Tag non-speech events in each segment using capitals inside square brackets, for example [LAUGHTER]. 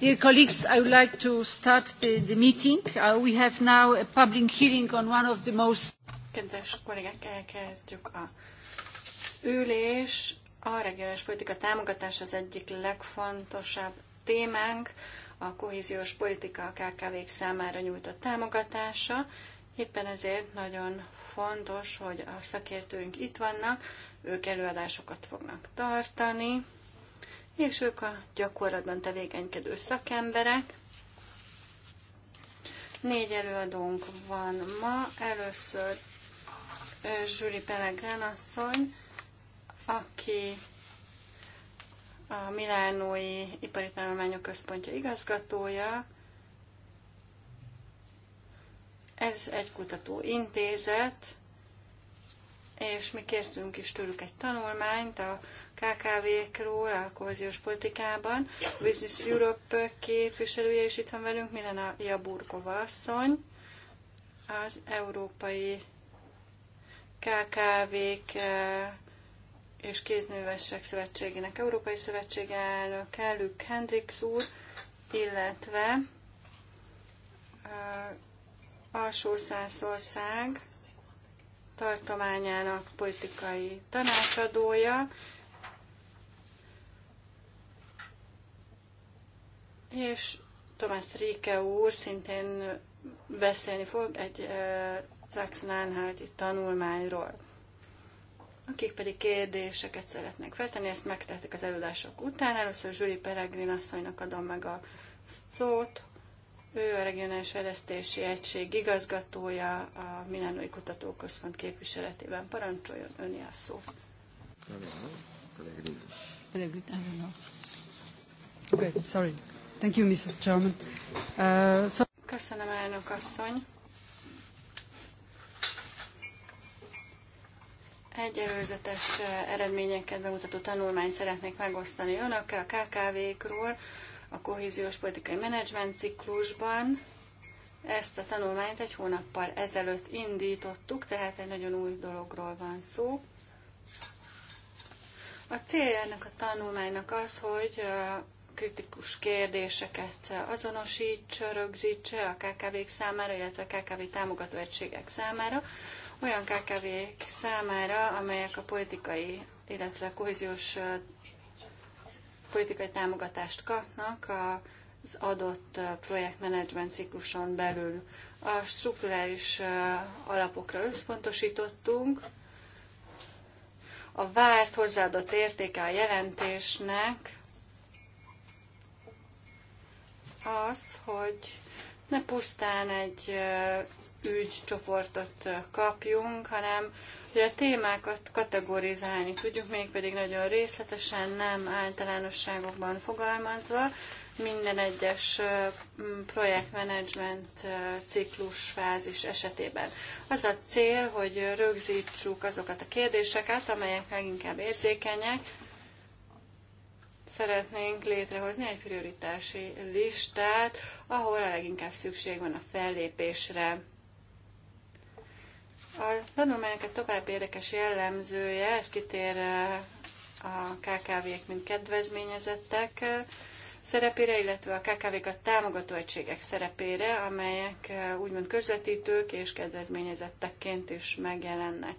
Dear colleagues, I would like to start the, the meeting. Uh, we have now a public hearing on one of the most... Kedves kollégák, elkezdjük a ülés. A regionális politika támogatás az egyik legfontosabb témánk, a kohéziós politika a KKV-k számára nyújtott támogatása. Éppen ezért nagyon fontos, hogy a szakértőink itt vannak, ők előadásokat fognak tartani és ők a gyakorlatban tevékenykedő szakemberek. Négy előadónk van ma. Először Zsuri Pelegrán asszony, aki a Milánói Ipari Tanulmányok Központja igazgatója. Ez egy kutatóintézet, és mi kértünk is tőlük egy tanulmányt a KKV-król a kohéziós politikában. A Business Europe képviselője is itt van velünk, Milena Jaburkova asszony, az európai KKV-k eh, és kéznővesek Szövetségének Európai Szövetség elnök, Luke Hendrix úr, illetve eh, alsó Szászország tartományának politikai tanácsadója, És Tomás Ríke úr szintén beszélni fog egy Saxon-Anhalti tanulmányról. Akik pedig kérdéseket szeretnek feltenni, ezt megtehetik az előadások után. Először Zsuri Peregrin asszonynak adom meg a szót. Ő a Regionális Fejlesztési Egység igazgatója a Milánói Kutatóközpont képviseletében. Parancsoljon öni a szó. Peregrin. Peregrin, I don't know. Okay, sorry. Thank you, Mrs. Chairman. Uh, so... Köszönöm, elnök asszony. Egy előzetes uh, eredményeket bemutató tanulmányt szeretnék megosztani önökkel a KKV-król a kohéziós politikai menedzsment ciklusban. Ezt a tanulmányt egy hónappal ezelőtt indítottuk, tehát egy nagyon új dologról van szó. A célja ennek a tanulmánynak az, hogy uh, kritikus kérdéseket azonosítsa, rögzítse a KKV-k számára, illetve a KKV támogató egységek számára, olyan KKV-k számára, amelyek a politikai, illetve kohéziós politikai támogatást kapnak az adott projektmenedzsment cikluson belül. A strukturális alapokra összpontosítottunk, a várt hozzáadott értéke a jelentésnek az, hogy ne pusztán egy ügycsoportot kapjunk, hanem hogy a témákat kategorizálni tudjuk, mégpedig nagyon részletesen, nem általánosságokban fogalmazva, minden egyes projektmenedzsment ciklus fázis esetében. Az a cél, hogy rögzítsük azokat a kérdéseket, amelyek leginkább érzékenyek, szeretnénk létrehozni egy prioritási listát, ahol a leginkább szükség van a fellépésre. A tanulmányokat egy tovább érdekes jellemzője, ez kitér eh, a KKV-k, mint kedvezményezettek eh, szerepére, illetve a KKV-kat támogató egységek szerepére, amelyek eh, úgymond közvetítők és kedvezményezettekként is megjelennek.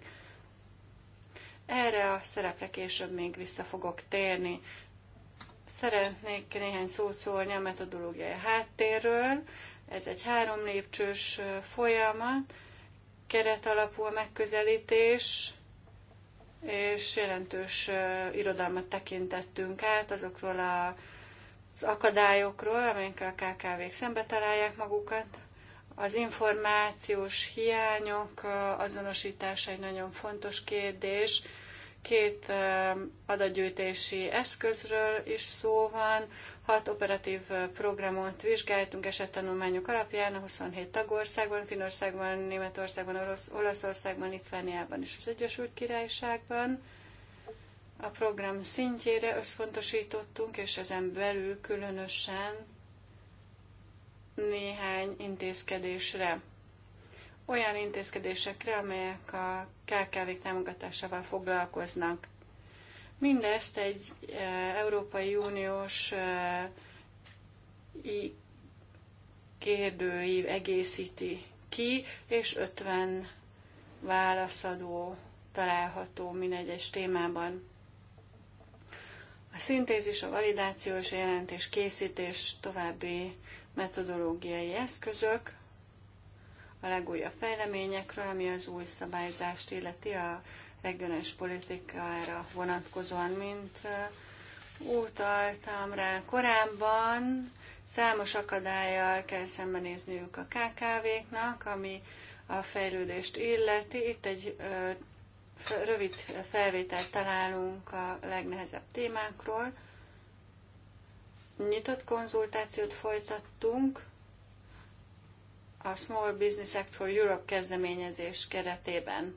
Erre a szerepre később még vissza fogok térni. Szeretnék néhány szót szólni a metodológiai háttérről. Ez egy három lépcsős folyamat, alapú a megközelítés, és jelentős irodalmat tekintettünk át azokról a, az akadályokról, amelyekkel a KKV-k szembe találják magukat. Az információs hiányok azonosítása egy nagyon fontos kérdés, két adatgyűjtési eszközről is szó van, hat operatív programot vizsgáltunk esettanulmányok alapján a 27 tagországban, Finországban, Németországban, Orosz, Olaszországban, Litvániában és az Egyesült Királyságban. A program szintjére összpontosítottunk, és ezen belül különösen néhány intézkedésre olyan intézkedésekre, amelyek a KKV támogatásával foglalkoznak. Mindezt egy e, Európai Uniós e, kérdőív egészíti ki, és 50 válaszadó található mindegyes témában. A szintézis, a validációs jelentés készítés további metodológiai eszközök, a legújabb fejleményekről, ami az új szabályzást illeti a regionális politikára vonatkozóan, mint utaltam rá korábban, számos akadályjal kell szembenézniük a KKV-knak, ami a fejlődést illeti. Itt egy rövid felvételt találunk a legnehezebb témákról. Nyitott konzultációt folytattunk, a Small Business Act for Europe kezdeményezés keretében.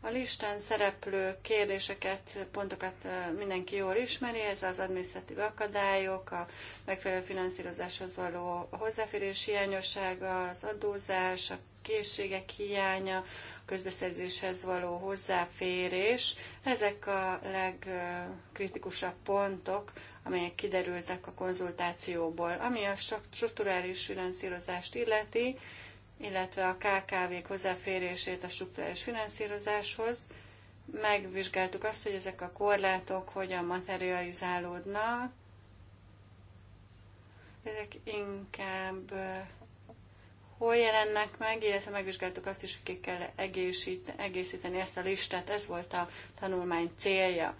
A listán szereplő kérdéseket, pontokat mindenki jól ismeri, ez az adminisztratív akadályok, a megfelelő finanszírozáshoz való hozzáférés hiányossága, az adózás, a készségek hiánya, a közbeszerzéshez való hozzáférés. Ezek a legkritikusabb pontok, amelyek kiderültek a konzultációból. Ami a strukturális finanszírozást illeti, illetve a KKV-k hozzáférését a struktúrális finanszírozáshoz, megvizsgáltuk azt, hogy ezek a korlátok hogyan materializálódnak. Ezek inkább hol jelennek meg, illetve megvizsgáltuk azt is, hogy ki kell egészíteni ezt a listát. Ez volt a tanulmány célja.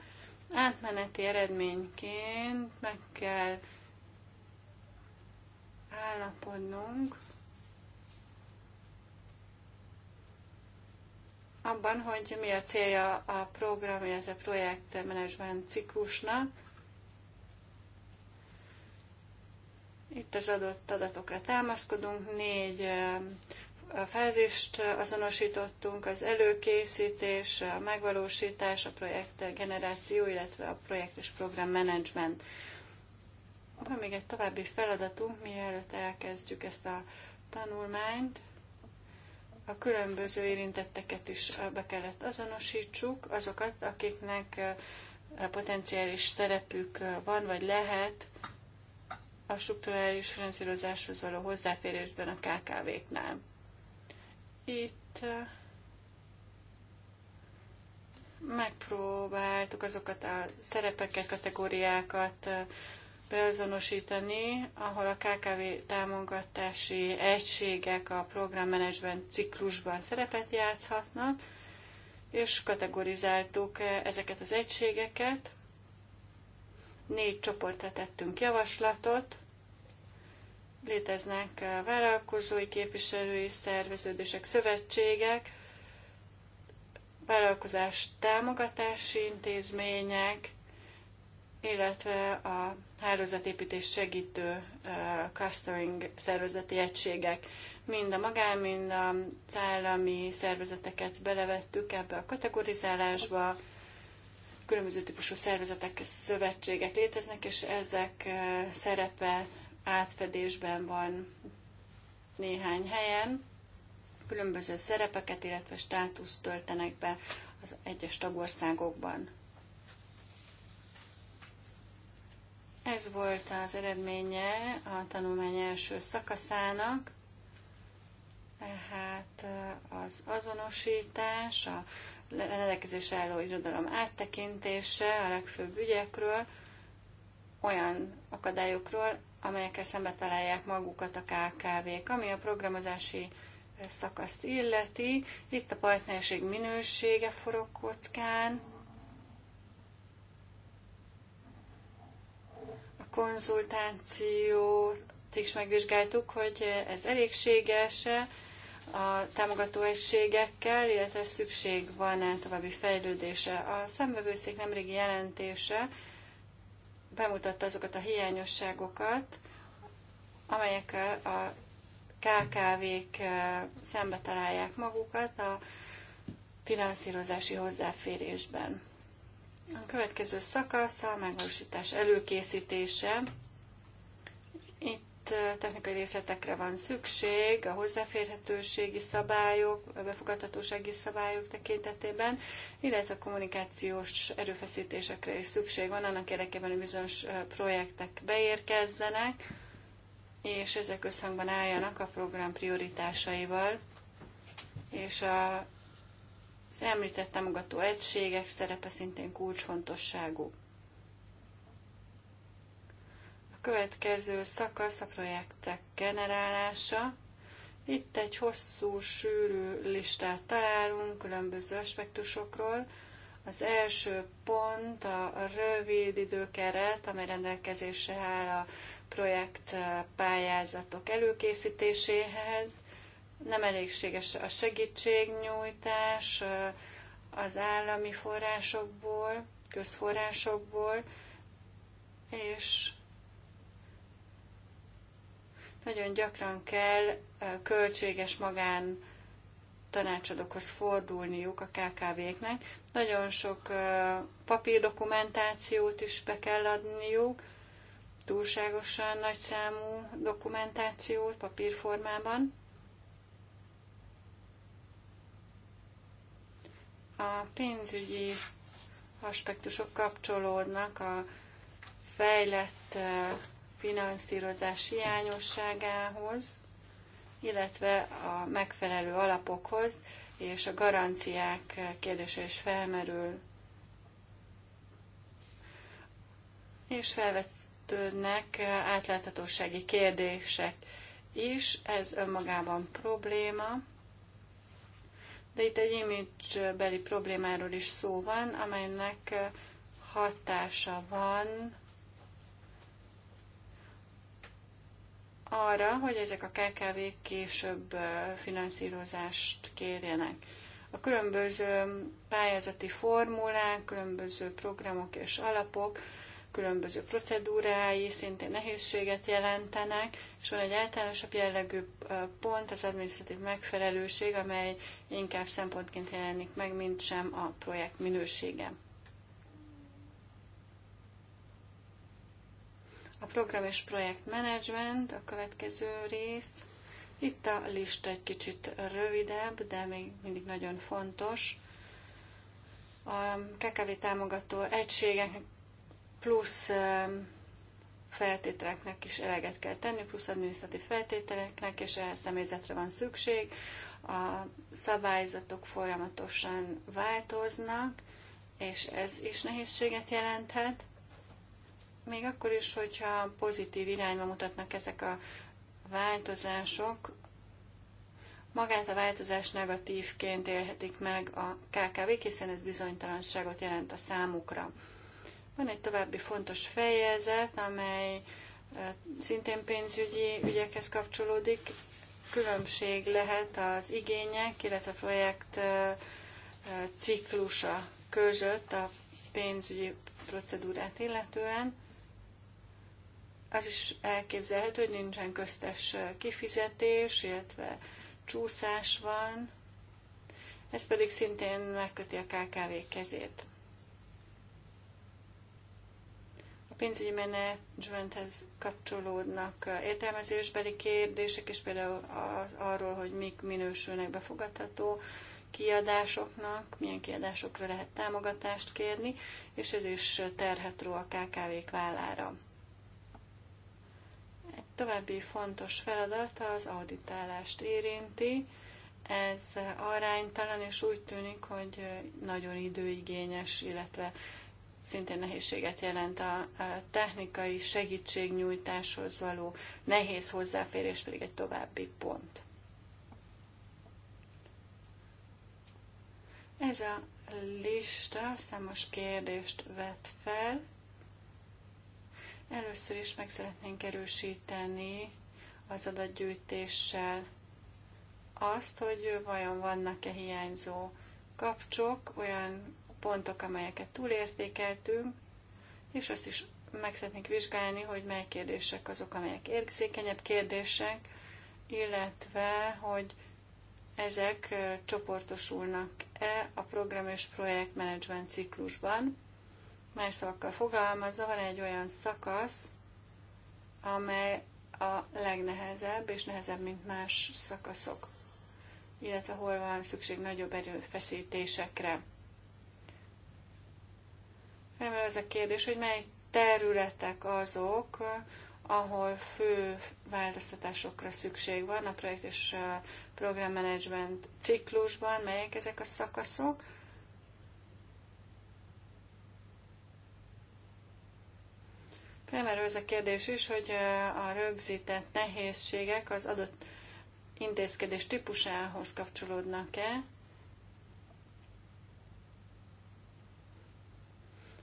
Átmeneti eredményként meg kell állapodnunk abban, hogy mi a célja a program, illetve projektmenedzsment ciklusnak, Itt az adott adatokra támaszkodunk, négy fázist azonosítottunk, az előkészítés, a megvalósítás, a projekt generáció, illetve a projekt és program management. Van még egy további feladatunk, mielőtt elkezdjük ezt a tanulmányt. A különböző érintetteket is be kellett azonosítsuk, azokat, akiknek potenciális szerepük van vagy lehet a struktúrális finanszírozáshoz való hozzáférésben a KKV-knál. Itt megpróbáltuk azokat a szerepeket, kategóriákat beazonosítani, ahol a KKV támogatási egységek a programmenedzsment ciklusban szerepet játszhatnak, és kategorizáltuk ezeket az egységeket, Négy csoportra tettünk javaslatot. Léteznek eh, vállalkozói, képviselői szerveződések, szövetségek, vállalkozás támogatási intézmények, illetve a hálózatépítés segítő eh, clustering szervezeti egységek. Mind a magán, mind az állami szervezeteket belevettük ebbe a kategorizálásba különböző típusú szervezetek, szövetségek léteznek, és ezek eh, szerepe átfedésben van néhány helyen. Különböző szerepeket, illetve státuszt töltenek be az egyes tagországokban. Ez volt az eredménye a tanulmány első szakaszának, tehát eh, az azonosítás, a rendelkezés álló irodalom áttekintése a legfőbb ügyekről, olyan akadályokról, amelyekkel szembe találják magukat a KKV-k, ami a programozási szakaszt illeti. Itt a partnerség minősége forog kockán, a konzultációt is megvizsgáltuk, hogy ez elégséges-e, a támogató egységekkel, illetve szükség van-e további fejlődése. A szemvevőszék nemrégi jelentése bemutatta azokat a hiányosságokat, amelyekkel a KKV-k eh, szembe találják magukat a finanszírozási hozzáférésben. A következő szakasz a megvalósítás előkészítése, itt technikai részletekre van szükség, a hozzáférhetőségi szabályok, a befogadhatósági szabályok tekintetében, illetve a kommunikációs erőfeszítésekre is szükség van, annak érdekében, hogy bizonyos projektek beérkezzenek, és ezek összhangban álljanak a program prioritásaival, és a, az említett támogató egységek szerepe szintén kulcsfontosságú következő szakasz a projektek generálása. Itt egy hosszú, sűrű listát találunk különböző aspektusokról. Az első pont a rövid időkeret, amely rendelkezésre áll a projekt eh, pályázatok előkészítéséhez. Nem elégséges a segítségnyújtás eh, az állami forrásokból, közforrásokból, és nagyon gyakran kell költséges magán tanácsadókhoz fordulniuk a KKV-knek. Nagyon sok papírdokumentációt is be kell adniuk, túlságosan nagy számú dokumentációt papírformában. A pénzügyi aspektusok kapcsolódnak a fejlett finanszírozás hiányosságához, illetve a megfelelő alapokhoz, és a garanciák kérdése is felmerül. És felvetődnek átláthatósági kérdések is, ez önmagában probléma. De itt egy image-beli problémáról is szó van, amelynek hatása van arra, hogy ezek a KKV-k később finanszírozást kérjenek. A különböző pályázati formulák, különböző programok és alapok, különböző procedúrái szintén nehézséget jelentenek, és van egy általánosabb jellegű pont, az administratív megfelelőség, amely inkább szempontként jelenik meg, mint sem a projekt minősége. A program és projekt management, a következő rész. Itt a lista egy kicsit rövidebb, de még mindig nagyon fontos. A KKV támogató egységek plusz feltételeknek is eleget kell tenni, plusz adminisztratív feltételeknek, és ehhez személyzetre van szükség. A szabályzatok folyamatosan változnak, és ez is nehézséget jelenthet még akkor is, hogyha pozitív irányba mutatnak ezek a változások, magát a változás negatívként élhetik meg a KKV, hiszen ez bizonytalanságot jelent a számukra. Van egy további fontos fejezet, amely szintén pénzügyi ügyekhez kapcsolódik. Különbség lehet az igények, illetve a projekt ciklusa között a pénzügyi procedúrát illetően. Az is elképzelhető, hogy nincsen köztes kifizetés, illetve csúszás van, ez pedig szintén megköti a KKV kezét. A pénzügyi menedzsmenthez kapcsolódnak értelmezésbeli kérdések, és például az, arról, hogy mik minősülnek befogadható kiadásoknak, milyen kiadásokra lehet támogatást kérni, és ez is terhet ró a KKV-k vállára. További fontos feladat az auditálást érinti. Ez aránytalan, és úgy tűnik, hogy nagyon időigényes, illetve szintén nehézséget jelent a technikai segítségnyújtáshoz való nehéz hozzáférés pedig egy további pont. Ez a lista számos kérdést vet fel, Először is meg szeretnénk erősíteni az adatgyűjtéssel azt, hogy vajon vannak-e hiányzó kapcsok, olyan pontok, amelyeket túlértékeltünk, és azt is meg szeretnénk vizsgálni, hogy mely kérdések azok, amelyek érzékenyebb kérdések, illetve, hogy ezek csoportosulnak-e a program és projektmenedzsment ciklusban. Más szavakkal fogalmazva van egy olyan szakasz, amely a legnehezebb, és nehezebb, mint más szakaszok, illetve hol van szükség nagyobb erőfeszítésekre. Felmerül az a kérdés, hogy mely területek azok, ahol fő változtatásokra szükség van a projekt és programmenedzsment ciklusban, melyek ezek a szakaszok, Felmerül ez a kérdés is, hogy a rögzített nehézségek az adott intézkedés típusához kapcsolódnak-e,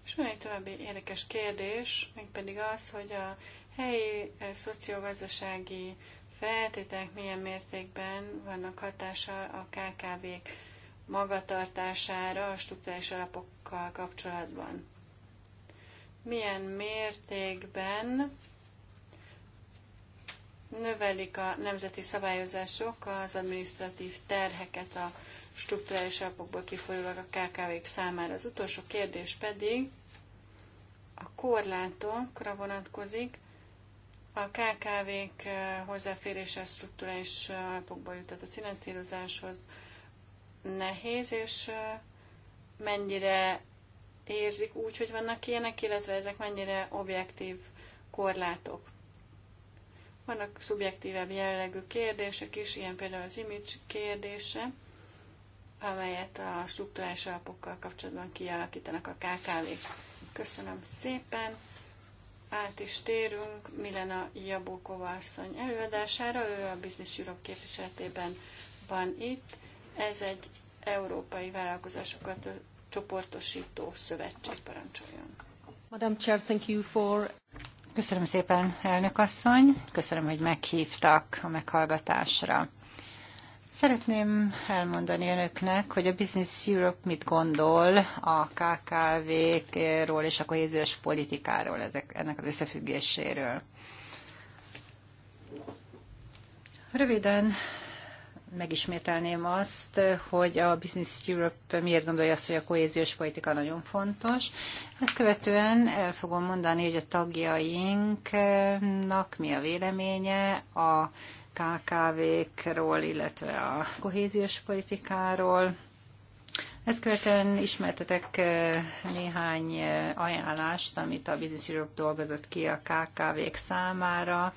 És van egy további érdekes kérdés, mégpedig az, hogy a helyi szociogazdasági feltételek milyen mértékben vannak hatással a KKV-k magatartására a struktúrális alapokkal kapcsolatban milyen mértékben növelik a nemzeti szabályozások az administratív terheket a strukturális alapokból kifolyólag a KKV-k számára. Az utolsó kérdés pedig a korlátokra vonatkozik. A KKV-k hozzáférése a strukturális alapokból jutatott finanszírozáshoz nehéz, és mennyire érzik úgy, hogy vannak ilyenek, illetve ezek mennyire objektív korlátok. Vannak szubjektívebb jellegű kérdések is, ilyen például az image kérdése, amelyet a struktúrás alapokkal kapcsolatban kialakítanak a KKV-k. Köszönöm szépen! Át is térünk Milena Jabókova asszony előadására, ő a Business Europe képviseletében van itt. Ez egy európai vállalkozásokat csoportosító szövetség parancsoljon. Madam Chair, thank you for... Köszönöm szépen, elnök asszony. Köszönöm, hogy meghívtak a meghallgatásra. Szeretném elmondani önöknek, hogy a Business Europe mit gondol a KKV-król és a kohéziós politikáról, ezek, ennek az összefüggéséről. Röviden megismételném azt, hogy a Business Europe miért gondolja azt, hogy a kohéziós politika nagyon fontos. Ezt követően el fogom mondani, hogy a tagjainknak mi a véleménye a KKV-król, illetve a kohéziós politikáról ezt követően ismertetek eh, néhány eh, ajánlást, amit a Business Europe dolgozott ki a KKV-k számára. A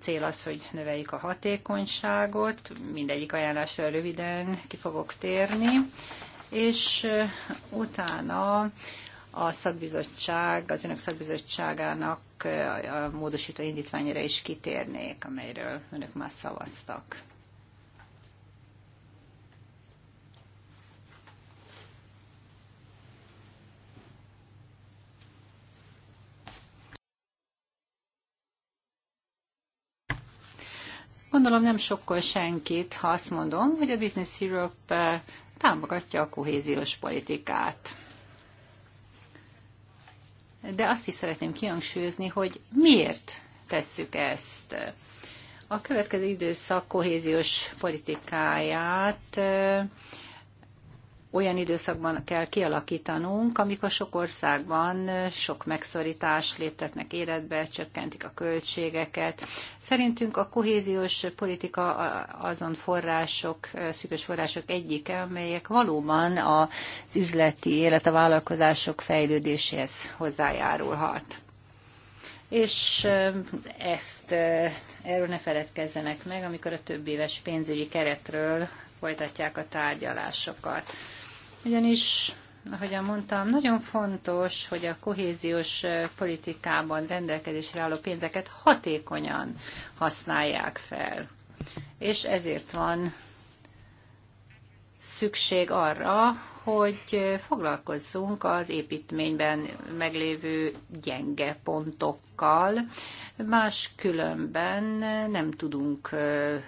cél az, hogy növeljük a hatékonyságot. Mindegyik ajánlásra röviden ki fogok térni. És eh, utána a szakbizottság, az önök szakbizottságának a módosító indítványra is kitérnék, amelyről önök már szavaztak. Gondolom nem sokkal senkit, ha azt mondom, hogy a Business Europe eh, támogatja a kohéziós politikát. De azt is szeretném kihangsúlyozni, hogy miért tesszük ezt. A következő időszak kohéziós politikáját eh, olyan időszakban kell kialakítanunk, amikor sok országban sok megszorítás léptetnek életbe, csökkentik a költségeket. Szerintünk a kohéziós politika azon források, szűkös források egyike, amelyek valóban az üzleti élet, a vállalkozások fejlődéséhez hozzájárulhat. És ezt erről ne feledkezzenek meg, amikor a több éves pénzügyi keretről folytatják a tárgyalásokat. Ugyanis, ahogyan mondtam, nagyon fontos, hogy a kohéziós politikában rendelkezésre álló pénzeket hatékonyan használják fel. És ezért van szükség arra, hogy foglalkozzunk az építményben meglévő gyenge pontokkal, más különben nem tudunk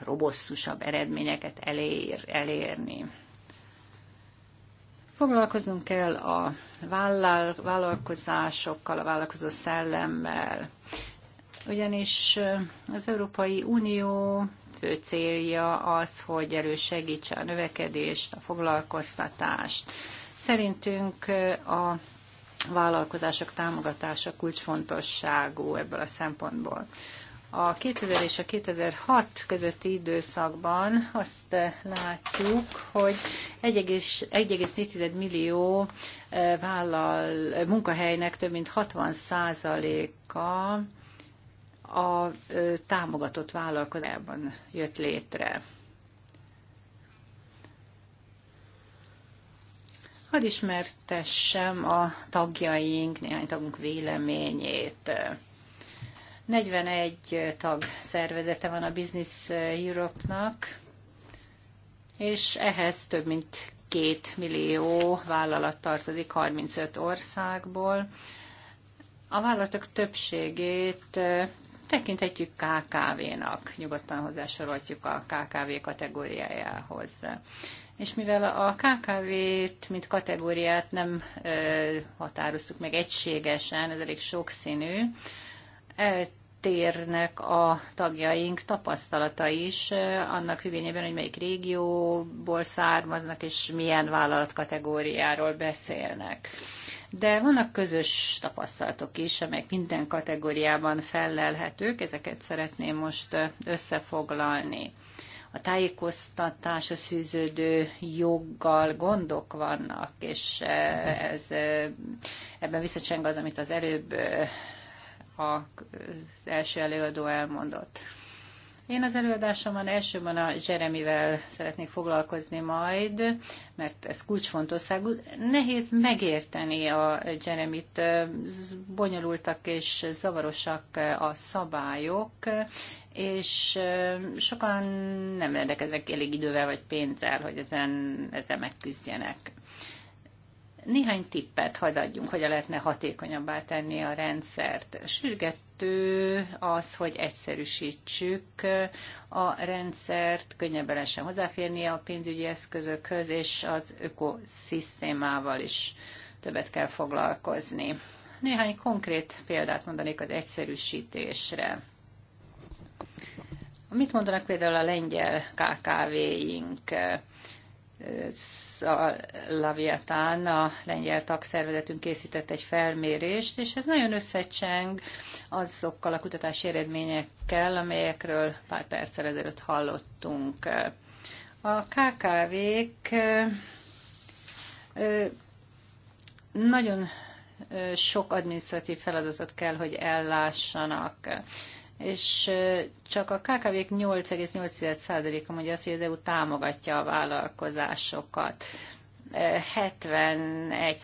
robosztusabb eredményeket elér, elérni. Foglalkozunk kell a vállalkozásokkal, a vállalkozó szellemmel, ugyanis az Európai Unió fő célja az, hogy elősegítse a növekedést, a foglalkoztatást. Szerintünk a vállalkozások támogatása kulcsfontosságú ebből a szempontból. A 2000 és a 2006 közötti időszakban azt eh, látjuk, hogy 1,4 millió eh, vállal, eh, munkahelynek több mint 60 százaléka a támogatott vállalkozásban jött létre. Hadd ismertessem a tagjaink, néhány tagunk véleményét. 41 tag szervezete van a Business Europe-nak, és ehhez több mint 2 millió vállalat tartozik 35 országból. A vállalatok többségét tekinthetjük KKV-nak, nyugodtan hozzásorolhatjuk a KKV kategóriájához. És mivel a KKV-t, mint kategóriát nem ö, határoztuk meg egységesen, ez elég sokszínű, eltérnek a tagjaink tapasztalata is, eh, annak függvényében, hogy melyik régióból származnak, és milyen vállalatkategóriáról beszélnek. De vannak közös tapasztalatok is, amelyek minden kategóriában fellelhetők, ezeket szeretném most eh, összefoglalni a tájékoztatás a szűződő joggal gondok vannak, és eh, ez, ebben visszacseng az, amit az előbb az első előadó elmondott. Én az előadásomban elsőben a Jeremivel szeretnék foglalkozni majd, mert ez kulcsfontosságú. Nehéz megérteni a Jeremit, bonyolultak és zavarosak a szabályok, és sokan nem rendelkeznek elég idővel vagy pénzzel, hogy ezen, ezzel megküzdjenek. Néhány tippet hadd adjunk, hogy lehetne hatékonyabbá tenni a rendszert. Sürgető az, hogy egyszerűsítsük a rendszert, könnyebben lehessen hozzáférni a pénzügyi eszközökhöz, és az ökoszisztémával is többet kell foglalkozni. Néhány konkrét példát mondanék az egyszerűsítésre. Mit mondanak például a lengyel KKV-ink? a Laviatán, a lengyel tagszervezetünk készített egy felmérést, és ez nagyon összecseng azokkal a kutatási eredményekkel, amelyekről pár perccel ezelőtt hallottunk. A KKV-k nagyon sok adminisztratív feladatot kell, hogy ellássanak és csak a KKV-k 8,8%-a mondja azt, hogy az EU támogatja a vállalkozásokat. 71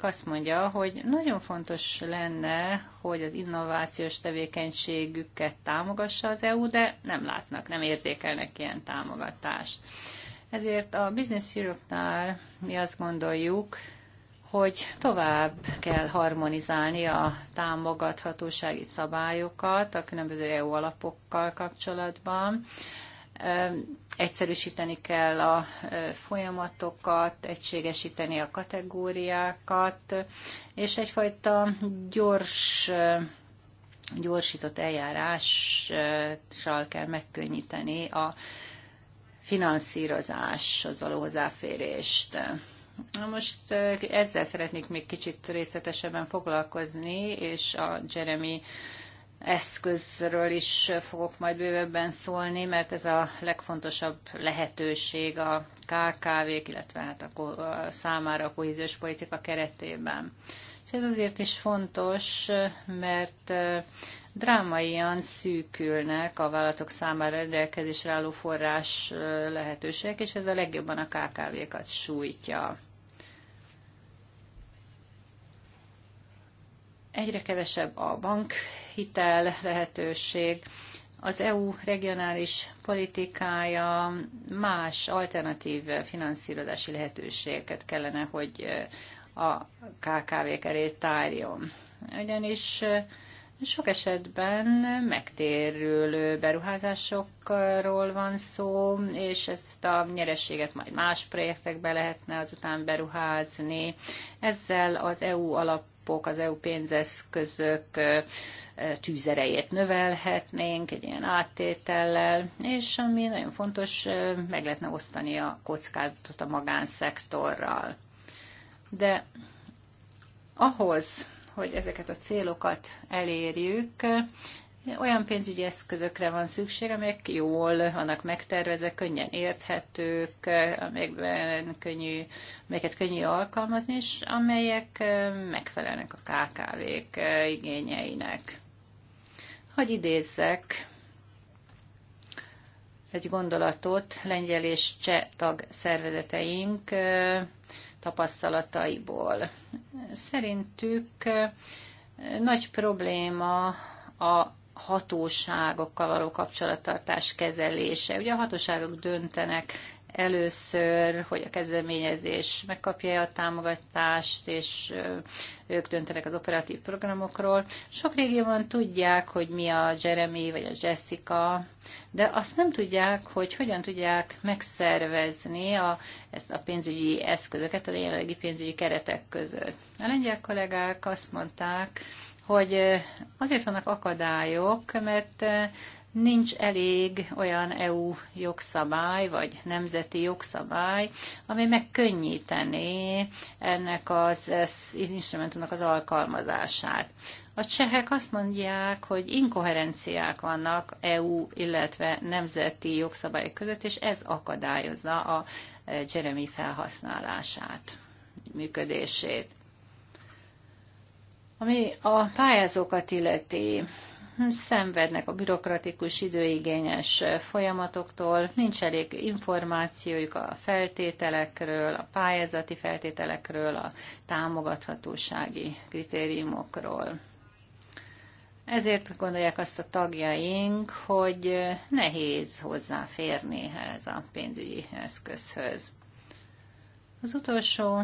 azt mondja, hogy nagyon fontos lenne, hogy az innovációs tevékenységüket támogassa az EU, de nem látnak, nem érzékelnek ilyen támogatást. Ezért a Business Europe-nál mi azt gondoljuk, hogy tovább kell harmonizálni a támogathatósági szabályokat a különböző EU alapokkal kapcsolatban. Egyszerűsíteni kell a folyamatokat, egységesíteni a kategóriákat, és egyfajta gyors gyorsított eljárással kell megkönnyíteni a finanszírozáshoz való hozzáférést. Na most ezzel szeretnék még kicsit részletesebben foglalkozni, és a Jeremy eszközről is fogok majd bővebben szólni, mert ez a legfontosabb lehetőség a KKV-k, illetve hát a, a számára a kohéziós politika keretében. És ez azért is fontos, mert drámaian szűkülnek a vállalatok számára rendelkezésre álló forrás lehetőségek, és ez a legjobban a KKV-kat sújtja. egyre kevesebb a bankhitel lehetőség, az EU regionális politikája más alternatív finanszírozási lehetőségeket kellene, hogy eh, a KKV-k elé tárjon. Ugyanis eh, sok esetben megtérülő beruházásokról van szó, és ezt a nyerességet majd más projektekbe lehetne azután beruházni. Ezzel az EU alap alapok, az EU pénzeszközök tűzerejét növelhetnénk egy ilyen áttétellel, és ami nagyon fontos, meg lehetne osztani a kockázatot a magánszektorral. De ahhoz, hogy ezeket a célokat elérjük, olyan pénzügyi eszközökre van szükség, amelyek jól vannak megtervezve, könnyen érthetők, amelyekben könnyű, amelyeket könnyű alkalmazni, és amelyek megfelelnek a KKV-k igényeinek. Hogy idézzek egy gondolatot lengyel és cseh tag szervezeteink tapasztalataiból. Szerintük nagy probléma a hatóságokkal való kapcsolattartás kezelése. Ugye a hatóságok döntenek először, hogy a kezdeményezés megkapja a támogatást, és ők döntenek az operatív programokról. Sok régióban tudják, hogy mi a Jeremy vagy a Jessica, de azt nem tudják, hogy hogyan tudják megszervezni a, ezt a pénzügyi eszközöket a jelenlegi pénzügyi keretek között. A lengyel kollégák azt mondták, hogy azért vannak akadályok, mert nincs elég olyan EU jogszabály, vagy nemzeti jogszabály, ami megkönnyítené ennek az, az instrumentumnak az alkalmazását. A csehek azt mondják, hogy inkoherenciák vannak EU, illetve nemzeti jogszabályok között, és ez akadályozza a Jeremy felhasználását, működését. Ami a pályázókat illeti, szenvednek a bürokratikus, időigényes folyamatoktól, nincs elég információjuk a feltételekről, a pályázati feltételekről, a támogathatósági kritériumokról. Ezért gondolják azt a tagjaink, hogy nehéz hozzáférni ehhez a pénzügyi eszközhöz. Az utolsó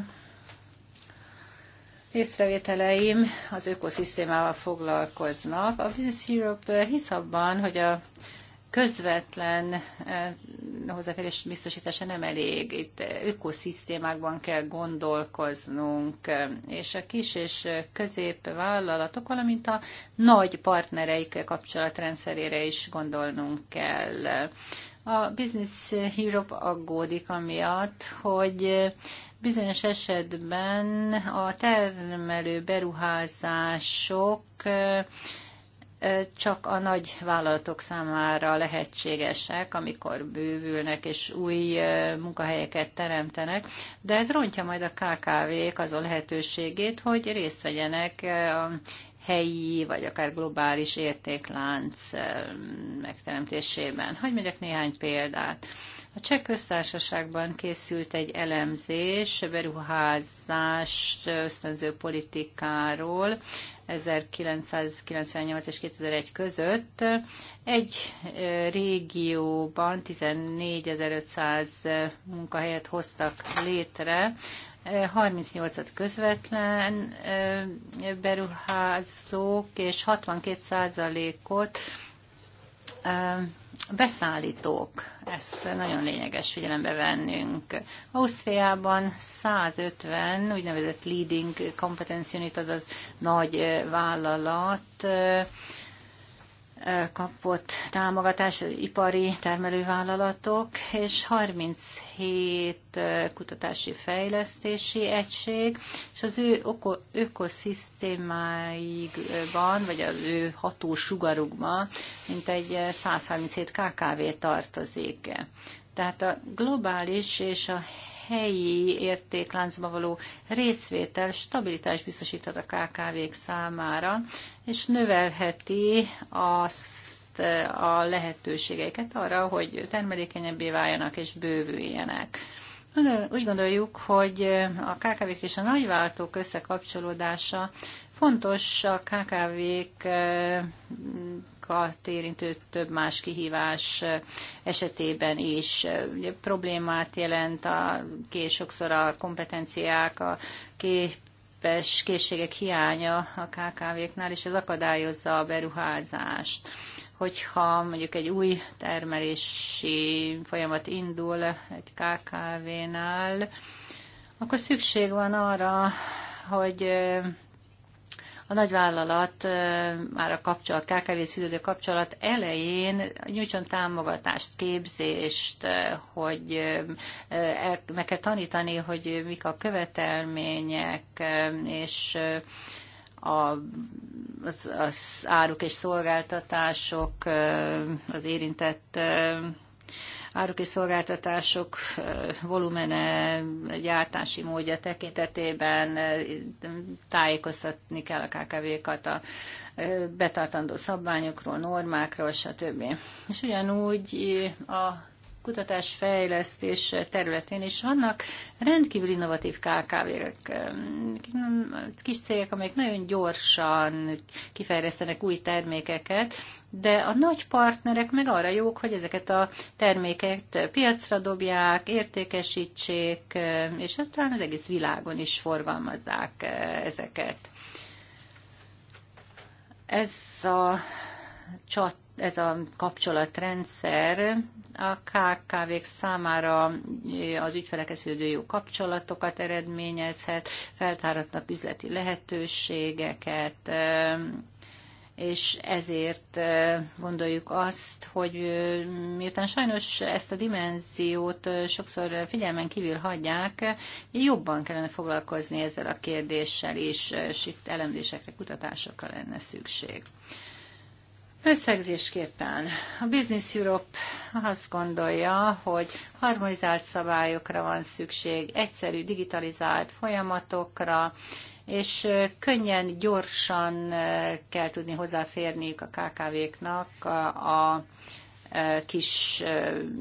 észrevételeim az ökoszisztémával foglalkoznak. A Business Europe hisz abban, hogy a közvetlen eh, hozzáférés biztosítása nem elég. Itt ökoszisztémákban kell gondolkoznunk, eh, és a kis és középvállalatok, valamint a nagy partnereik kapcsolatrendszerére is gondolnunk kell. A Business Europe aggódik amiatt, hogy bizonyos esetben a termelő beruházások csak a nagy vállalatok számára lehetségesek, amikor bővülnek és új munkahelyeket teremtenek, de ez rontja majd a KKV-k azon lehetőségét, hogy részt vegyenek a helyi, vagy akár globális értéklánc megteremtésében. Hogy megyek néhány példát. A Cseh köztársaságban készült egy elemzés beruházás ösztönző politikáról 1998 és 2001 között. Egy régióban 14.500 munkahelyet hoztak létre, 38-at közvetlen beruházók, és 62%-ot beszállítók, ezt nagyon lényeges figyelembe vennünk. Ausztriában 150 úgynevezett leading competence unit, azaz nagy vállalat kapott támogatást az ipari termelővállalatok, és 37 kutatási fejlesztési egység, és az ő ökoszisztémáikban, vagy az ő ható sugarukban egy 137 KKV tartozik. Tehát a globális és a helyi értékláncban való részvétel stabilitás biztosíthat a KKV-k számára, és növelheti azt a lehetőségeiket arra, hogy termelékenyebbé váljanak és bővüljenek. Úgy gondoljuk, hogy a KKV-k és a nagyváltók összekapcsolódása Fontos a KKV-kat érintő több más kihívás esetében is. Ugye, problémát jelent a, kés sokszor a kompetenciák, a képes készségek hiánya a KKV-knál, és ez akadályozza a beruházást hogyha mondjuk egy új termelési folyamat indul egy KKV-nál, akkor szükség van arra, hogy a nagyvállalat már a kapcsolat, kkv szűrődő kapcsolat elején nyújtson támogatást, képzést, hogy meg kell tanítani, hogy mik a követelmények, és a, az, az áruk és szolgáltatások, az érintett áruk és szolgáltatások volumene, gyártási módja tekintetében tájékoztatni kell a KKV-kat a betartandó szabványokról, normákról, stb. És ugyanúgy a kutatásfejlesztés területén, is vannak rendkívül innovatív KKV-k, um, kis cégek, amelyek nagyon gyorsan kifejlesztenek új termékeket, de a nagy partnerek meg arra jók, hogy ezeket a terméket piacra dobják, értékesítsék, um, és aztán az egész világon is forgalmazzák uh, ezeket. Ez a csat ez a kapcsolatrendszer a KKV-k számára eh, az ügyfelekhez fűződő jó kapcsolatokat eredményezhet, feltáratnak üzleti lehetőségeket, eh, és ezért eh, gondoljuk azt, hogy miután sajnos ezt a dimenziót sokszor figyelmen kívül hagyják, jobban kellene foglalkozni ezzel a kérdéssel, és, és itt elemzésekre, kutatásokra lenne szükség. Összegzésképpen a Business Europe azt gondolja, hogy harmonizált szabályokra van szükség, egyszerű digitalizált folyamatokra, és könnyen, gyorsan kell tudni hozzáférniük a KKV-knak a kis,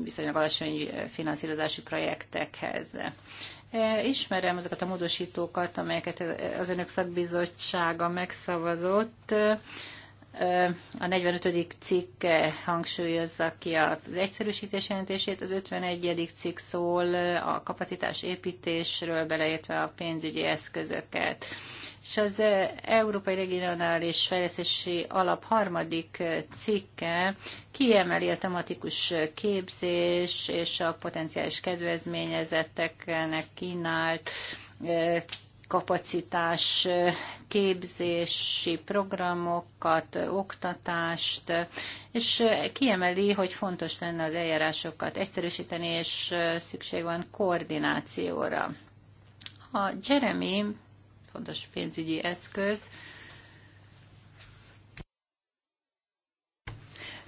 viszonylag alacsony finanszírozási projektekhez. Ismerem azokat a módosítókat, amelyeket az önök szakbizottsága megszavazott a 45. cikk eh, hangsúlyozza ki az egyszerűsítés jelentését, az 51. cikk szól eh, a kapacitás építésről, beleértve a pénzügyi eszközöket. És az eh, Európai Regionális Fejlesztési Alap harmadik cikke kiemeli a tematikus képzés és a potenciális kedvezményezetteknek kínált kapacitás képzési programokat, oktatást, és kiemeli, hogy fontos lenne az eljárásokat egyszerűsíteni, és szükség van koordinációra. A Jeremy, fontos pénzügyi eszköz,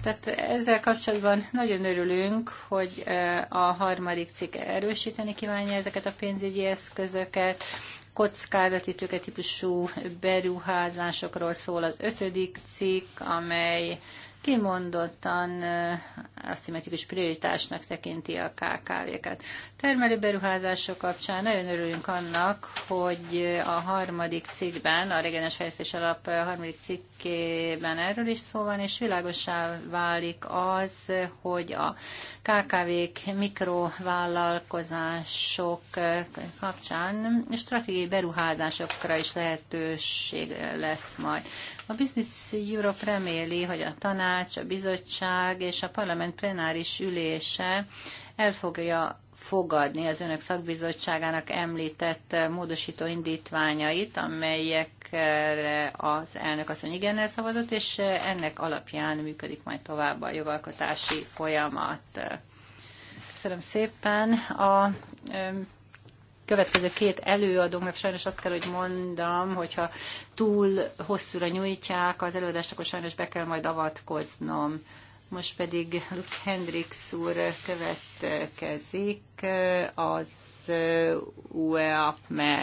Tehát ezzel kapcsolatban nagyon örülünk, hogy a harmadik cikk erősíteni kívánja ezeket a pénzügyi eszközöket, kockázati tőketípusú beruházásokról szól az ötödik cikk, amely kimondottan aszimmetrikus prioritásnak tekinti a KKV-ket. Termelő beruházások kapcsán nagyon örülünk annak, hogy a harmadik cikkben, a regenes fejlesztés alap harmadik cikk cikkében erről is szó van, és világosá válik az, hogy a KKV-k, mikrovállalkozások kapcsán stratégiai beruházásokra is lehetőség lesz majd. A Business Europe reméli, hogy a tanács, a bizottság és a parlament plenáris ülése el fogja fogadni az önök szakbizottságának említett módosító indítványait, amelyekre az elnök asszony igennel szavazott, és ennek alapján működik majd tovább a jogalkotási folyamat. Köszönöm szépen. A következő két előadó, mert sajnos azt kell, hogy mondom, hogyha túl hosszúra nyújtják az előadást, akkor sajnos be kell majd avatkoznom. Most pedig Luke Hendrix úr következik, az UEA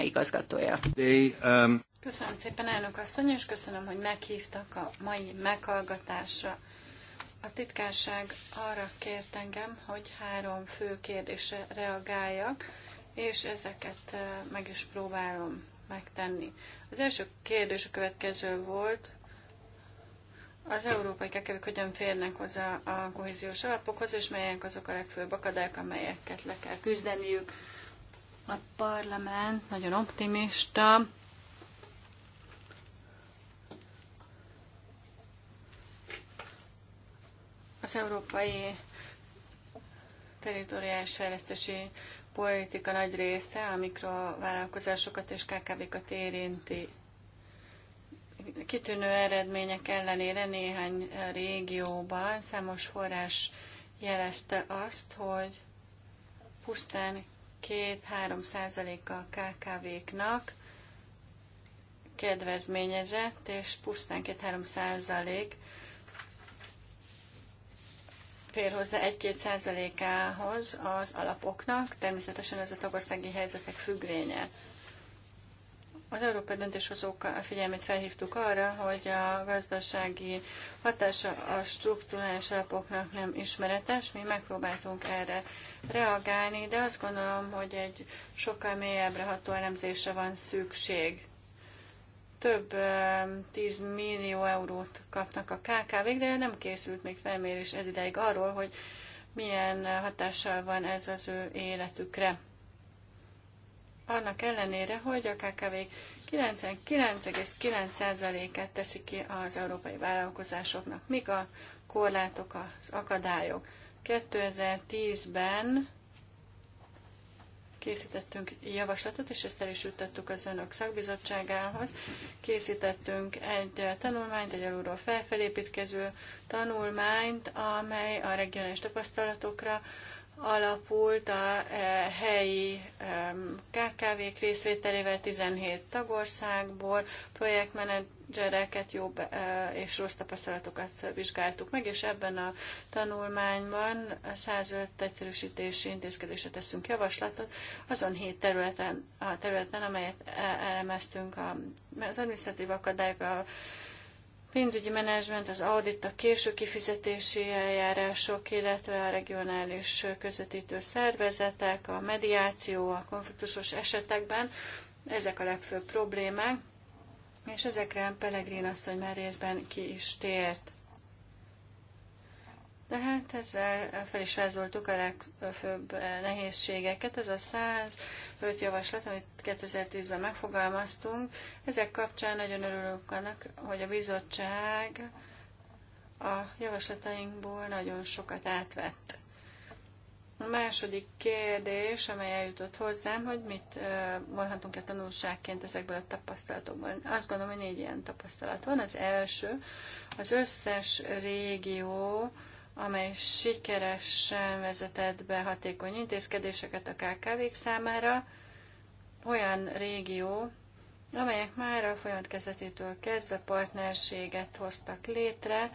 igazgatója. They, um... Köszönöm szépen, elnök asszony, és köszönöm, hogy meghívtak a mai meghallgatásra. A titkárság arra kért engem, hogy három fő kérdésre reagáljak, és ezeket uh, meg is próbálom megtenni. Az első kérdés a következő volt, az európai kekevők hogyan férnek hozzá a kohéziós alapokhoz, és melyek azok a legfőbb akadályok, amelyeket le kell küzdeniük. A parlament nagyon optimista, az európai teritoriális fejlesztési politika nagy része a mikrovállalkozásokat és KKV-kat érinti kitűnő eredmények ellenére néhány régióban számos forrás jelezte azt, hogy pusztán 2-3 százaléka a KKV-knak kedvezményezett, és pusztán 2-3 százalék fér hozzá 1-2 százalékához az alapoknak, természetesen ez a tagországi helyzetek függvénye. Az európai döntéshozók figyelmét felhívtuk arra, hogy a gazdasági hatása a struktúrális alapoknak nem ismeretes. Mi megpróbáltunk erre reagálni, de azt gondolom, hogy egy sokkal mélyebbre ható elemzésre van szükség. Több 10 millió eurót kapnak a kkv de nem készült még felmérés ez ideig arról, hogy milyen hatással van ez az ő életükre annak ellenére, hogy a KKV 99,9%-át teszi ki az európai vállalkozásoknak. Mik a korlátok, az akadályok? 2010-ben készítettünk javaslatot, és ezt el is juttattuk az önök szakbizottságához. Készítettünk egy tanulmányt, egy alulról felfelépítkező tanulmányt, amely a regionális tapasztalatokra alapult a e, helyi e, KKV-k részvételével 17 tagországból, projektmenedzsereket jobb e, és rossz tapasztalatokat vizsgáltuk meg, és ebben a tanulmányban 105 egyszerűsítési intézkedésre teszünk javaslatot azon 7 területen, a területen, amelyet elemeztünk az administratív akadályok, a pénzügyi menedzsment, az audit, a késő kifizetési eljárások, illetve a regionális közvetítő szervezetek, a mediáció a konfliktusos esetekben, ezek a legfőbb problémák, és ezekre Pellegrin asszony már részben ki is tért hát ezzel fel is vázoltuk a legfőbb eh, nehézségeket. Ez a 105 javaslat, amit 2010-ben megfogalmaztunk. Ezek kapcsán nagyon örülök annak, hogy a bizottság a javaslatainkból nagyon sokat átvett. A második kérdés, amely eljutott hozzám, hogy mit eh, vonhatunk le tanulságként ezekből a tapasztalatokból. Azt gondolom, hogy négy ilyen tapasztalat van. Az első, az összes régió, amely sikeresen vezetett be hatékony intézkedéseket a KKV-k számára, olyan régió, amelyek már a folyamat kezdetétől kezdve partnerséget hoztak létre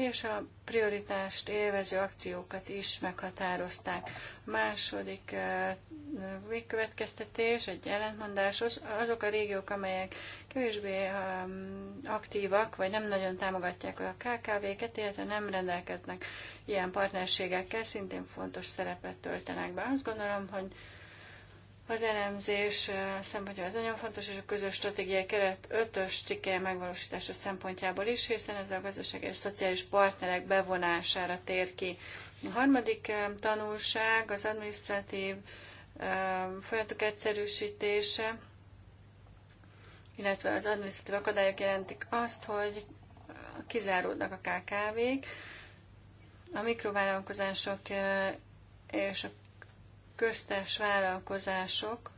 és a prioritást élvező akciókat is meghatározták. A második eh, végkövetkeztetés egy ellentmondás, azok a régiók, amelyek kevésbé ehm, aktívak, vagy nem nagyon támogatják a KKV-ket, illetve nem rendelkeznek ilyen partnerségekkel, szintén fontos szerepet töltenek be. Azt gondolom, hogy az elemzés szempontja az nagyon fontos, és a közös stratégiai keret ötös cikke megvalósítása szempontjából is, hiszen ez a gazdasági és szociális partnerek bevonására tér ki. A harmadik tanulság az administratív folyamatok egyszerűsítése, illetve az adminisztratív akadályok jelentik azt, hogy kizáródnak a KKV-k, a mikrovállalkozások és a köztes vállalkozások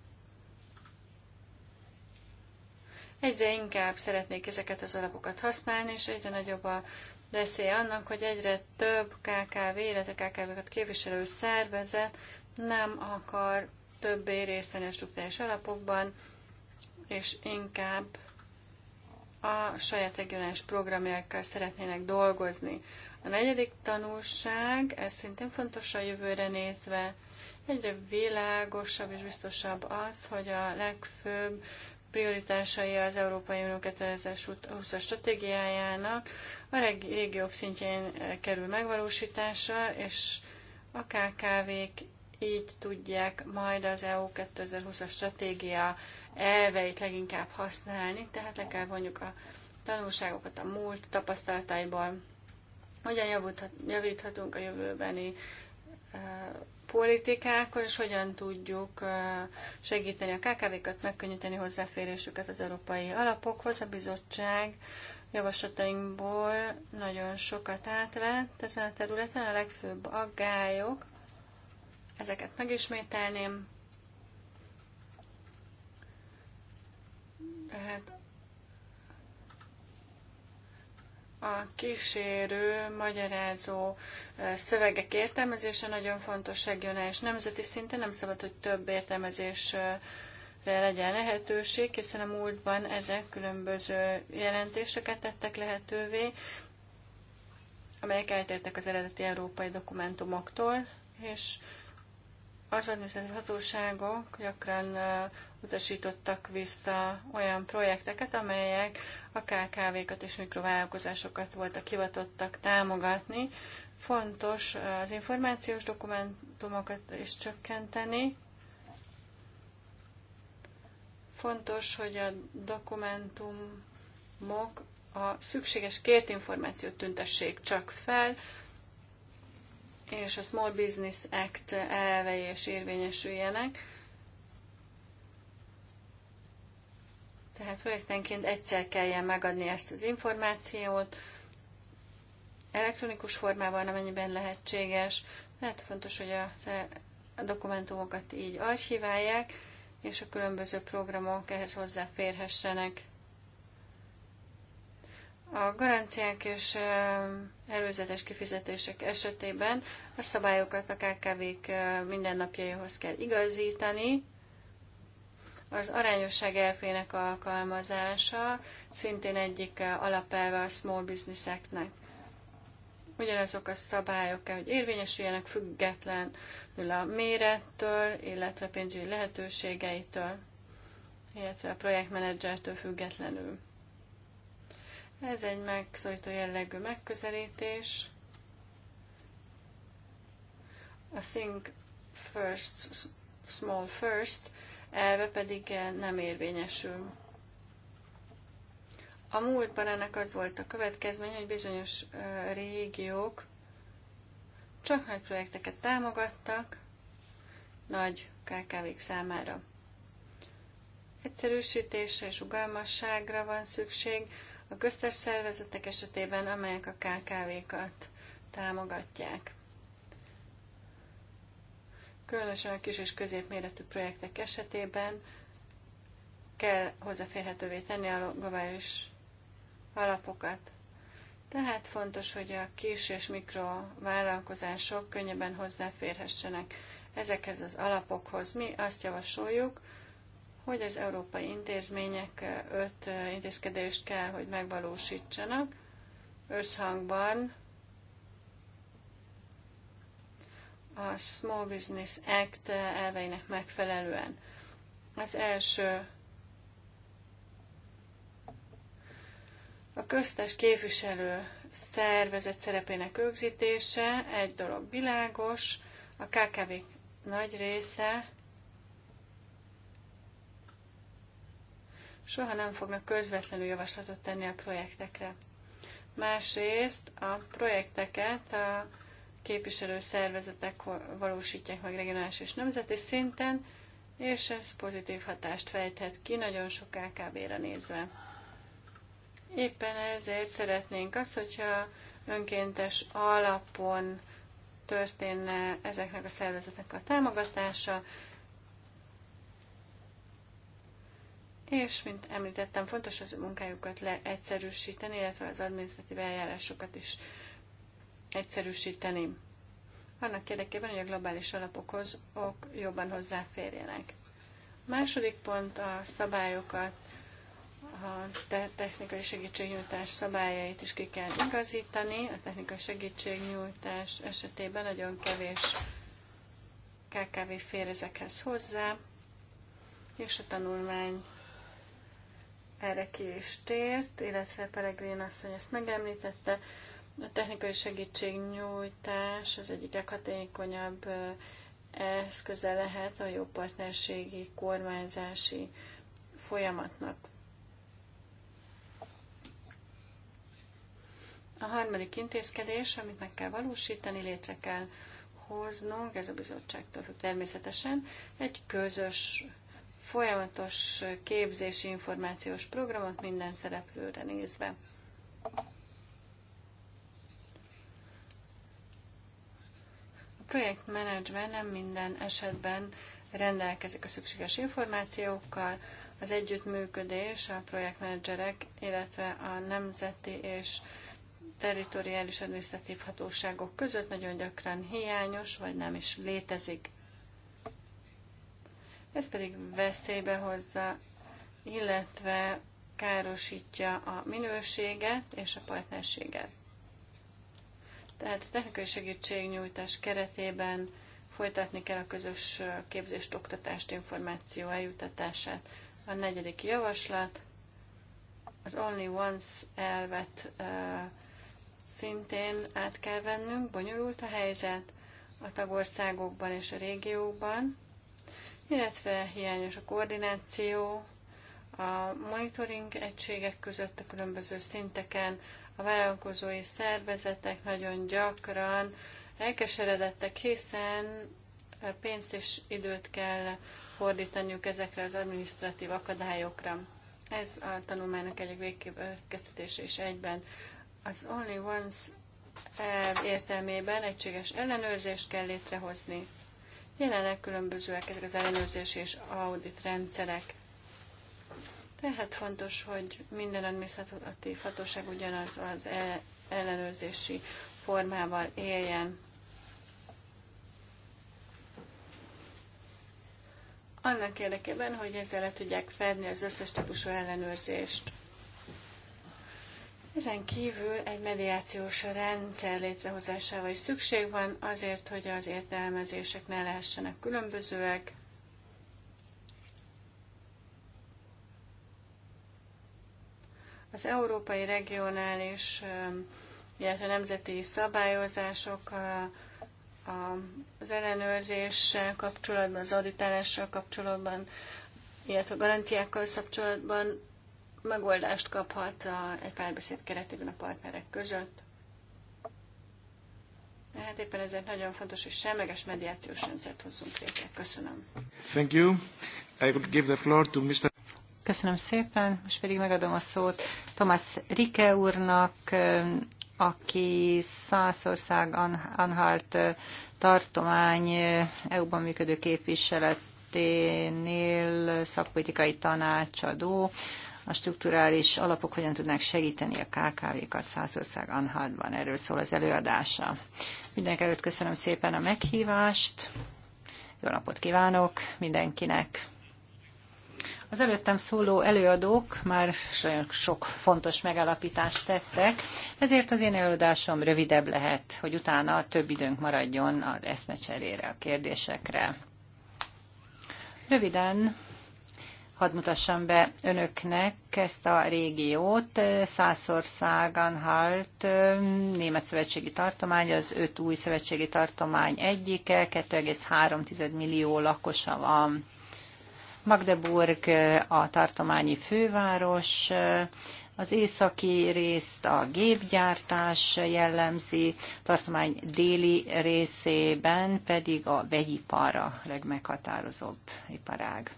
egyre inkább szeretnék ezeket az alapokat használni, és egyre nagyobb a veszély annak, hogy egyre több KKV, illetve KKV-kat képviselő szervezet nem akar többé részt venni a struktúrális alapokban, és inkább a saját regionális programjákkal szeretnének dolgozni. A negyedik tanulság, ez szintén fontos a jövőre nézve, Egyre világosabb és biztosabb az, hogy a legfőbb prioritásai az Európai Unió 2020-as stratégiájának a régiók szintjén kerül megvalósítása és a KKV-k így tudják majd az EU 2020-as stratégia elveit leginkább használni, tehát le kell vonjuk a tanulságokat a múlt tapasztalataiból, hogyan javíthatunk a jövőbeni eh, politikákon, és hogyan tudjuk segíteni a KKV-kat, megkönnyíteni hozzáférésüket az európai alapokhoz. A bizottság javaslatainkból nagyon sokat átvett ezen a területen, a legfőbb aggályok, ezeket megismételném. Tehát A kísérő, magyarázó szövegek értelmezése nagyon fontos regionális nemzeti szinten, nem szabad, hogy több értelmezésre legyen lehetőség, hiszen a múltban ezek különböző jelentéseket tettek lehetővé, amelyek eltértek az eredeti európai dokumentumoktól, és az adminisztrációs hatóságok gyakran utasítottak vissza olyan projekteket, amelyek a KKV-kat és mikrovállalkozásokat voltak hivatottak támogatni. Fontos az információs dokumentumokat is csökkenteni. Fontos, hogy a dokumentumok a szükséges kért információt tüntessék csak fel, és a Small Business Act elvei és érvényesüljenek Tehát projektenként egyszer kelljen megadni ezt az információt, elektronikus formában, amennyiben lehetséges. Lehet fontos, hogy a, dokumentumokat így archiválják, és a különböző programok ehhez hozzáférhessenek. A garanciák és eh, előzetes kifizetések esetében a szabályokat a KKV-k eh, mindennapjaihoz kell igazítani, az arányosság elfének alkalmazása szintén egyik eh, alapelve a Small Business Act-nek. Ugyanazok a szabályok kell, hogy érvényesüljenek függetlenül a mérettől, illetve pénzügyi lehetőségeitől, illetve a projektmenedzsertől függetlenül. Ez egy megszólító jellegű megközelítés. A Think First, Small First elve pedig nem érvényesül. A múltban ennek az volt a következménye, hogy bizonyos régiók csak nagy projekteket támogattak, nagy KKV-k számára. Egyszerűsítésre és ugalmasságra van szükség a köztes szervezetek esetében, amelyek a KKV-kat támogatják. Különösen a kis és középméretű projektek esetében kell hozzáférhetővé tenni a globális alapokat. Tehát fontos, hogy a kis és mikro vállalkozások könnyebben hozzáférhessenek ezekhez az alapokhoz. Mi azt javasoljuk, hogy az európai intézmények öt intézkedést kell, hogy megvalósítsanak összhangban a Small Business Act elveinek megfelelően. Az első a köztes képviselő szervezet szerepének rögzítése, egy dolog világos, a kkv nagy része soha nem fognak közvetlenül javaslatot tenni a projektekre. Másrészt a projekteket a képviselő szervezetek valósítják meg regionális és nemzeti szinten, és ez pozitív hatást fejthet ki nagyon sok akb re nézve. Éppen ezért szeretnénk azt, hogyha önkéntes alapon történne ezeknek a szervezeteknek a támogatása, és, mint említettem, fontos az munkájukat leegyszerűsíteni, illetve az adminisztratív eljárásokat is egyszerűsíteni. Annak érdekében, hogy a globális alapokhoz ok jobban hozzáférjenek. A második pont a szabályokat, a technikai segítségnyújtás szabályait is ki kell igazítani. A technikai segítségnyújtás esetében nagyon kevés KKV fér ezekhez hozzá, és a tanulmány erre ki is tért, illetve Peregrin asszony ezt megemlítette. A technikai segítségnyújtás az egyik leghatékonyabb eszköze lehet a jó partnerségi kormányzási folyamatnak. A harmadik intézkedés, amit meg kell valósítani, létre kell hoznunk, ez a bizottságtól függ természetesen, egy közös, folyamatos képzési információs programot minden szereplőre nézve. projektmenedzsben nem minden esetben rendelkezik a szükséges információkkal. Az együttműködés a projektmenedzserek, illetve a nemzeti és territoriális adminisztratív hatóságok között nagyon gyakran hiányos, vagy nem is létezik. Ez pedig veszélybe hozza, illetve károsítja a minőséget és a partnerséget. Tehát a technikai segítségnyújtás keretében folytatni kell a közös képzést, oktatást, információ eljutatását. A negyedik javaslat az Only Once elvet uh, szintén át kell vennünk, bonyolult a helyzet a tagországokban és a régiókban, illetve hiányos a koordináció a monitoring egységek között a különböző szinteken, a vállalkozói szervezetek nagyon gyakran elkeseredettek, hiszen pénzt és időt kell fordítaniuk ezekre az administratív akadályokra. Ez a tanulmánynak egyik végkövetkeztetése is egyben. Az Only Once értelmében egységes ellenőrzést kell létrehozni. Jelenleg különbözőek ezek az ellenőrzés és audit rendszerek. Tehát fontos, hogy minden administratív hatóság ugyanaz az e- ellenőrzési formával éljen. Annak érdekében, hogy ezzel le tudják fedni az összes típusú ellenőrzést. Ezen kívül egy mediációs rendszer létrehozásával is szükség van azért, hogy az értelmezések ne lehessenek különbözőek, Az európai regionális, illetve nemzeti szabályozások az ellenőrzéssel kapcsolatban, az auditálással kapcsolatban, illetve a garanciákkal kapcsolatban megoldást kaphat a, egy párbeszéd keretében a partnerek között. Hát éppen ezért nagyon fontos, hogy semleges mediációs rendszert hozzunk létre. Köszönöm. Thank you. I would give the floor to Mr. Köszönöm szépen, most pedig megadom a szót Tomás Rike úrnak, eh, aki Szászország Anhalt eh, tartomány eh, EU-ban működő képviseleténél szakpolitikai tanácsadó. A strukturális alapok hogyan tudnak segíteni a KKV-kat Szászország Anhaltban. Erről szól az előadása. Mindenek előtt köszönöm szépen a meghívást. Jó napot kívánok mindenkinek! Az előttem szóló előadók már sok fontos megalapítást tettek, ezért az én előadásom rövidebb lehet, hogy utána több időnk maradjon az eszmecserére, a kérdésekre. Röviden hadd mutassam be önöknek ezt a régiót. Szászország, Anhalt, Német Szövetségi Tartomány, az öt új szövetségi tartomány egyike, 2,3 millió lakosa van. Magdeburg a tartományi főváros, az északi részt a gépgyártás jellemzi, a tartomány déli részében pedig a vegyipar a legmeghatározóbb iparág.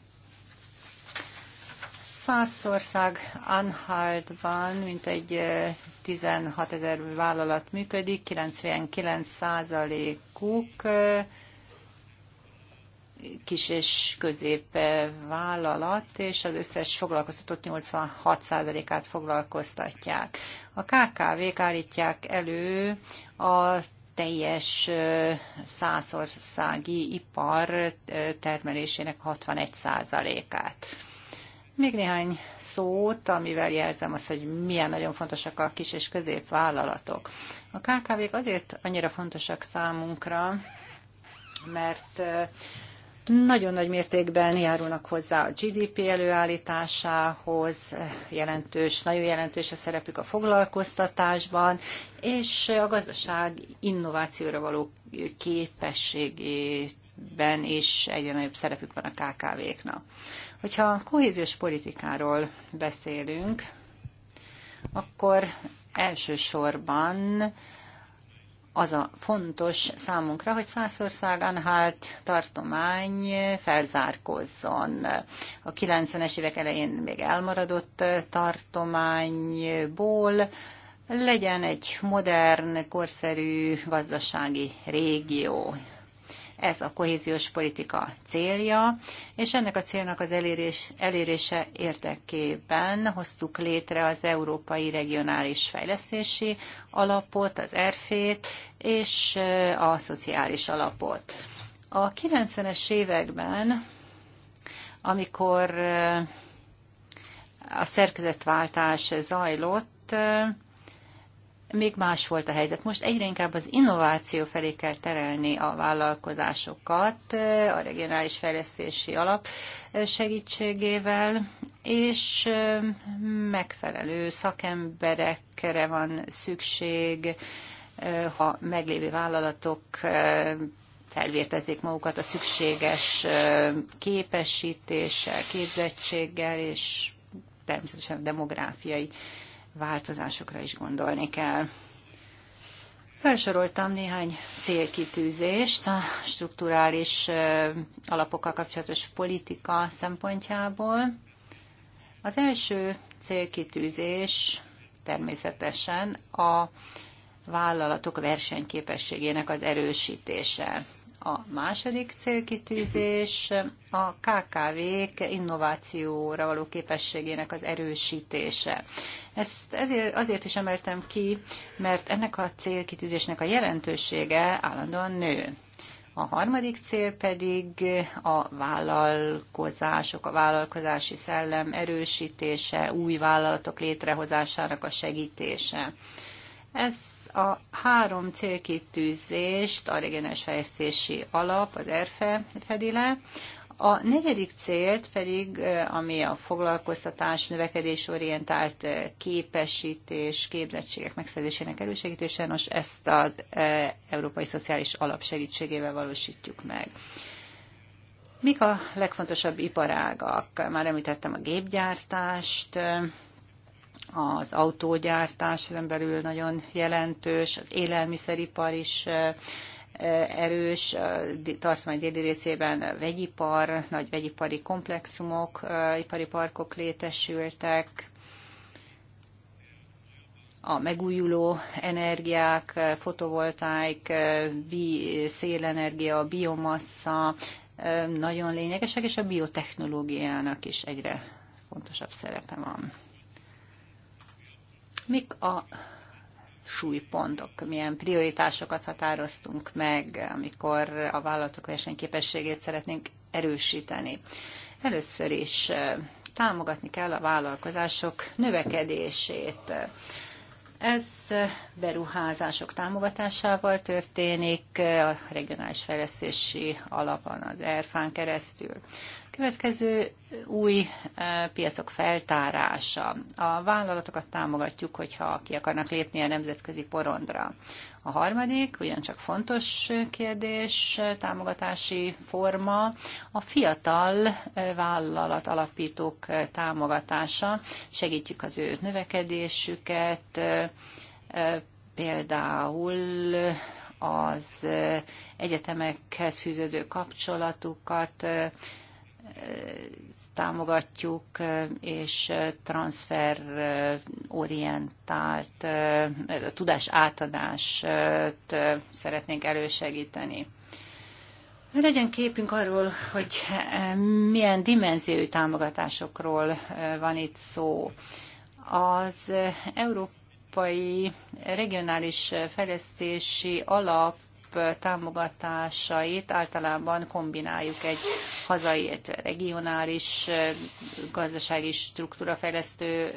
Szászország Anhaltban mintegy 16 ezer vállalat működik, 99 százalékuk kis és középvállalat, és az összes foglalkoztatott 86%-át foglalkoztatják. A KKV-k állítják elő a teljes százországi ipar termelésének 61%-át. Még néhány szót, amivel jelzem azt, hogy milyen nagyon fontosak a kis és középvállalatok. A KKV-k azért annyira fontosak számunkra, mert nagyon nagy mértékben járulnak hozzá a GDP előállításához, jelentős, nagyon jelentős a szerepük a foglalkoztatásban, és a gazdaság innovációra való képességében is egyre nagyobb szerepük van a KKV-knak. Hogyha kohéziós politikáról beszélünk, akkor elsősorban az a fontos számunkra, hogy Szászország Anhalt tartomány felzárkozzon. A 90-es évek elején még elmaradott tartományból legyen egy modern, korszerű gazdasági régió, ez a kohéziós politika célja, és ennek a célnak az elérés, elérése érdekében hoztuk létre az Európai Regionális Fejlesztési Alapot, az Erfét t és a Szociális Alapot. A 90-es években, amikor a szerkezetváltás zajlott, még más volt a helyzet. Most egyre inkább az innováció felé kell terelni a vállalkozásokat a regionális fejlesztési alap segítségével, és megfelelő szakemberekre van szükség, ha meglévő vállalatok felvértezzék magukat a szükséges képesítéssel, képzettséggel és természetesen a demográfiai változásokra is gondolni kell. Felsoroltam néhány célkitűzést a strukturális alapokkal kapcsolatos politika szempontjából. Az első célkitűzés természetesen a vállalatok versenyképességének az erősítése. A második célkitűzés a KKV-k innovációra való képességének az erősítése. Ezt ezért, azért is emeltem ki, mert ennek a célkitűzésnek a jelentősége állandóan nő. A harmadik cél pedig a vállalkozások, a vállalkozási szellem erősítése, új vállalatok létrehozásának a segítése. Ez a három célkitűzést a regionális fejlesztési alap, az ERFE fedi le, a negyedik célt pedig, ami a foglalkoztatás, orientált képesítés, képzettségek megszerzésének erősítése, most ezt az Európai Szociális Alap segítségével valósítjuk meg. Mik a legfontosabb iparágak? Már említettem a gépgyártást, az autógyártás ezen belül nagyon jelentős, az élelmiszeripar is erős, tartomány déli részében vegyipar, nagy vegyipari komplexumok, ipari parkok létesültek, a megújuló energiák, fotovoltaik bi, szélenergia, biomassa nagyon lényegesek, és a biotechnológiának is egyre fontosabb szerepe van. Mik a súlypontok, milyen prioritásokat határoztunk meg, amikor a vállalatok versenyképességét szeretnénk erősíteni. Először is támogatni kell a vállalkozások növekedését. Ez beruházások támogatásával történik, a regionális fejlesztési alapon, az ERFÁN keresztül. Következő új e, piacok feltárása. A vállalatokat támogatjuk, hogyha ki akarnak lépni a nemzetközi porondra. A harmadik, ugyancsak fontos kérdés, e, támogatási forma, a fiatal e, vállalat alapítók támogatása. Segítjük az ő növekedésüket, például az egyetemekhez fűződő kapcsolatukat, támogatjuk, és transfer orientált tudás átadást szeretnénk elősegíteni. Legyen képünk arról, hogy milyen dimenziói támogatásokról van itt szó. Az Európai Regionális Fejlesztési Alap támogatásait általában kombináljuk egy hazai, regionális gazdasági struktúrafejlesztő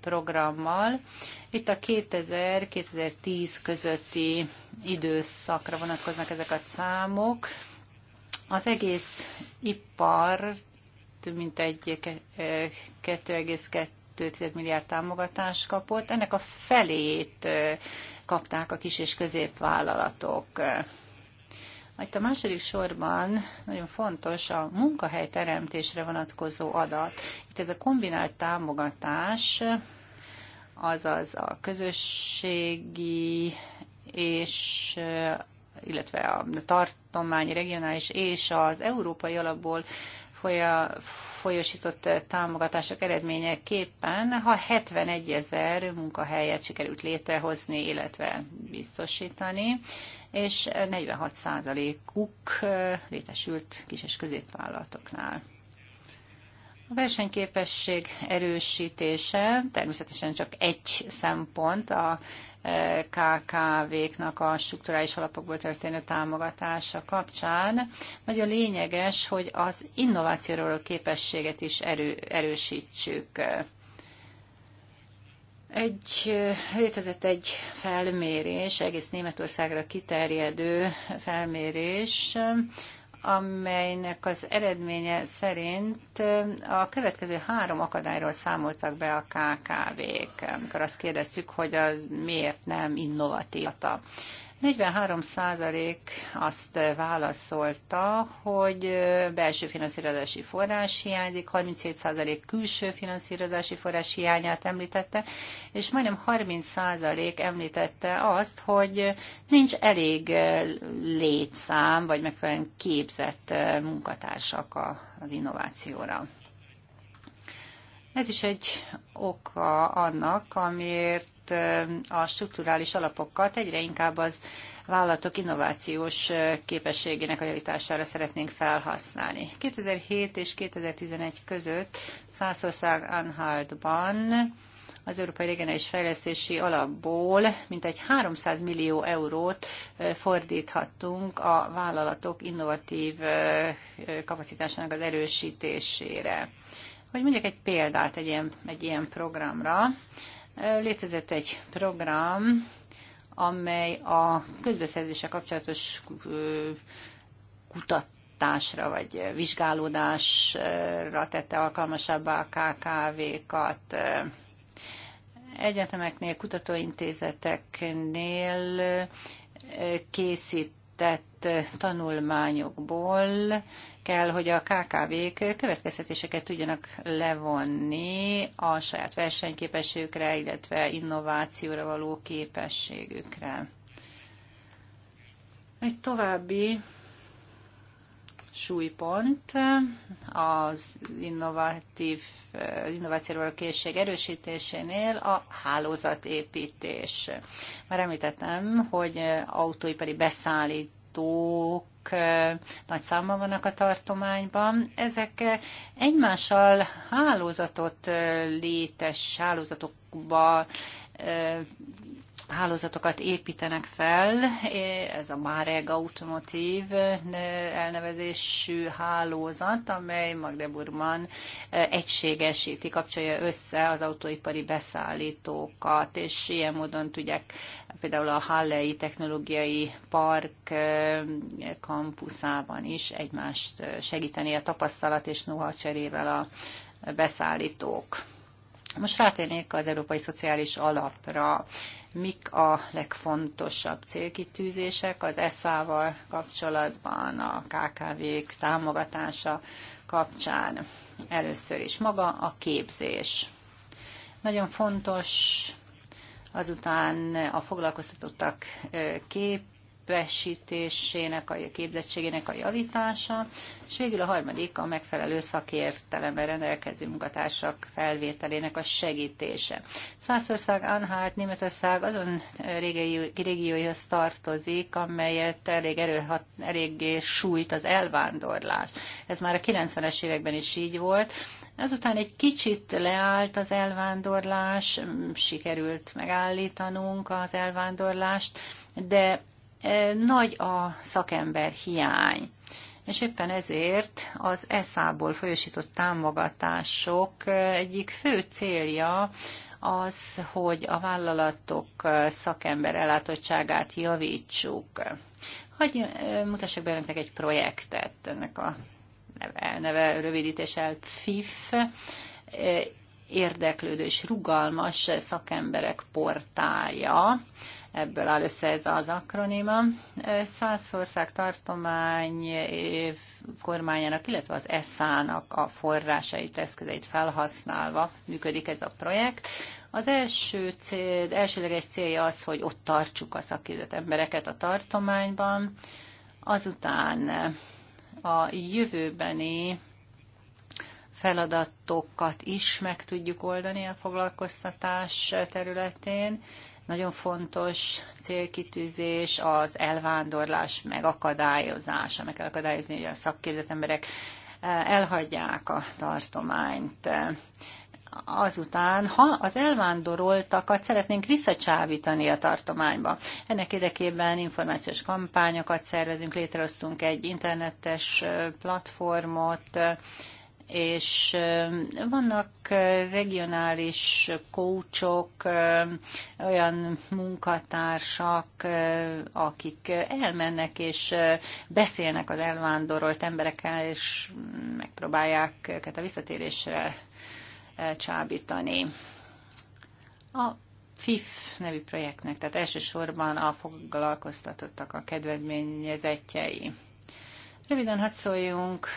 programmal. Itt a 2000-2010 közötti időszakra vonatkoznak ezek a számok. Az egész ipar több mint egy 2,2 milliárd támogatást kapott. Ennek a felét kapták a kis és középvállalatok. Itt a második sorban nagyon fontos a munkahelyteremtésre vonatkozó adat. Itt ez a kombinált támogatás, azaz a közösségi és illetve a tartományi, regionális és az európai alapból folyosított eh, támogatások eredményeképpen, ha 71 ezer munkahelyet sikerült létrehozni, illetve biztosítani, és 46 százalékuk eh, létesült kis- és középvállalatoknál. A versenyképesség erősítése természetesen csak egy szempont a KKV-knak a strukturális alapokból történő támogatása kapcsán. Nagyon lényeges, hogy az innovációról képességet is erő, erősítsük. Egy, létezett egy felmérés, egész Németországra kiterjedő felmérés, amelynek az eredménye szerint a következő három akadályról számoltak be a KKV-k, amikor azt kérdeztük, hogy az miért nem innovatív 43% azt válaszolta, hogy belső finanszírozási forrás hiányzik, 37% külső finanszírozási forrás hiányát említette, és majdnem 30% említette azt, hogy nincs elég létszám, vagy megfelelően képzett munkatársak az innovációra. Ez is egy oka annak, amiért ezeket a strukturális alapokat egyre inkább az vállalatok innovációs képességének a javítására szeretnénk felhasználni. 2007 és 2011 között Szászország Anhaltban az Európai Regionális Fejlesztési Alapból mintegy 300 millió eurót fordíthattunk a vállalatok innovatív kapacitásának az erősítésére. Hogy mondjak egy példát egy ilyen, egy ilyen programra, Létezett egy program, amely a közbeszerzéssel kapcsolatos kutatásra vagy vizsgálódásra tette alkalmasabbá a KKV-kat. Egyetemeknél, kutatóintézeteknél készített tanulmányokból kell, hogy a KKV-k következtetéseket tudjanak levonni a saját versenyképességükre, illetve innovációra való képességükre. Egy további súlypont az innovatív, való készség erősítésénél a hálózatépítés. Már említettem, hogy autóipari beszállítók nagy számban vannak a tartományban. Ezek egymással hálózatot létes hálózatokba hálózatokat építenek fel, ez a Máreg Automotív elnevezésű hálózat, amely Magdeburgban egységesíti, kapcsolja össze az autóipari beszállítókat, és ilyen módon tudják például a Hallei Technológiai Park eh, kampuszában is egymást segíteni a tapasztalat és noha cserével a beszállítók. Most rátérnék az Európai Szociális Alapra. Mik a legfontosabb célkitűzések az ESZÁ-val kapcsolatban, a KKV-k támogatása kapcsán? Először is maga a képzés. Nagyon fontos azután a foglalkoztatottak kép képesítésének, a képzettségének a javítása, és végül a harmadik a megfelelő szakértelemben rendelkező munkatársak felvételének a segítése. Szászország, Anhalt, Németország azon régióihoz tartozik, amelyet elég erőhat, eléggé sújt az elvándorlás. Ez már a 90-es években is így volt, Azután egy kicsit leállt az elvándorlás, sikerült megállítanunk az elvándorlást, de nagy a szakember hiány. És éppen ezért az ESZÁ-ból folyosított támogatások egyik fő célja az, hogy a vállalatok szakember ellátottságát javítsuk. Hogy mutassak be önöknek egy projektet, ennek a neve, neve rövidítéssel FIF, érdeklődő és rugalmas szakemberek portálja. Ebből áll össze ez az akronima. Százország tartomány kormányának, illetve az ESZÁ-nak a forrásait, eszközeit felhasználva működik ez a projekt. Az első cél, elsőleges célja az, hogy ott tartsuk a szakképzett embereket a tartományban, azután a jövőbeni feladatokat is meg tudjuk oldani a foglalkoztatás területén. Nagyon fontos célkitűzés az elvándorlás megakadályozása. Meg kell akadályozni, hogy a szakképzett emberek eh, elhagyják a tartományt azután, ha az elvándoroltakat szeretnénk visszacsábítani a tartományba. Ennek érdekében információs kampányokat szervezünk, létrehoztunk egy internetes eh, platformot, és vannak regionális kócsok, olyan munkatársak, akik elmennek és beszélnek az elvándorolt emberekkel, és megpróbálják őket a visszatérésre csábítani. A FIF nevű projektnek, tehát elsősorban a foglalkoztatottak a kedvezményezettjei. Röviden hadd szóljunk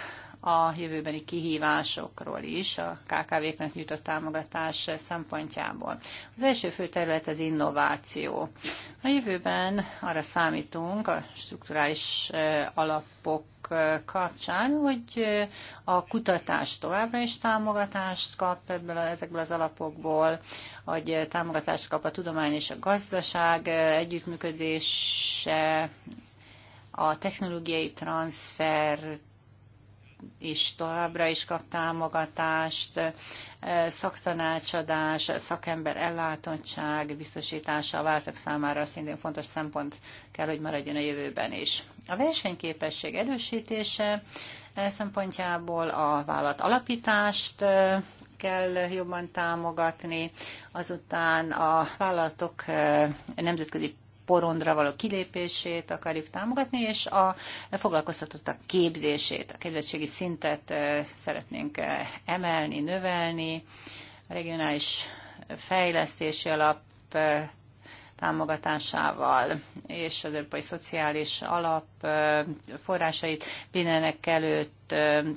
a jövőbeni kihívásokról is a kkv knek nyújtott támogatás szempontjából. Az első fő terület az innováció. A jövőben arra számítunk a strukturális alapok kapcsán, hogy a kutatás továbbra is támogatást kap ebből, ezekből az alapokból, hogy támogatást kap a tudomány és a gazdaság együttműködése, a technológiai transfert is továbbra is kap támogatást, e, szaktanácsadás, szakember ellátottság biztosítása a váltak számára szintén fontos szempont kell, hogy maradjon a jövőben is. A versenyképesség erősítése e, szempontjából a vállalat alapítást e, kell jobban támogatni, azután a vállalatok nemzetközi porondra való kilépését akarjuk támogatni, és a foglalkoztatottak képzését, a képzettségi szintet szeretnénk emelni, növelni, a regionális fejlesztési alap támogatásával és az Európai Szociális Alap forrásait mindenek előtt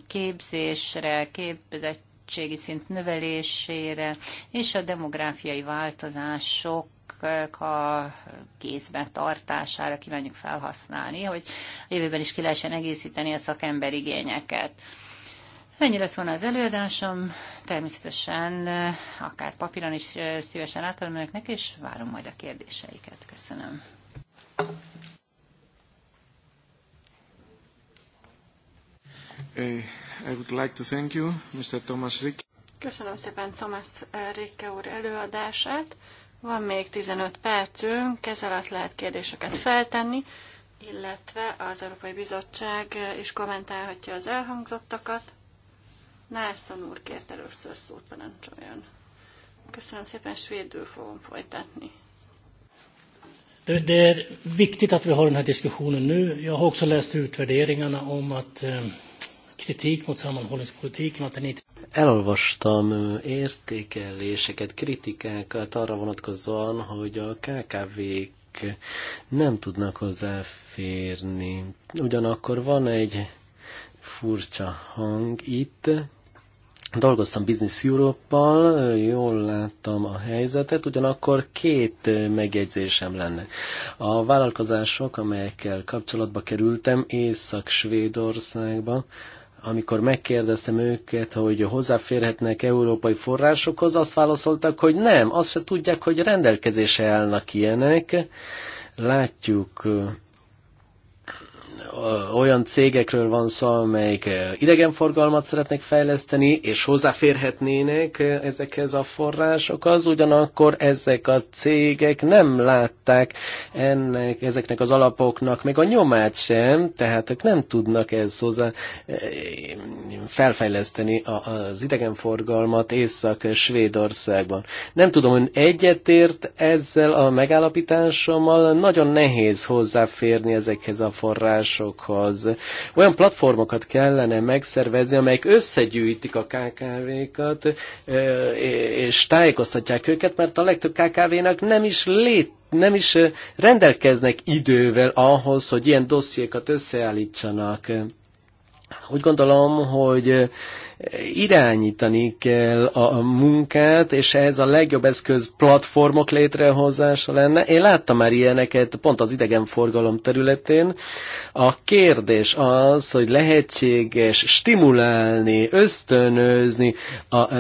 képzésre, képzettségi szint növelésére és a demográfiai változások Eh, a kézben tartására kívánjuk felhasználni, hogy a jövőben is ki lehessen egészíteni a szakember igényeket. Ennyi lett volna az előadásom, természetesen eh, akár papíron is eh, szívesen átadom önöknek, és várom majd a kérdéseiket. Köszönöm. I would like to thank you, Mr. Thomas Rick. Köszönöm szépen Thomas Rikke úr előadását. Van még 15 percünk, ez alatt lehet kérdéseket feltenni, illetve az Európai Bizottság is kommentálhatja az elhangzottakat. Nelson úr kért először szót, parancsoljon. Köszönöm szépen, svédül fogom folytatni. Det, det är viktigt att vi har den här diskussionen nu. Jag har också läst utvärderingarna om att eh, kritik mot sammanhållningspolitiken och att den inte elolvastam értékeléseket, kritikákat arra vonatkozóan, hogy a KKV-k nem tudnak hozzáférni. Ugyanakkor van egy furcsa hang itt, Dolgoztam Business Europe-bal, jól láttam a helyzetet, ugyanakkor két megjegyzésem lenne. A vállalkozások, amelyekkel kapcsolatba kerültem, Észak-Svédországba, amikor megkérdeztem őket, hogy hozzáférhetnek európai forrásokhoz, azt válaszoltak, hogy nem, azt se tudják, hogy rendelkezésre állnak ilyenek. Látjuk olyan cégekről van szó, amelyik idegenforgalmat szeretnek fejleszteni, és hozzáférhetnének ezekhez a forrásokhoz, ugyanakkor ezek a cégek nem látták ennek, ezeknek az alapoknak még a nyomát sem, tehát ők nem tudnak ez hozzá felfejleszteni az idegenforgalmat Észak-Svédországban. Nem tudom, hogy egyetért ezzel a megállapításommal nagyon nehéz hozzáférni ezekhez a forrásokhoz, forrásokhoz. Olyan platformokat kellene megszervezni, amelyek összegyűjtik a KKV-kat, és tájékoztatják őket, mert a legtöbb KKV-nak nem is lét nem is rendelkeznek idővel ahhoz, hogy ilyen dossziékat összeállítsanak. Úgy gondolom, hogy irányítani kell a munkát, és ez a legjobb eszköz platformok létrehozása lenne. Én láttam már ilyeneket pont az idegenforgalom területén. A kérdés az, hogy lehetséges stimulálni, ösztönözni a,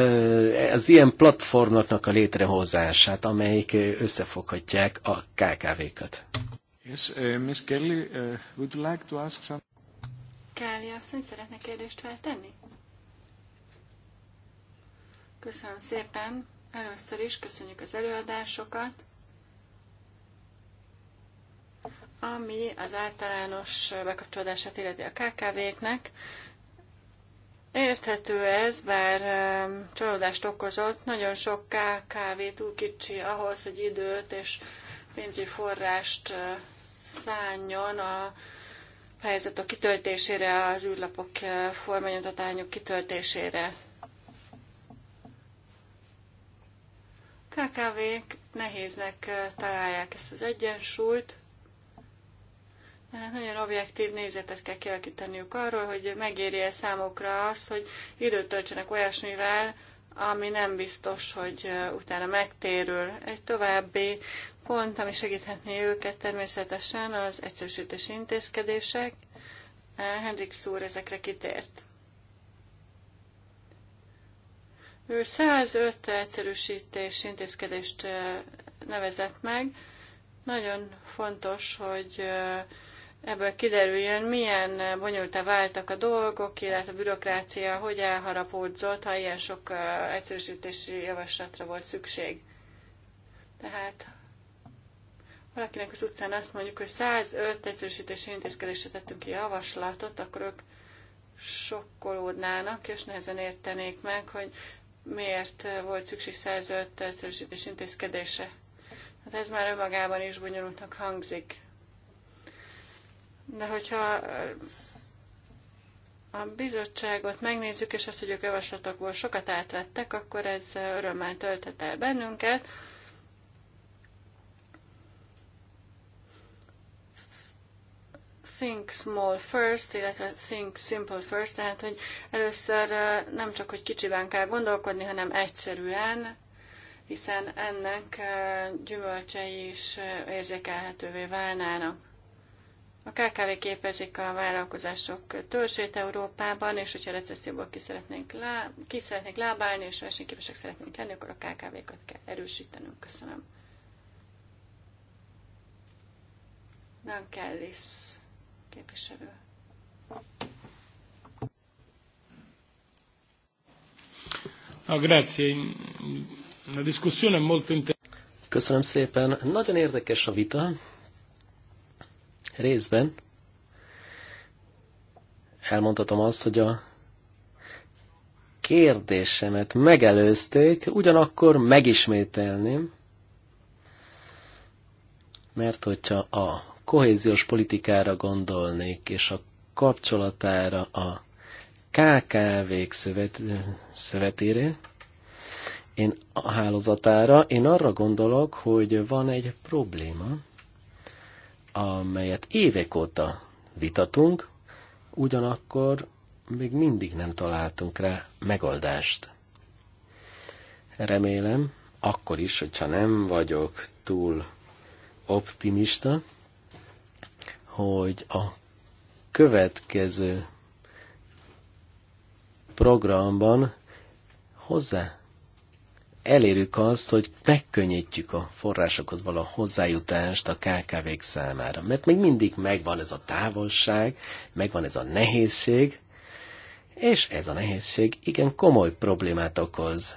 az ilyen platformoknak a létrehozását, amelyik összefoghatják a KKV-kat. Yes, uh, Miss Kelly, uh, would you like to ask something? Káli asszony szeretne kérdést feltenni? Köszönöm szépen. Először is köszönjük az előadásokat. Ami az általános bekapcsolódását illeti a KKV-knek, Érthető ez, bár csalódást okozott, nagyon sok KKV túl kicsi ahhoz, hogy időt és pénzügyi forrást szálljon a pályázatok kitöltésére, az űrlapok eh, formanyomtatányok kitöltésére. KKV-k nehéznek eh, találják ezt az egyensúlyt, hát nagyon objektív nézetet kell kialakítaniuk arról, hogy megéri-e számokra azt, hogy időt töltsenek olyasmivel, ami nem biztos, hogy eh, utána megtérül. Egy további pont, ami segíthetné őket természetesen az egyszerűsítési intézkedések. Hendrik Szúr ezekre kitért. Ő 105 egyszerűsítés intézkedést nevezett meg. Nagyon fontos, hogy ebből kiderüljön, milyen bonyolultá váltak a dolgok, illetve a bürokrácia hogy elharapódzott, ha ilyen sok egyszerűsítési javaslatra volt szükség. Tehát valakinek az után azt mondjuk, hogy 105 egyszerűsítési intézkedésre tettünk ki javaslatot, akkor ők sokkolódnának, és nehezen értenék meg, hogy miért volt szükség 105 egyszerűsítés intézkedése. Hát ez már önmagában is bonyolultnak hangzik. De hogyha a bizottságot megnézzük, és azt, hogy ők javaslatokból sokat átvettek, akkor ez örömmel töltet el bennünket. think small first, illetve think simple first, tehát hogy először nem csak, hogy kicsiben kell gondolkodni, hanem egyszerűen, hiszen ennek gyümölcsei is érzékelhetővé válnának. A KKV képezik a vállalkozások törzsét Európában, és hogyha recesszióból ki szeretnénk, lá... ki szeretnénk lábálni, és versenyképesek szeretnénk lenni, akkor a KKV-kat kell erősítenünk. Köszönöm. Nankellis képviselő. Köszönöm szépen. Nagyon érdekes a vita. Részben elmondhatom azt, hogy a kérdésemet megelőzték, ugyanakkor megismételném, mert hogyha a kohéziós politikára gondolnék, és a kapcsolatára a KKV-k szövet, szövetére, én a hálózatára, én arra gondolok, hogy van egy probléma, amelyet évek óta vitatunk, ugyanakkor még mindig nem találtunk rá megoldást. Remélem, akkor is, hogyha nem vagyok túl optimista, hogy a következő programban hozzá elérjük azt, hogy megkönnyítjük a forrásokhoz való hozzájutást a KKV-k számára. Mert még mindig megvan ez a távolság, megvan ez a nehézség, és ez a nehézség igen komoly problémát okoz.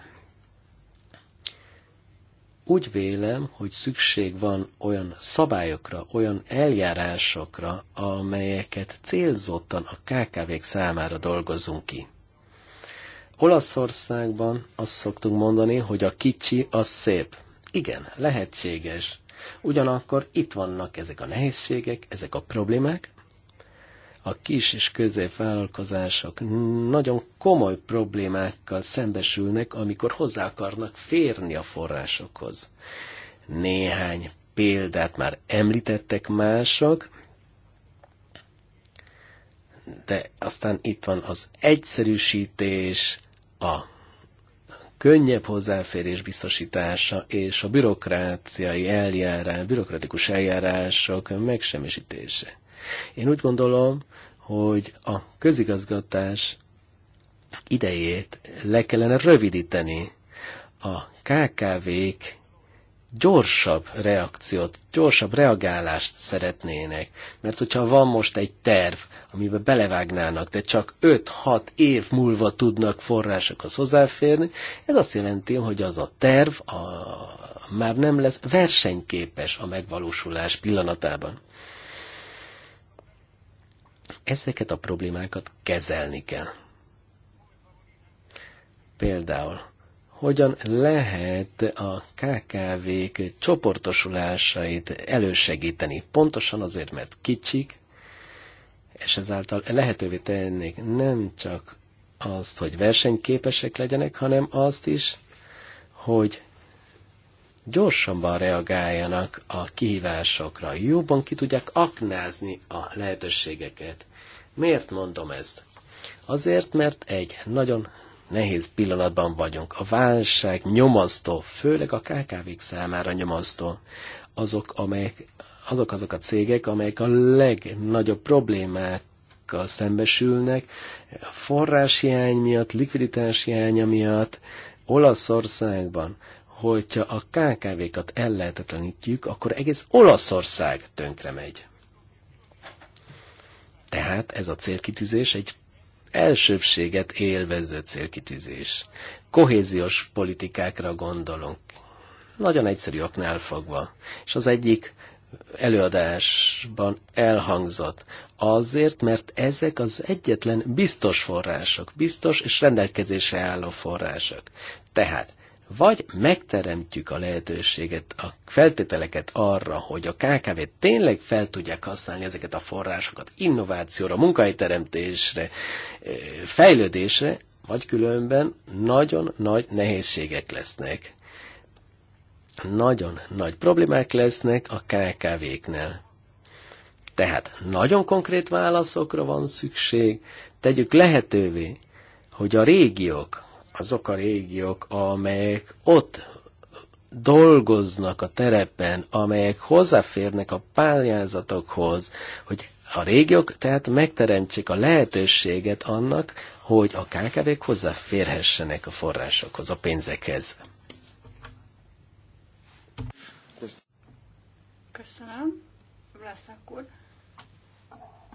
Úgy vélem, hogy szükség van olyan szabályokra, olyan eljárásokra, amelyeket célzottan a KKV-k számára dolgozunk ki. Olaszországban azt szoktunk mondani, hogy a kicsi az szép. Igen, lehetséges. Ugyanakkor itt vannak ezek a nehézségek, ezek a problémák, a kis és középvállalkozások nagyon komoly problémákkal szembesülnek, amikor hozzá akarnak férni a forrásokhoz. Néhány példát már említettek mások, de aztán itt van az egyszerűsítés, a könnyebb hozzáférés biztosítása és a bürokráciai eljárás, bürokratikus eljárások megsemmisítése. Én úgy gondolom, hogy a közigazgatás idejét le kellene rövidíteni. A KKV-k gyorsabb reakciót, gyorsabb reagálást szeretnének. Mert hogyha van most egy terv, amiben belevágnának, de csak 5-6 év múlva tudnak forrásokhoz hozzáférni, ez azt jelenti, hogy az a terv a, már nem lesz versenyképes a megvalósulás pillanatában. Ezeket a problémákat kezelni kell. Például, hogyan lehet a KKV-k csoportosulásait elősegíteni? Pontosan azért, mert kicsik, és ezáltal lehetővé tennék nem csak azt, hogy versenyképesek legyenek, hanem azt is, hogy gyorsabban reagáljanak a kihívásokra, jobban ki tudják aknázni a lehetőségeket. Miért mondom ezt? Azért, mert egy nagyon nehéz pillanatban vagyunk. A válság nyomasztó, főleg a KKV-k számára nyomasztó. Azok, amelyek, azok azok a cégek, amelyek a legnagyobb problémák szembesülnek, forráshiány miatt, likviditás hiánya miatt, Olaszországban, hogyha a KKV-kat ellehetetlenítjük, akkor egész Olaszország tönkre megy. Tehát ez a célkitűzés egy elsőbséget élvező célkitűzés. Kohéziós politikákra gondolunk. Nagyon egyszerű oknál fogva. És az egyik előadásban elhangzott. Azért, mert ezek az egyetlen biztos források, biztos és rendelkezésre álló források. Tehát vagy megteremtjük a lehetőséget, a feltételeket arra, hogy a kkv tényleg fel tudják használni ezeket a forrásokat innovációra, munkahelyteremtésre, eh, fejlődésre, vagy különben nagyon nagy nehézségek lesznek. Nagyon nagy problémák lesznek a kkv knél Tehát nagyon konkrét válaszokra van szükség, tegyük lehetővé, hogy a régiók, azok a régiók, amelyek ott dolgoznak a terepen, amelyek hozzáférnek a pályázatokhoz, hogy a régiók tehát megteremtsék a lehetőséget annak, hogy a KKV-k hozzáférhessenek a forrásokhoz, a pénzekhez. Köszönöm, Vlaszak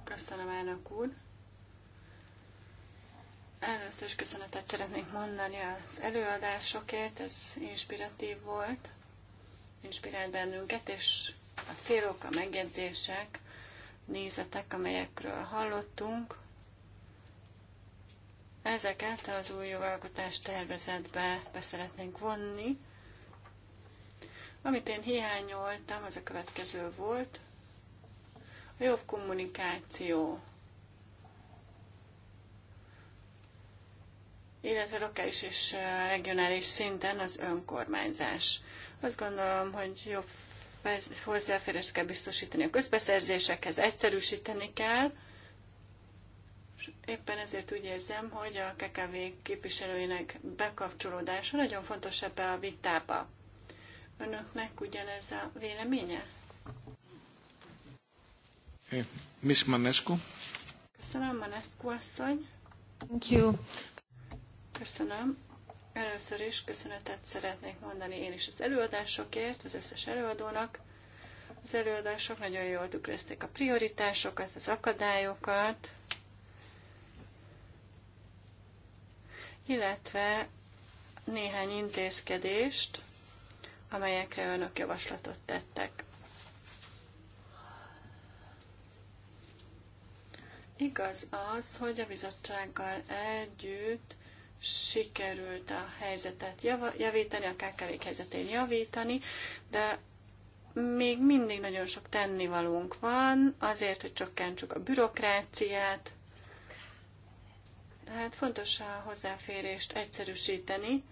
Köszönöm, elnök úr. Először is köszönetet szeretnék mondani az előadásokért, ez inspiratív volt, inspirált bennünket, és a célok, a megjegyzések, nézetek, amelyekről hallottunk, ezeket az új jogalkotás tervezetbe be szeretnénk vonni. Amit én hiányoltam, az a következő volt. A jobb kommunikáció illetve lokális és regionális szinten az önkormányzás. Azt gondolom, hogy jobb hozzáférést kell biztosítani a közbeszerzésekhez, egyszerűsíteni kell, és éppen ezért úgy érzem, hogy a KKV képviselőinek bekapcsolódása nagyon fontos ebbe a vitába. Önöknek ugyanez a véleménye? Miss Manescu. Köszönöm, Manescu asszony. Thank you. Köszönöm. Először is köszönetet szeretnék mondani én is az előadásokért, az összes előadónak. Az előadások nagyon jól tükrözték a prioritásokat, az akadályokat, illetve néhány intézkedést, amelyekre önök javaslatot tettek. Igaz az, hogy a bizottsággal együtt sikerült a helyzetet javítani, a kkv helyzetén javítani, de még mindig nagyon sok tennivalónk van azért, hogy csökkentsük a bürokráciát. Tehát fontos a hozzáférést egyszerűsíteni,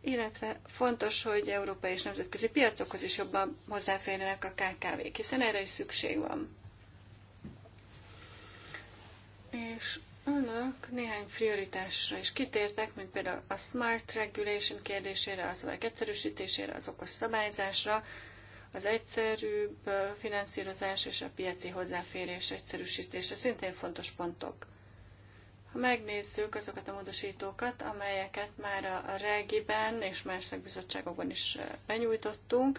illetve fontos, hogy európai és nemzetközi piacokhoz is jobban hozzáférjenek a KKV-k, hiszen erre is szükség van. És Önök néhány prioritásra is kitértek, mint például a smart regulation kérdésére, a szöveg egyszerűsítésére, az okos szabályzásra, az egyszerűbb finanszírozás és a piaci hozzáférés egyszerűsítése szintén fontos pontok. Ha megnézzük azokat a módosítókat, amelyeket már a regiben és más szakbizottságokban is benyújtottunk,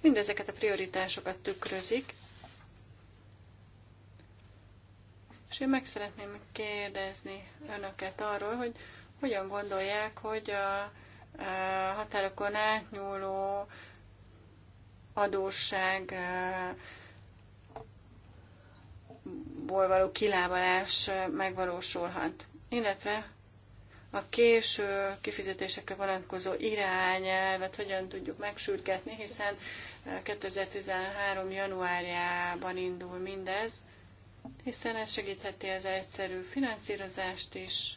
mindezeket a prioritásokat tükrözik, És én meg szeretném kérdezni önöket arról, hogy hogyan gondolják, hogy a, a határokon átnyúló adósság ból való kilábalás megvalósulhat. Illetve a késő kifizetésekre vonatkozó irányelvet hogyan tudjuk megsürgetni, hiszen 2013. Eh, januárjában indul mindez, hiszen ez segítheti az egyszerű finanszírozást is.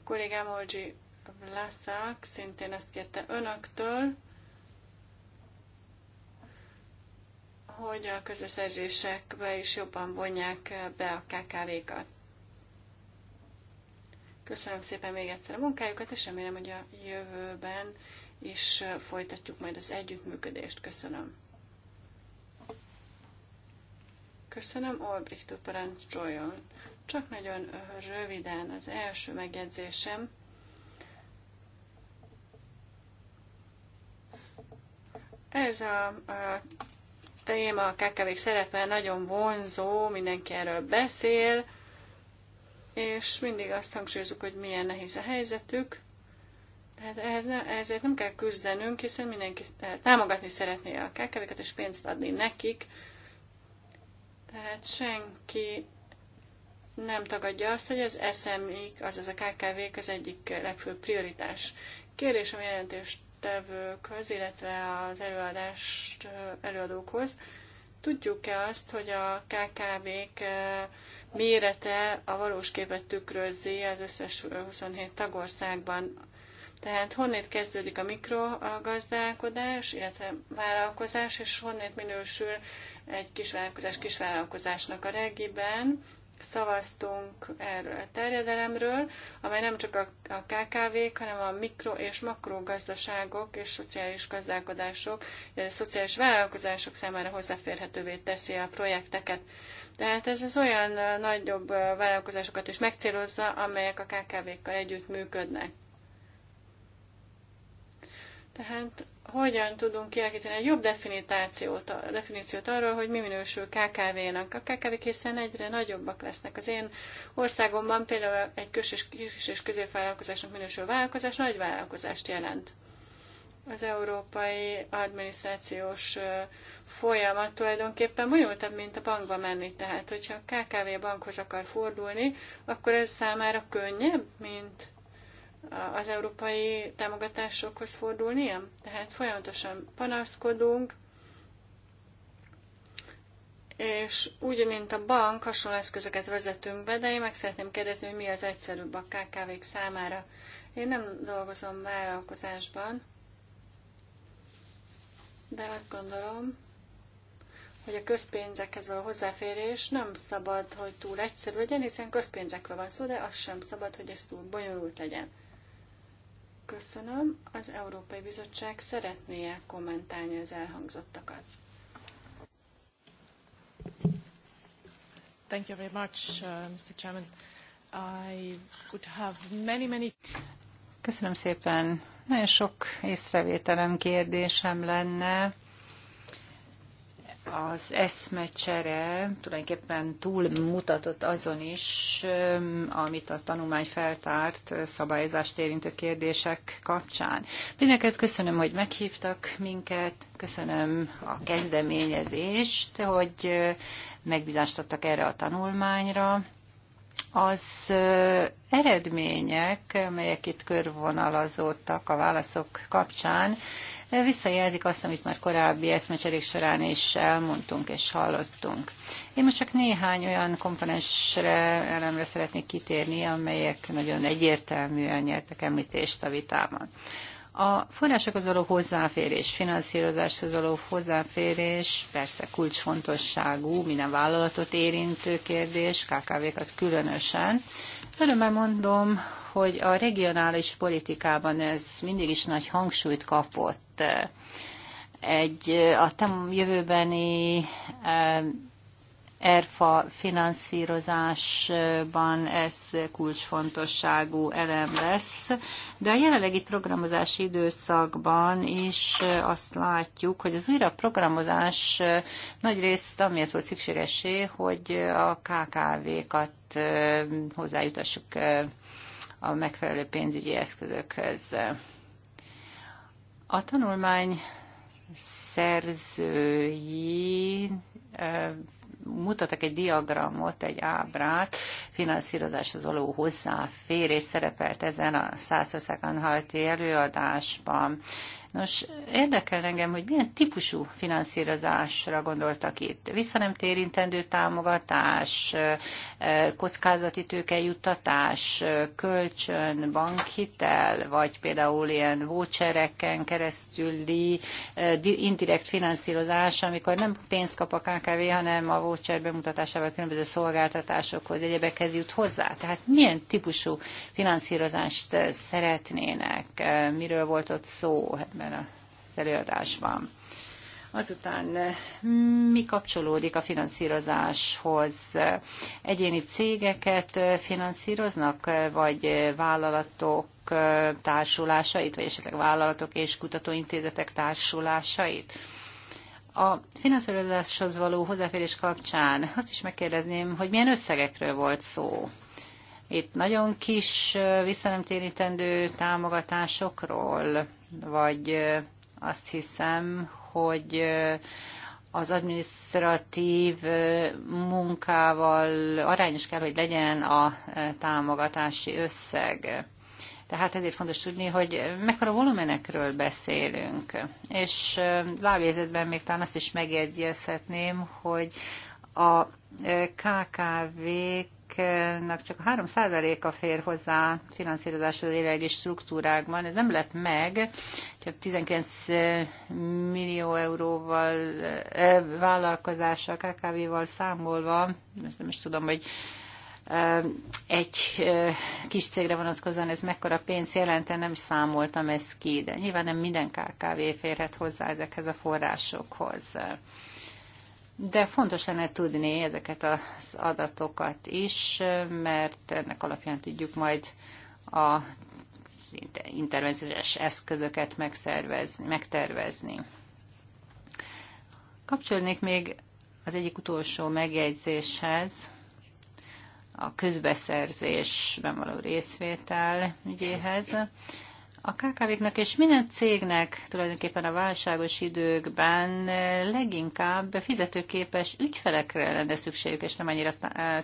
A kollégám Olgyi Vlaszák szintén ezt kérte önöktől, hogy a közösszerzésekbe is jobban vonják be a KKV-kat. Köszönöm szépen még egyszer a munkájukat, és remélem, hogy a jövőben is folytatjuk majd az együttműködést. Köszönöm. Köszönöm, Olbricht parancsoljon. Csak nagyon röviden az első megjegyzésem. Ez a, a téma, a kkv szerepe nagyon vonzó, mindenki erről beszél, és mindig azt hangsúlyozunk, hogy milyen nehéz a helyzetük. Tehát ehhez ne, ezért nem kell küzdenünk, hiszen mindenki eh, támogatni szeretné a kkv és pénzt adni nekik, tehát senki nem tagadja azt, hogy az SMI, azaz a KKV-k az egyik legfőbb prioritás. Kérdésem a jelentéstevőkhöz, illetve az előadást előadókhoz, tudjuk-e azt, hogy a KKV-k mérete a valós képet tükrözi az összes 27 tagországban? Tehát honnét kezdődik a mikrogazdálkodás, illetve vállalkozás, és honnét minősül egy kisvállalkozás kisvállalkozásnak a regiben. Szavaztunk erről a terjedelemről, amely nem csak a KKV-k, hanem a mikro- és makrogazdaságok és szociális gazdálkodások, illetve eh, szociális vállalkozások számára hozzáférhetővé teszi a projekteket. Tehát ez az olyan eh, nagyobb eh, vállalkozásokat is megcélozza, amelyek a KKV-kkal együtt működnek. Tehát hogyan tudunk kialakítani egy jobb definíciót, a definíciót arról, hogy mi minősül KKV-nak. A kkv készen egyre nagyobbak lesznek. Az én országomban például egy kis és, kis és középvállalkozásnak minősül vállalkozás nagy vállalkozást jelent. Az európai adminisztrációs folyamat tulajdonképpen bonyolultabb, mint a bankba menni. Tehát, hogyha a KKV bankhoz akar fordulni, akkor ez számára könnyebb, mint az európai támogatásokhoz fordulnia? Tehát folyamatosan panaszkodunk, és úgy, mint a bank, hasonló eszközöket vezetünk be, de én meg szeretném kérdezni, hogy mi az egyszerűbb a kkv számára. Én nem dolgozom vállalkozásban, de azt gondolom, hogy a közpénzekhez való hozzáférés nem szabad, hogy túl egyszerű legyen, hiszen közpénzekről van szó, de az sem szabad, hogy ez túl bonyolult legyen. Köszönöm. Az Európai Bizottság szeretné -e kommentálni az elhangzottakat? Thank you very much, uh, Mr. Chairman. I would have many, many... Köszönöm szépen. Nagyon sok észrevételem, kérdésem lenne az eszmecsere tulajdonképpen túlmutatott azon is, amit a tanulmány feltárt szabályozást érintő kérdések kapcsán. Mindenket köszönöm, hogy meghívtak minket, köszönöm a kezdeményezést, hogy megbízást adtak erre a tanulmányra. Az eredmények, amelyek itt körvonalazódtak a válaszok kapcsán, visszajelzik azt, amit már korábbi eszmecserék során is elmondtunk és hallottunk. Én most csak néhány olyan komponensre, elemre szeretnék kitérni, amelyek nagyon egyértelműen nyertek említést a vitában. A forrásokhoz való hozzáférés, finanszírozáshoz való hozzáférés persze kulcsfontosságú, minden vállalatot érintő kérdés, KKV-kat különösen. Örömmel mondom, hogy a regionális politikában ez mindig is nagy hangsúlyt kapott mellett egy a jövőbeni ERFA finanszírozásban ez kulcsfontosságú elem lesz, de a jelenlegi programozási időszakban is azt látjuk, hogy az újraprogramozás nagyrészt amiért volt szükségesé, hogy a KKV-kat hozzájutassuk a megfelelő pénzügyi eszközökhez a tanulmány szerzői mutatok egy diagramot, egy ábrát, finanszírozáshoz való hozzáférés szerepelt ezen a Szászországon halti előadásban. Nos, érdekel engem, hogy milyen típusú finanszírozásra gondoltak itt. Vissza nem térintendő támogatás, kockázati tőkejuttatás, kölcsön, bankhitel, vagy például ilyen vouchereken keresztüli eh, indirekt finanszírozás, amikor nem pénzt kap a KKV, hanem a voucher bemutatásával különböző szolgáltatásokhoz, egyebekhez jut hozzá. Tehát milyen típusú finanszírozást eh, szeretnének? Eh, miről volt ott szó ebben az előadásban? Azután eh, mi kapcsolódik a finanszírozáshoz? Egyéni cégeket eh, finanszíroznak, eh, vagy vállalatok társulásait, vagy esetleg vállalatok és kutatóintézetek társulásait? A finanszírozáshoz való hozzáférés kapcsán azt is megkérdezném, hogy milyen összegekről volt szó. Itt nagyon kis visszanemtérítendő támogatásokról, vagy azt hiszem, hogy az administratív munkával arányos kell, hogy legyen a támogatási összeg. Tehát ezért fontos tudni, hogy mekkora volumenekről beszélünk. És lábjegyzetben még talán azt is megjegyezhetném, hogy a KKV-k lakosságnak csak 3%-a fér hozzá finanszírozáshoz az jelenlegi struktúrákban. Ez nem lett meg, csak 19 millió euróval eh, vállalkozással, KKV-val számolva, ezt nem is tudom, hogy eh, egy eh, kis cégre vonatkozóan ez mekkora pénz jelente, nem számoltam ezt ki, de nyilván nem minden KKV férhet hozzá ezekhez a forrásokhoz de fontos lenne tudni ezeket az adatokat is, mert ennek alapján tudjuk majd a intervenciós eszközöket megszervezni, megtervezni. Kapcsolnék még az egyik utolsó megjegyzéshez, a közbeszerzésben való részvétel ügyéhez. A KKV-knak és minden cégnek tulajdonképpen a válságos időkben leginkább fizetőképes ügyfelekre lenne szükségük, és nem annyira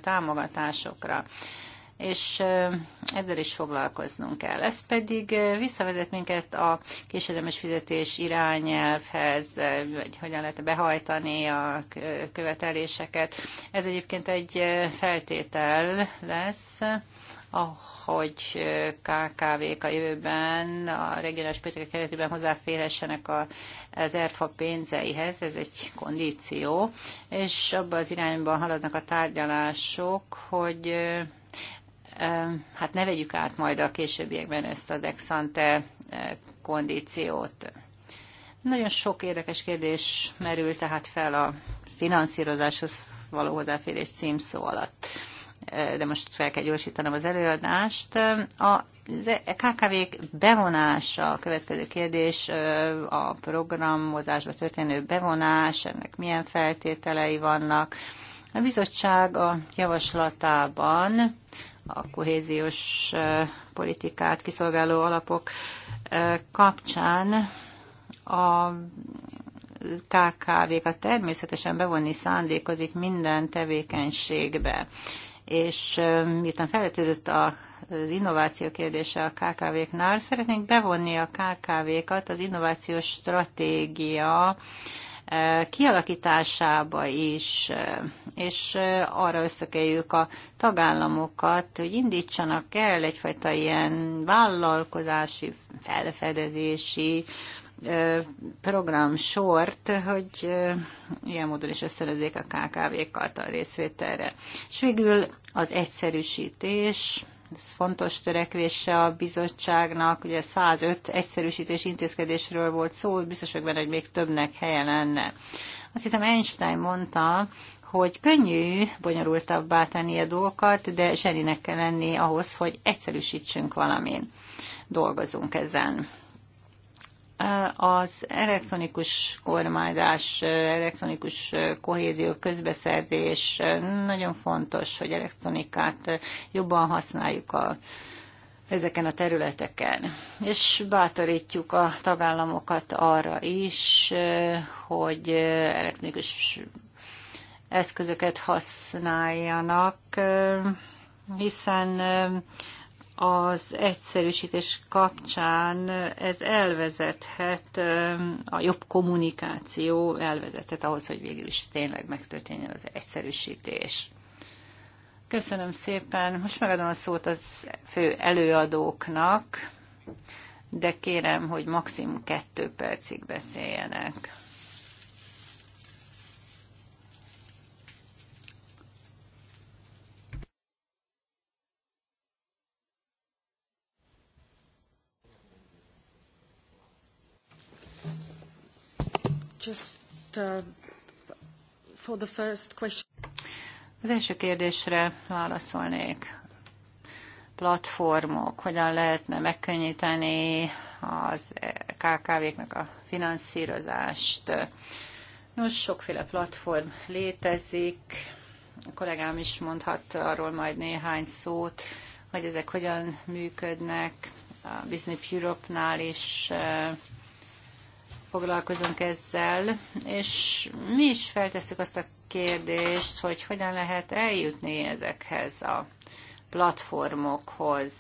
támogatásokra és ezzel is foglalkoznunk kell. Ez pedig visszavezet minket a késedelmes fizetés irányelvhez, hogy hogyan lehet behajtani a követeléseket. Ez egyébként egy feltétel lesz ahogy KKV-k a jövőben a regionális politikák keretében hozzáférhessenek a, az ERFA pénzeihez, ez egy kondíció, és abban az irányban haladnak a tárgyalások, hogy hát ne vegyük át majd a későbbiekben ezt az exante kondíciót. Nagyon sok érdekes kérdés merül tehát fel a finanszírozáshoz való hozzáférés címszó alatt de most fel kell gyorsítanom az előadást. A KKV-k bevonása a következő kérdés, a programozásba történő bevonás, ennek milyen feltételei vannak. A bizottság a javaslatában a kohéziós politikát kiszolgáló alapok kapcsán a KKV-kat természetesen bevonni szándékozik minden tevékenységbe és miután felvetődött a az innováció kérdése a KKV-knál. Szeretnénk bevonni a KKV-kat az innovációs stratégia kialakításába is, és arra összekeljük a tagállamokat, hogy indítsanak el egyfajta ilyen vállalkozási, felfedezési, program sort, hogy ilyen módon is ösztönözzék a KKV-kat a részvételre. És végül az egyszerűsítés, ez fontos törekvése a bizottságnak, ugye 105 egyszerűsítés intézkedésről volt szó, biztos vagyok benne, hogy még többnek helye lenne. Azt hiszem Einstein mondta, hogy könnyű bonyolultabbá tenni a dolgokat, de zseninek kell lenni ahhoz, hogy egyszerűsítsünk valamin. Dolgozunk ezen az elektronikus kormányzás, elektronikus kohézió, közbeszerzés nagyon fontos, hogy elektronikát jobban használjuk a ezeken a területeken. És bátorítjuk a tagállamokat arra is, hogy elektronikus eszközöket használjanak, hiszen az egyszerűsítés kapcsán ez elvezethet, a jobb kommunikáció elvezethet ahhoz, hogy végül is tényleg megtörténjen az egyszerűsítés. Köszönöm szépen. Most megadom a szót az fő előadóknak, de kérem, hogy maximum kettő percig beszéljenek. Just uh, for the first question. Az első kérdésre válaszolnék. Platformok, hogyan lehetne megkönnyíteni az KKV-knak a finanszírozást. Nos, sokféle platform létezik. A kollégám is mondhat arról majd néhány szót, hogy ezek hogyan működnek. A Business Europe-nál is eh, foglalkozunk ezzel, és mi is feltesszük azt a kérdést, hogy hogyan lehet eljutni ezekhez a platformokhoz.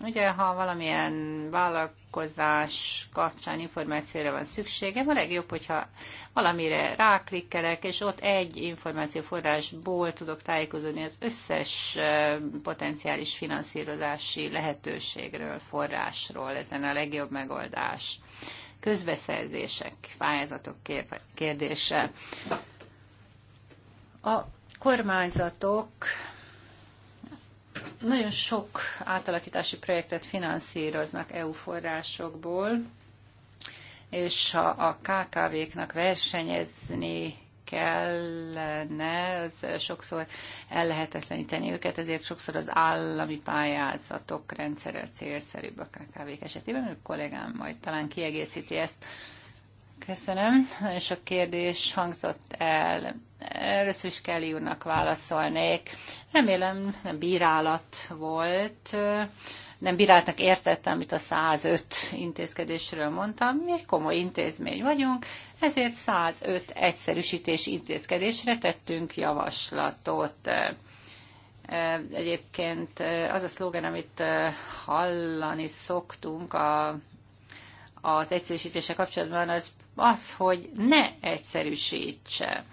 Ugye, ha valamilyen vállalkozás kapcsán információra van szükségem, a legjobb, hogyha valamire ráklikkelek, és ott egy információforrásból tudok tájékozódni az összes potenciális finanszírozási lehetőségről, forrásról. Ez lenne a legjobb megoldás közbeszerzések, pályázatok kérdése. A kormányzatok nagyon sok átalakítási projektet finanszíroznak EU forrásokból, és ha a KKV-knak versenyezni kellene, az sokszor lehetetleníteni őket, ezért sokszor az állami pályázatok rendszere célszerűbb a kkv esetében. Ők kollégám majd talán kiegészíti ezt. Köszönöm. Nagyon sok kérdés hangzott el. Először is Kelly úrnak válaszolnék. Remélem nem bírálat volt nem bíráltak értette, amit a 105 intézkedésről mondtam. Mi egy komoly intézmény vagyunk, ezért 105 egyszerűsítés intézkedésre tettünk javaslatot. E, e, egyébként e, az a szlogen, amit hallani szoktunk a, az egyszerűsítése kapcsolatban, az az, hogy ne egyszerűsítse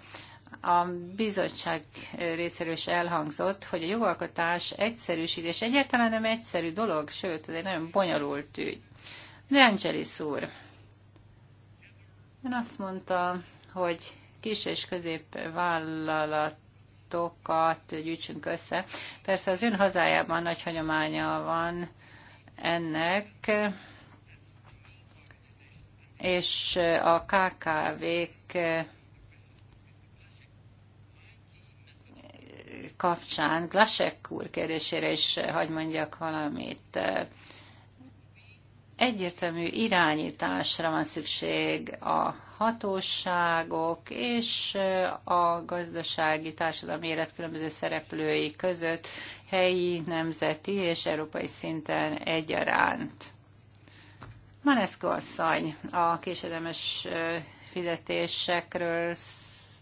a bizottság részéről is elhangzott, hogy a jogalkotás egyszerűsítés egyáltalán nem egyszerű dolog, sőt, ez egy nagyon bonyolult ügy. De Angelis úr, ön azt mondta, hogy kis és közép adatokat gyűjtsünk össze. Persze az ön hazájában nagy hagyománya van ennek, és a KKV-k kapcsán Glasek úr kérdésére is eh, hagy mondjak valamit. Eh, egyértelmű irányításra van szükség a hatóságok és eh, a gazdasági társadalmi élet különböző szereplői között helyi, nemzeti és európai szinten egyaránt. Maneszko asszony a késedelmes fizetésekről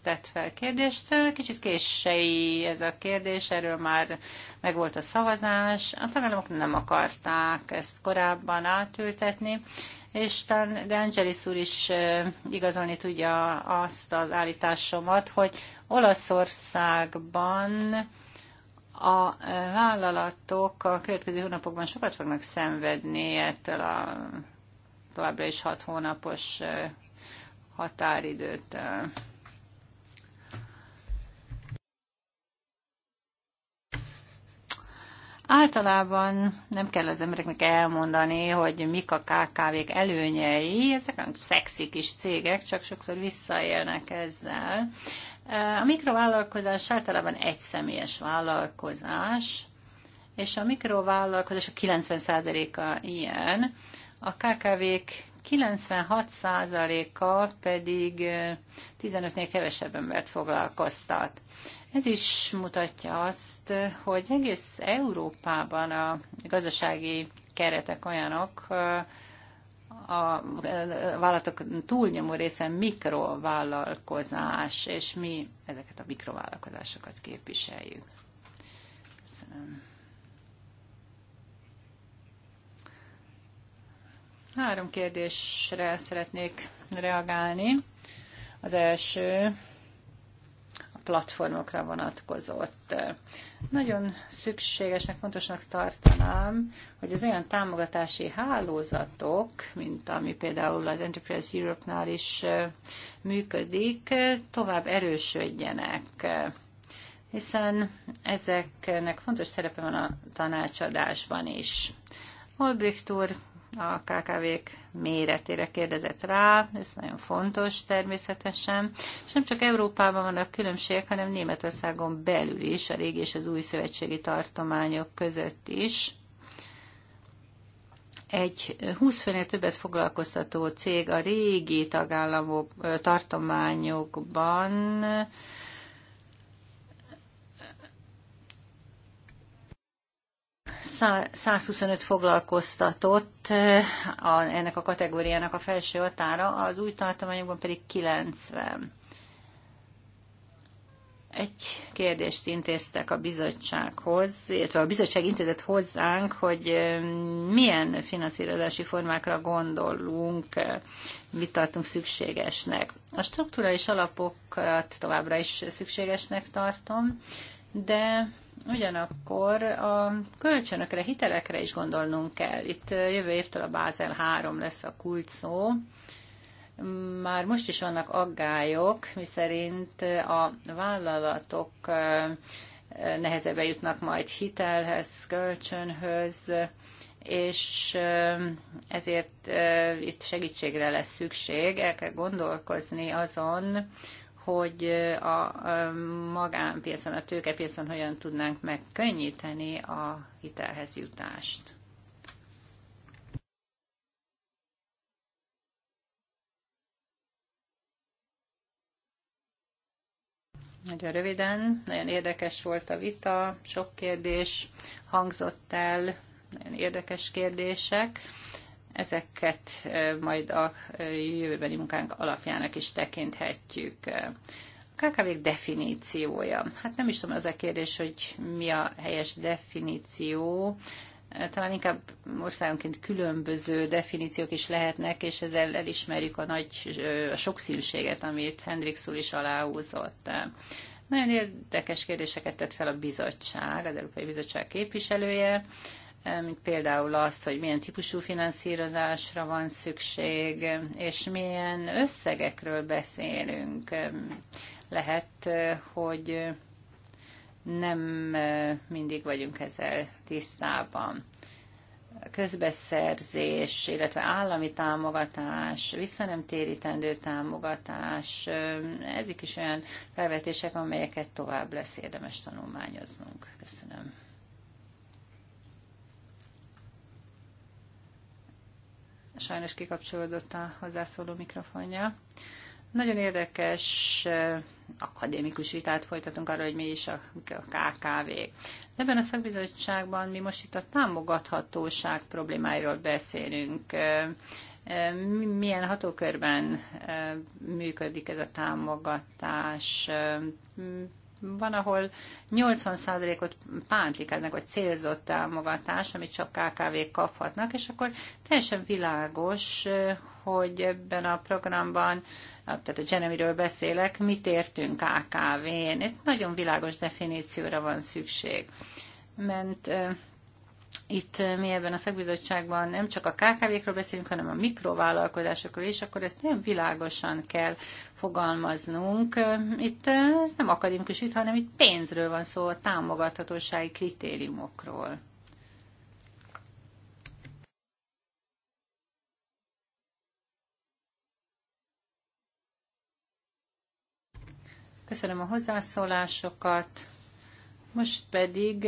tett fel kérdést. Kicsit késői ez a kérdés, erről már megvolt a szavazás. A tagállamok nem akarták ezt korábban átültetni, és talán De Angelis úr is igazolni tudja azt az állításomat, hogy Olaszországban a vállalatok a következő hónapokban sokat fognak szenvedni ettől a továbbra is hat hónapos határidőt. Általában nem kell az embereknek elmondani, hogy mik a KKV-k előnyei, ezek a szexi kis cégek, csak sokszor visszaélnek ezzel. A mikrovállalkozás általában egy személyes vállalkozás, és a mikrovállalkozás a 90%-a ilyen, a KKV-k 96%-a pedig 15-nél eh, kevesebb embert foglalkoztat. Ez is mutatja azt, hogy egész Európában a gazdasági keretek olyanok, a vállalatok túlnyomó része mikrovállalkozás, és mi ezeket a mikrovállalkozásokat képviseljük. Köszönöm. Három kérdésre szeretnék reagálni. Az első platformokra vonatkozott. Nagyon szükségesnek, fontosnak tartanám, hogy az olyan támogatási hálózatok, mint ami például az Enterprise Europe-nál is működik, tovább erősödjenek hiszen ezeknek fontos szerepe van a tanácsadásban is. Olbricht úr a KKV-k méretére kérdezett rá, ez nagyon fontos természetesen, és nem csak Európában vannak különbségek, hanem Németországon belül is, a régi és az új szövetségi tartományok között is. Egy 20 főnél többet foglalkoztató cég a régi tagállamok, tartományokban 125 foglalkoztatott a, ennek a kategóriának a felső határa, az új tartományokban pedig 90. Egy kérdést intéztek a bizottsághoz, illetve a bizottság intézett hozzánk, hogy milyen finanszírozási formákra gondolunk, mit tartunk szükségesnek. A strukturális alapokat továbbra is szükségesnek tartom, de Ugyanakkor a kölcsönökre, hitelekre is gondolnunk kell. Itt jövő évtől a Bázel 3 lesz a kulcs szó. Már most is vannak aggályok, miszerint a vállalatok nehezebben jutnak majd hitelhez, kölcsönhöz, és ezért itt segítségre lesz szükség. El kell gondolkozni azon, hogy a magánpiacon, a tőkepiacon hogyan tudnánk megkönnyíteni a hitelhez jutást. Nagyon röviden, nagyon érdekes volt a vita, sok kérdés hangzott el, nagyon érdekes kérdések ezeket majd a jövőbeni munkánk alapjának is tekinthetjük. A kkv definíciója. Hát nem is tudom, az a kérdés, hogy mi a helyes definíció. Talán inkább országonként különböző definíciók is lehetnek, és ezzel elismerjük a nagy a sokszínűséget, amit Szul is aláhúzott. Nagyon érdekes kérdéseket tett fel a bizottság, az Európai Bizottság képviselője. Eh, mint például azt, hogy milyen típusú finanszírozásra van szükség, és milyen összegekről beszélünk. Eh, lehet, eh, hogy nem mindig vagyunk ezzel tisztában közbeszerzés, illetve állami támogatás, visszanemtérítendő támogatás, ezek is olyan felvetések, amelyeket tovább lesz érdemes tanulmányoznunk. Köszönöm. Sajnos kikapcsolódott a hozzászóló mikrofonja. Nagyon érdekes akadémikus vitát folytatunk arról, hogy mi is a KKV. Ebben a szakbizottságban mi most itt a támogathatóság problémáiról beszélünk. Milyen hatókörben működik ez a támogatás? van, ahol 80%-ot pántlik ennek a célzott támogatás, amit csak kkv kaphatnak, és akkor teljesen világos, hogy ebben a programban, tehát a Genemiről beszélek, mit értünk KKV-n. Itt nagyon világos definícióra van szükség. Mert itt eh, mi ebben a szakbizottságban nem csak a kkv kről beszélünk, hanem a mikrovállalkozásokról is, akkor ezt nagyon világosan kell fogalmaznunk. Eh, itt eh, ez nem akadémikus itt, hanem itt pénzről van szó, a támogathatósági kritériumokról. Köszönöm a hozzászólásokat. Most pedig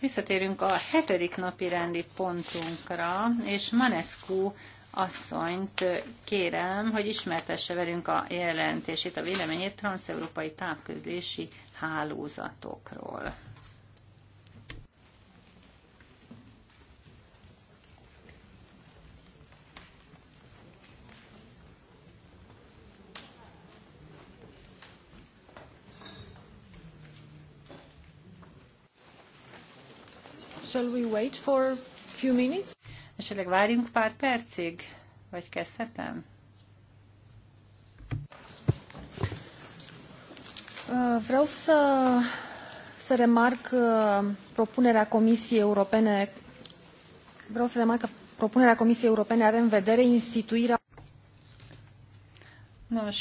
Visszatérünk a hetedik napi rendi pontunkra, és Manescu asszonyt kérem, hogy ismertesse velünk a jelentését, a véleményét transeurópai távközlési hálózatokról. Shall we wait for a few minutes? Esetleg várjunk pár percig, vagy kezdhetem? Uh, vreau să, să remarc uh, propunerea Comisiei Europene vreau să remarc că propunerea Comisiei Europene are în vedere instituirea Nos,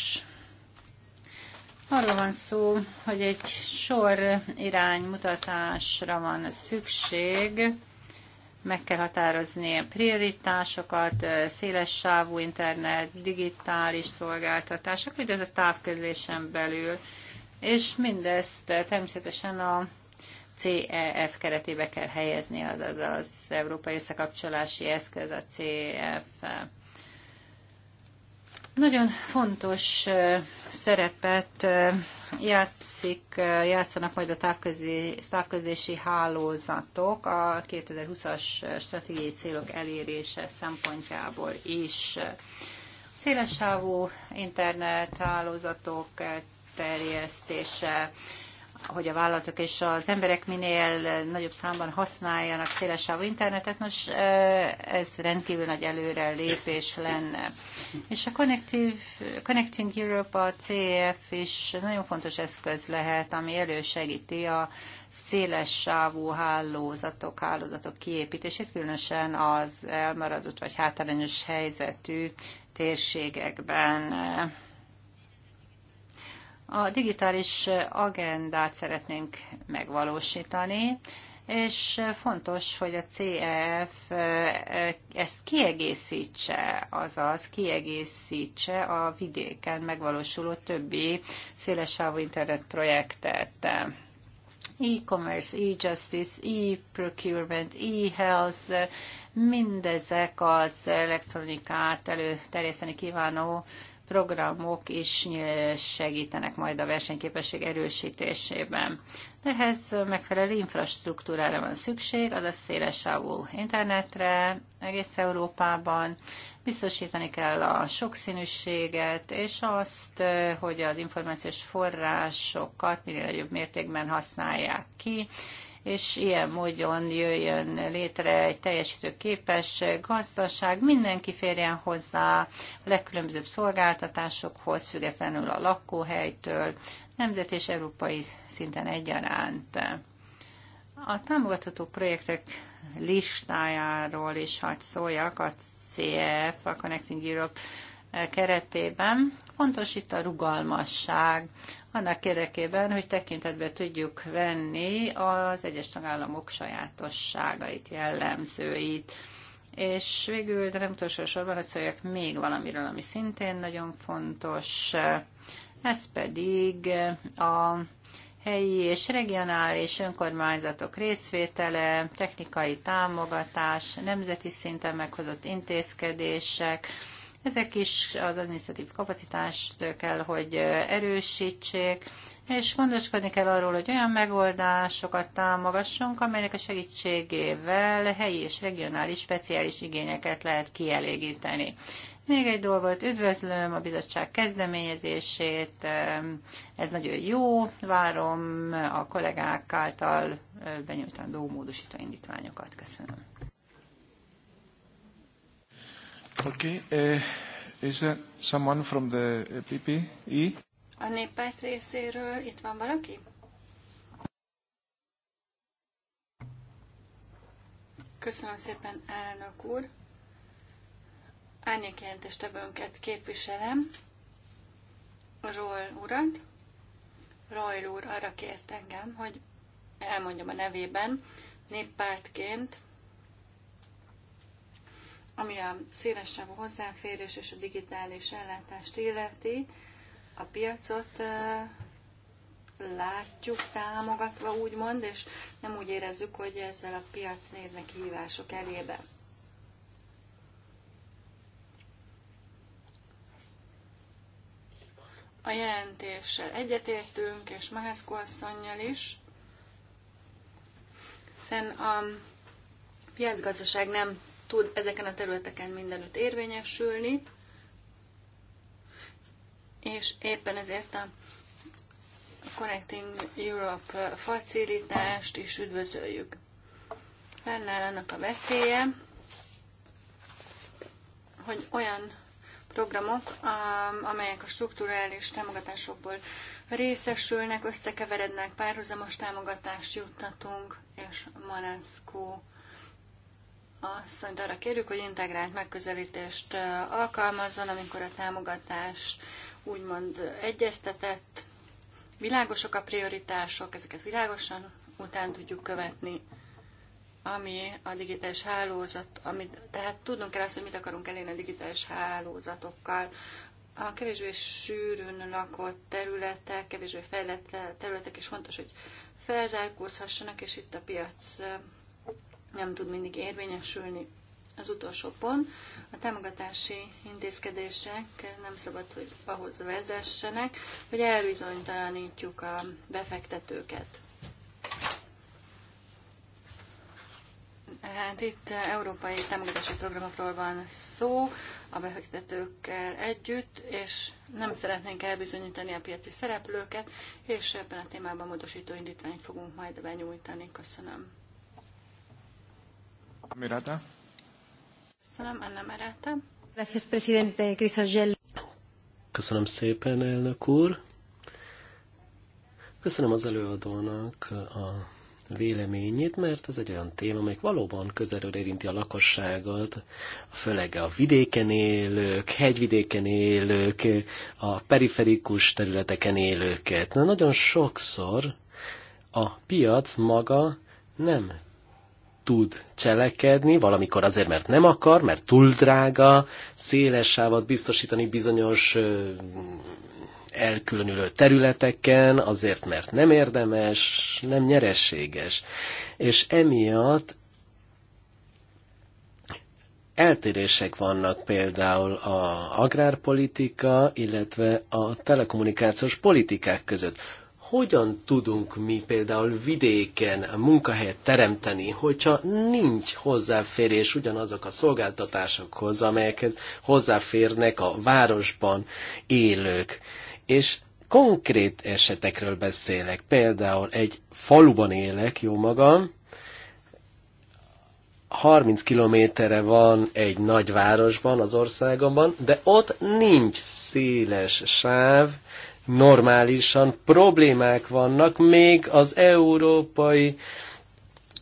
Arról van szó, hogy egy sor iránymutatásra van szükség, meg kell határozni a prioritásokat, széles sávú internet, digitális szolgáltatások, mindez a távközlésen belül, és mindezt természetesen a CEF keretébe kell helyezni, azaz az Európai Összekapcsolási Eszköz, a CEF. Nagyon fontos szerepet játszik, játszanak majd a távközé, távközési hálózatok a 2020-as stratégiai célok elérése szempontjából is. Szélessávú internet hálózatok terjesztése, hogy a vállalatok és az emberek minél nagyobb számban használjanak szélesávú internetet, nos, ez rendkívül nagy előre lépés lenne. És a Connective, Connecting Europe, a CEF is nagyon fontos eszköz lehet, ami elősegíti a széles sávú hálózatok, hálózatok kiépítését, különösen az elmaradott vagy hátrányos helyzetű térségekben a digitális agendát szeretnénk megvalósítani, és fontos, hogy a CEF ezt kiegészítse, azaz kiegészítse a vidéken megvalósuló többi szélesávú internetprojektet. E-commerce, e-justice, e-procurement, e-health, mindezek az elektronikát előterjeszteni kívánó programok is segítenek majd a versenyképesség erősítésében. Ehhez megfelelő infrastruktúrára van szükség, azaz szélesávú internetre egész Európában. Biztosítani kell a sokszínűséget, és azt, eh, hogy az információs forrásokat minél nagyobb mértékben használják ki, és ilyen módon jöjjön létre egy teljesítőképes gazdaság, mindenki férjen hozzá a legkülönbözőbb szolgáltatásokhoz, függetlenül a lakóhelytől, nemzet és európai szinten egyaránt. A támogatható projektek listájáról is hagy szóljak a CEF, a Connecting Europe keretében. Fontos itt a rugalmasság, annak érdekében, hogy tekintetbe tudjuk venni az egyes tagállamok sajátosságait, jellemzőit. És végül, de nem utolsó sorban, hogy szóljak még valamiről, ami szintén nagyon fontos, ez pedig a helyi és regionális önkormányzatok részvétele, technikai támogatás, nemzeti szinten meghozott intézkedések, ezek is az administratív kapacitást kell, hogy erősítsék, és gondoskodni kell arról, hogy olyan megoldásokat támogassunk, amelynek a segítségével helyi és regionális speciális igényeket lehet kielégíteni. Még egy dolgot üdvözlöm, a bizottság kezdeményezését, ez nagyon jó, várom a kollégák által benyújtandó módosító indítványokat. Köszönöm. Okay, uh, is there someone from the eh, PPE? A néppárt részéről itt van valaki? Köszönöm szépen, elnök úr. Árnyékjelentéstevőnket képviselem, Ról urat. Rajl úr arra kért engem, hogy elmondjam a nevében, néppártként ami a szélesebb hozzáférés és a digitális ellátást illeti, a piacot látjuk támogatva, úgymond, és nem úgy érezzük, hogy ezzel a piac nézne kihívások elébe. A jelentéssel egyetértünk, és Maheszko asszonynal is, hiszen a piacgazdaság nem tud ezeken a területeken mindenütt érvényesülni, és éppen ezért a Connecting Europe facilitást is üdvözöljük. Fennáll annak a veszélye, hogy olyan programok, amelyek a strukturális támogatásokból részesülnek, összekeverednek, párhuzamos támogatást juttatunk, és Malenszkó asszonyt arra kérjük, hogy integrált megközelítést alkalmazzon, amikor a támogatás úgymond egyeztetett, világosok a prioritások, ezeket világosan után tudjuk követni, ami a digitális hálózat, amit, tehát tudnunk kell azt, hogy mit akarunk elérni a digitális hálózatokkal, a kevésbé sűrűn lakott területek, kevésbé fejlett területek is fontos, hogy felzárkózhassanak, és itt a piac nem tud mindig érvényesülni. Az utolsó pont, a támogatási intézkedések nem szabad, hogy ahhoz vezessenek, hogy elbizonytalanítjuk a befektetőket. Hát itt európai támogatási programokról van szó, a befektetőkkel együtt, és nem szeretnénk elbizonyítani a piaci szereplőket, és ebben a témában módosító indítványt fogunk majd benyújtani. Köszönöm. Mirata. Köszönöm, Anna Mirata. Gracias, presidente Crisogel. Köszönöm szépen, elnök úr. Köszönöm az előadónak a véleményét, mert ez egy olyan téma, amely valóban közelről érinti a lakosságot, főleg a vidéken élők, hegyvidéken élők, a periferikus területeken élőket. Na, nagyon sokszor a piac maga nem tud cselekedni, valamikor azért, mert nem akar, mert túl drága, széles sávot biztosítani bizonyos elkülönülő területeken, azért, mert nem érdemes, nem nyerességes. És emiatt eltérések vannak például a agrárpolitika, illetve a telekommunikációs politikák között hogyan tudunk mi például vidéken a munkahelyet teremteni, hogyha nincs hozzáférés ugyanazok a szolgáltatásokhoz, amelyeket hozzáférnek a városban élők. És konkrét esetekről beszélek, például egy faluban élek, jó magam, 30 kilométerre van egy nagyvárosban az országomban, de ott nincs széles sáv, normálisan problémák vannak, még az európai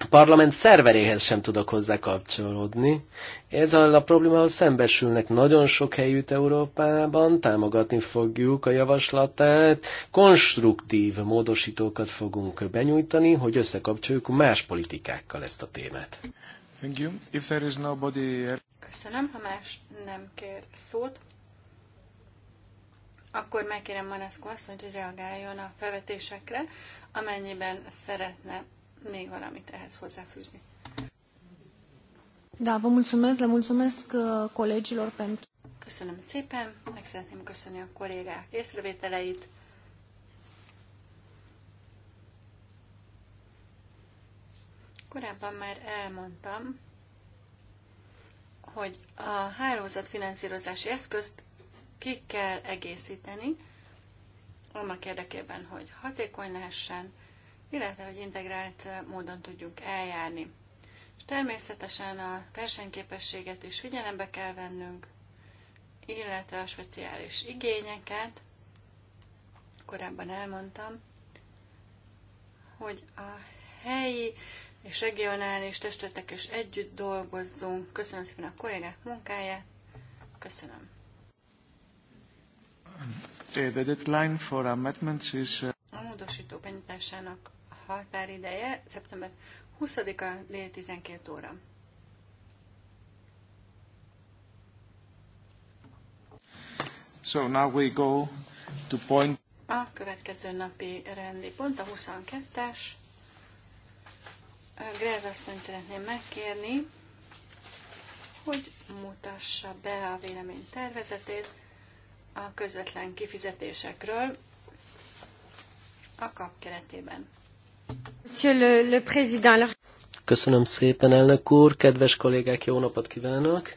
parlament szerveréhez sem tudok hozzá kapcsolódni. Ez a problémával szembesülnek nagyon sok helyütt Európában, támogatni fogjuk a javaslatát, konstruktív módosítókat fogunk benyújtani, hogy összekapcsoljuk más politikákkal ezt a témát. Thank you. If there is nobody... Köszönöm, ha más nem kér szót, akkor megkérem Manaszko asszonyt, hogy reagáljon a felvetésekre, amennyiben szeretne még valamit ehhez hozzáfűzni. Da, vă mulțumesc, le mulțumesc uh, colegilor pentru... Köszönöm szépen, meg szeretném köszönni a kollégák észrevételeit. Korábban már elmondtam, hogy a finanszírozási eszközt ki kell egészíteni, annak érdekében, hogy hatékony lehessen, illetve hogy integrált módon tudjunk eljárni. És természetesen a versenyképességet is figyelembe kell vennünk, illetve a speciális igényeket, korábban elmondtam, hogy a helyi és regionális testületek is együtt dolgozzunk. Köszönöm szépen a kollégák munkáját, köszönöm the deadline for amendments is... Uh, a módosító benyitásának határideje szeptember 20-a dél 12 óra. So now we go to point... A következő napi rendi pont a 22-es. Grez azt szeretném megkérni, hogy mutassa be a vélemény tervezetét a közvetlen kifizetésekről a kap keretében. Monsieur le, Président. Köszönöm szépen, elnök úr, kedves kollégák, jó napot kívánok!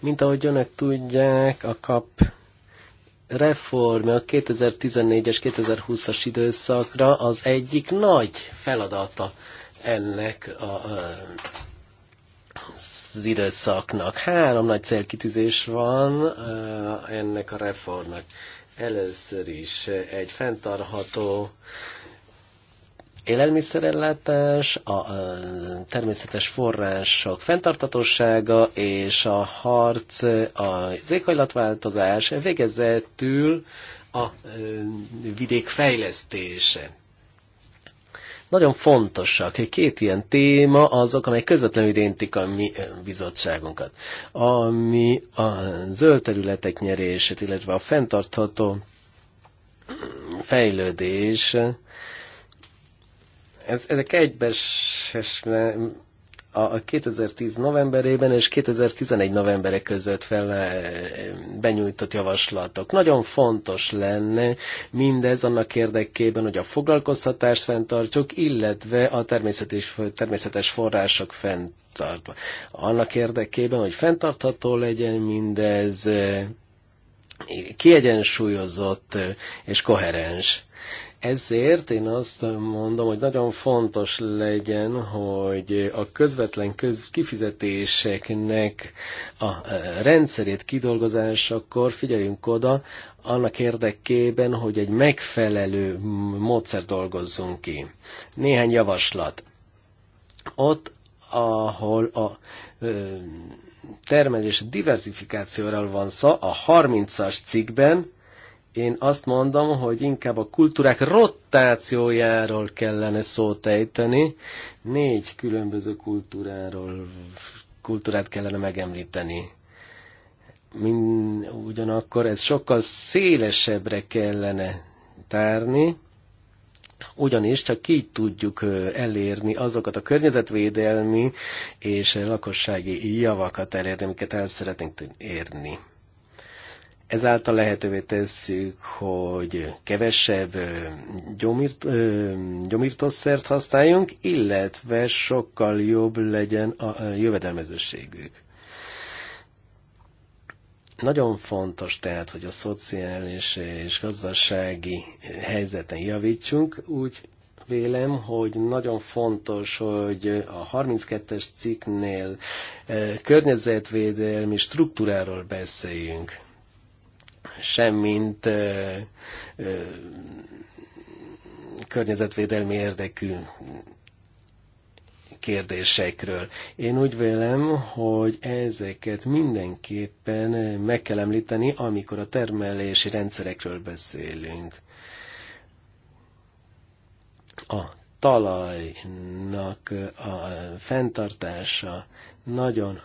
Mint ahogy önök tudják, a kap reformja a 2014-es, 2020-as időszakra az egyik nagy feladata ennek a, a az időszaknak. Három nagy célkitűzés van ennek a reformnak. Először is egy fenntartható élelmiszerellátás, a természetes források fenntartatósága és a harc az éghajlatváltozás végezetül a vidék fejlesztése. Nagyon fontosak. Két ilyen téma azok, amely közvetlenül idéntik a mi bizottságunkat. Ami a zöld területek nyerését, illetve a fenntartható mm, fejlődés, ez, ezek egybeesnek a 2010 novemberében és 2011 novemberek között fel e, benyújtott javaslatok. Nagyon fontos lenne mindez annak érdekében, hogy a foglalkoztatást fenntartjuk, illetve a természetes, természetes források fenntartva. Annak érdekében, hogy fenntartható legyen mindez, e, kiegyensúlyozott e, és koherens. Ezért én azt mondom, hogy nagyon fontos legyen, hogy a közvetlen köz kifizetéseknek a e, rendszerét kidolgozásakor figyeljünk oda annak érdekében, hogy egy megfelelő módszer dolgozzunk ki. Néhány javaslat. Ott, ahol a e, termelés diversifikációról van szó, a 30-as cikkben én azt mondom, hogy inkább a kultúrák rotációjáról kellene szót ejteni. Négy különböző kultúráról, kultúrát kellene megemlíteni. Min, ugyanakkor ez sokkal szélesebbre kellene tárni, ugyanis csak így tudjuk elérni azokat a környezetvédelmi és lakossági javakat elérni, amiket el szeretnénk érni. Ezáltal lehetővé tesszük, hogy kevesebb gyomirt, gyomirtószert használjunk, illetve sokkal jobb legyen a jövedelmezőségük. Nagyon fontos tehát, hogy a szociális és gazdasági helyzeten javítsunk, úgy vélem, hogy nagyon fontos, hogy a 32-es cikknél környezetvédelmi struktúráról beszéljünk semmint ö, ö, környezetvédelmi érdekű kérdésekről. Én úgy vélem, hogy ezeket mindenképpen meg kell említeni, amikor a termelési rendszerekről beszélünk. A talajnak a fenntartása nagyon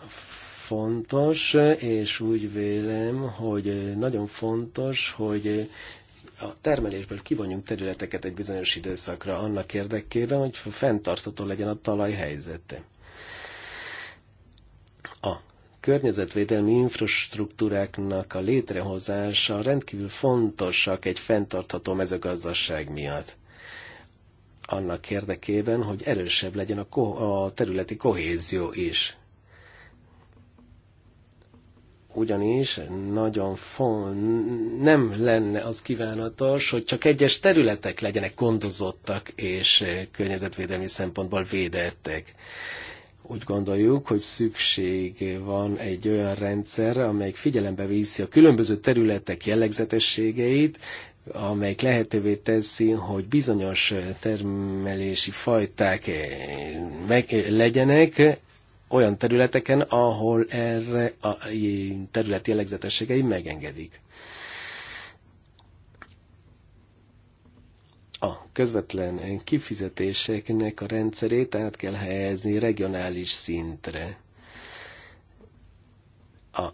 fontos, és úgy vélem, hogy nagyon fontos, hogy a termelésből kivonjunk területeket egy bizonyos időszakra annak érdekében, hogy fenntartható legyen a talaj helyzete. A környezetvédelmi infrastruktúráknak a létrehozása rendkívül fontosak egy fenntartható mezőgazdaság miatt. Annak érdekében, hogy erősebb legyen a, ko- a területi kohézió is ugyanis nagyon fon, nem lenne az kívánatos, hogy csak egyes területek legyenek gondozottak és eh, környezetvédelmi szempontból védettek. Úgy gondoljuk, hogy szükség van egy olyan rendszerre, amelyik figyelembe viszi a különböző területek jellegzetességeit, amelyik lehetővé teszi, hogy bizonyos termelési fajták eh, meg, eh, legyenek, olyan területeken, ahol erre a terület jellegzetességei megengedik. a közvetlen kifizetéseknek a rendszerét át kell helyezni regionális szintre a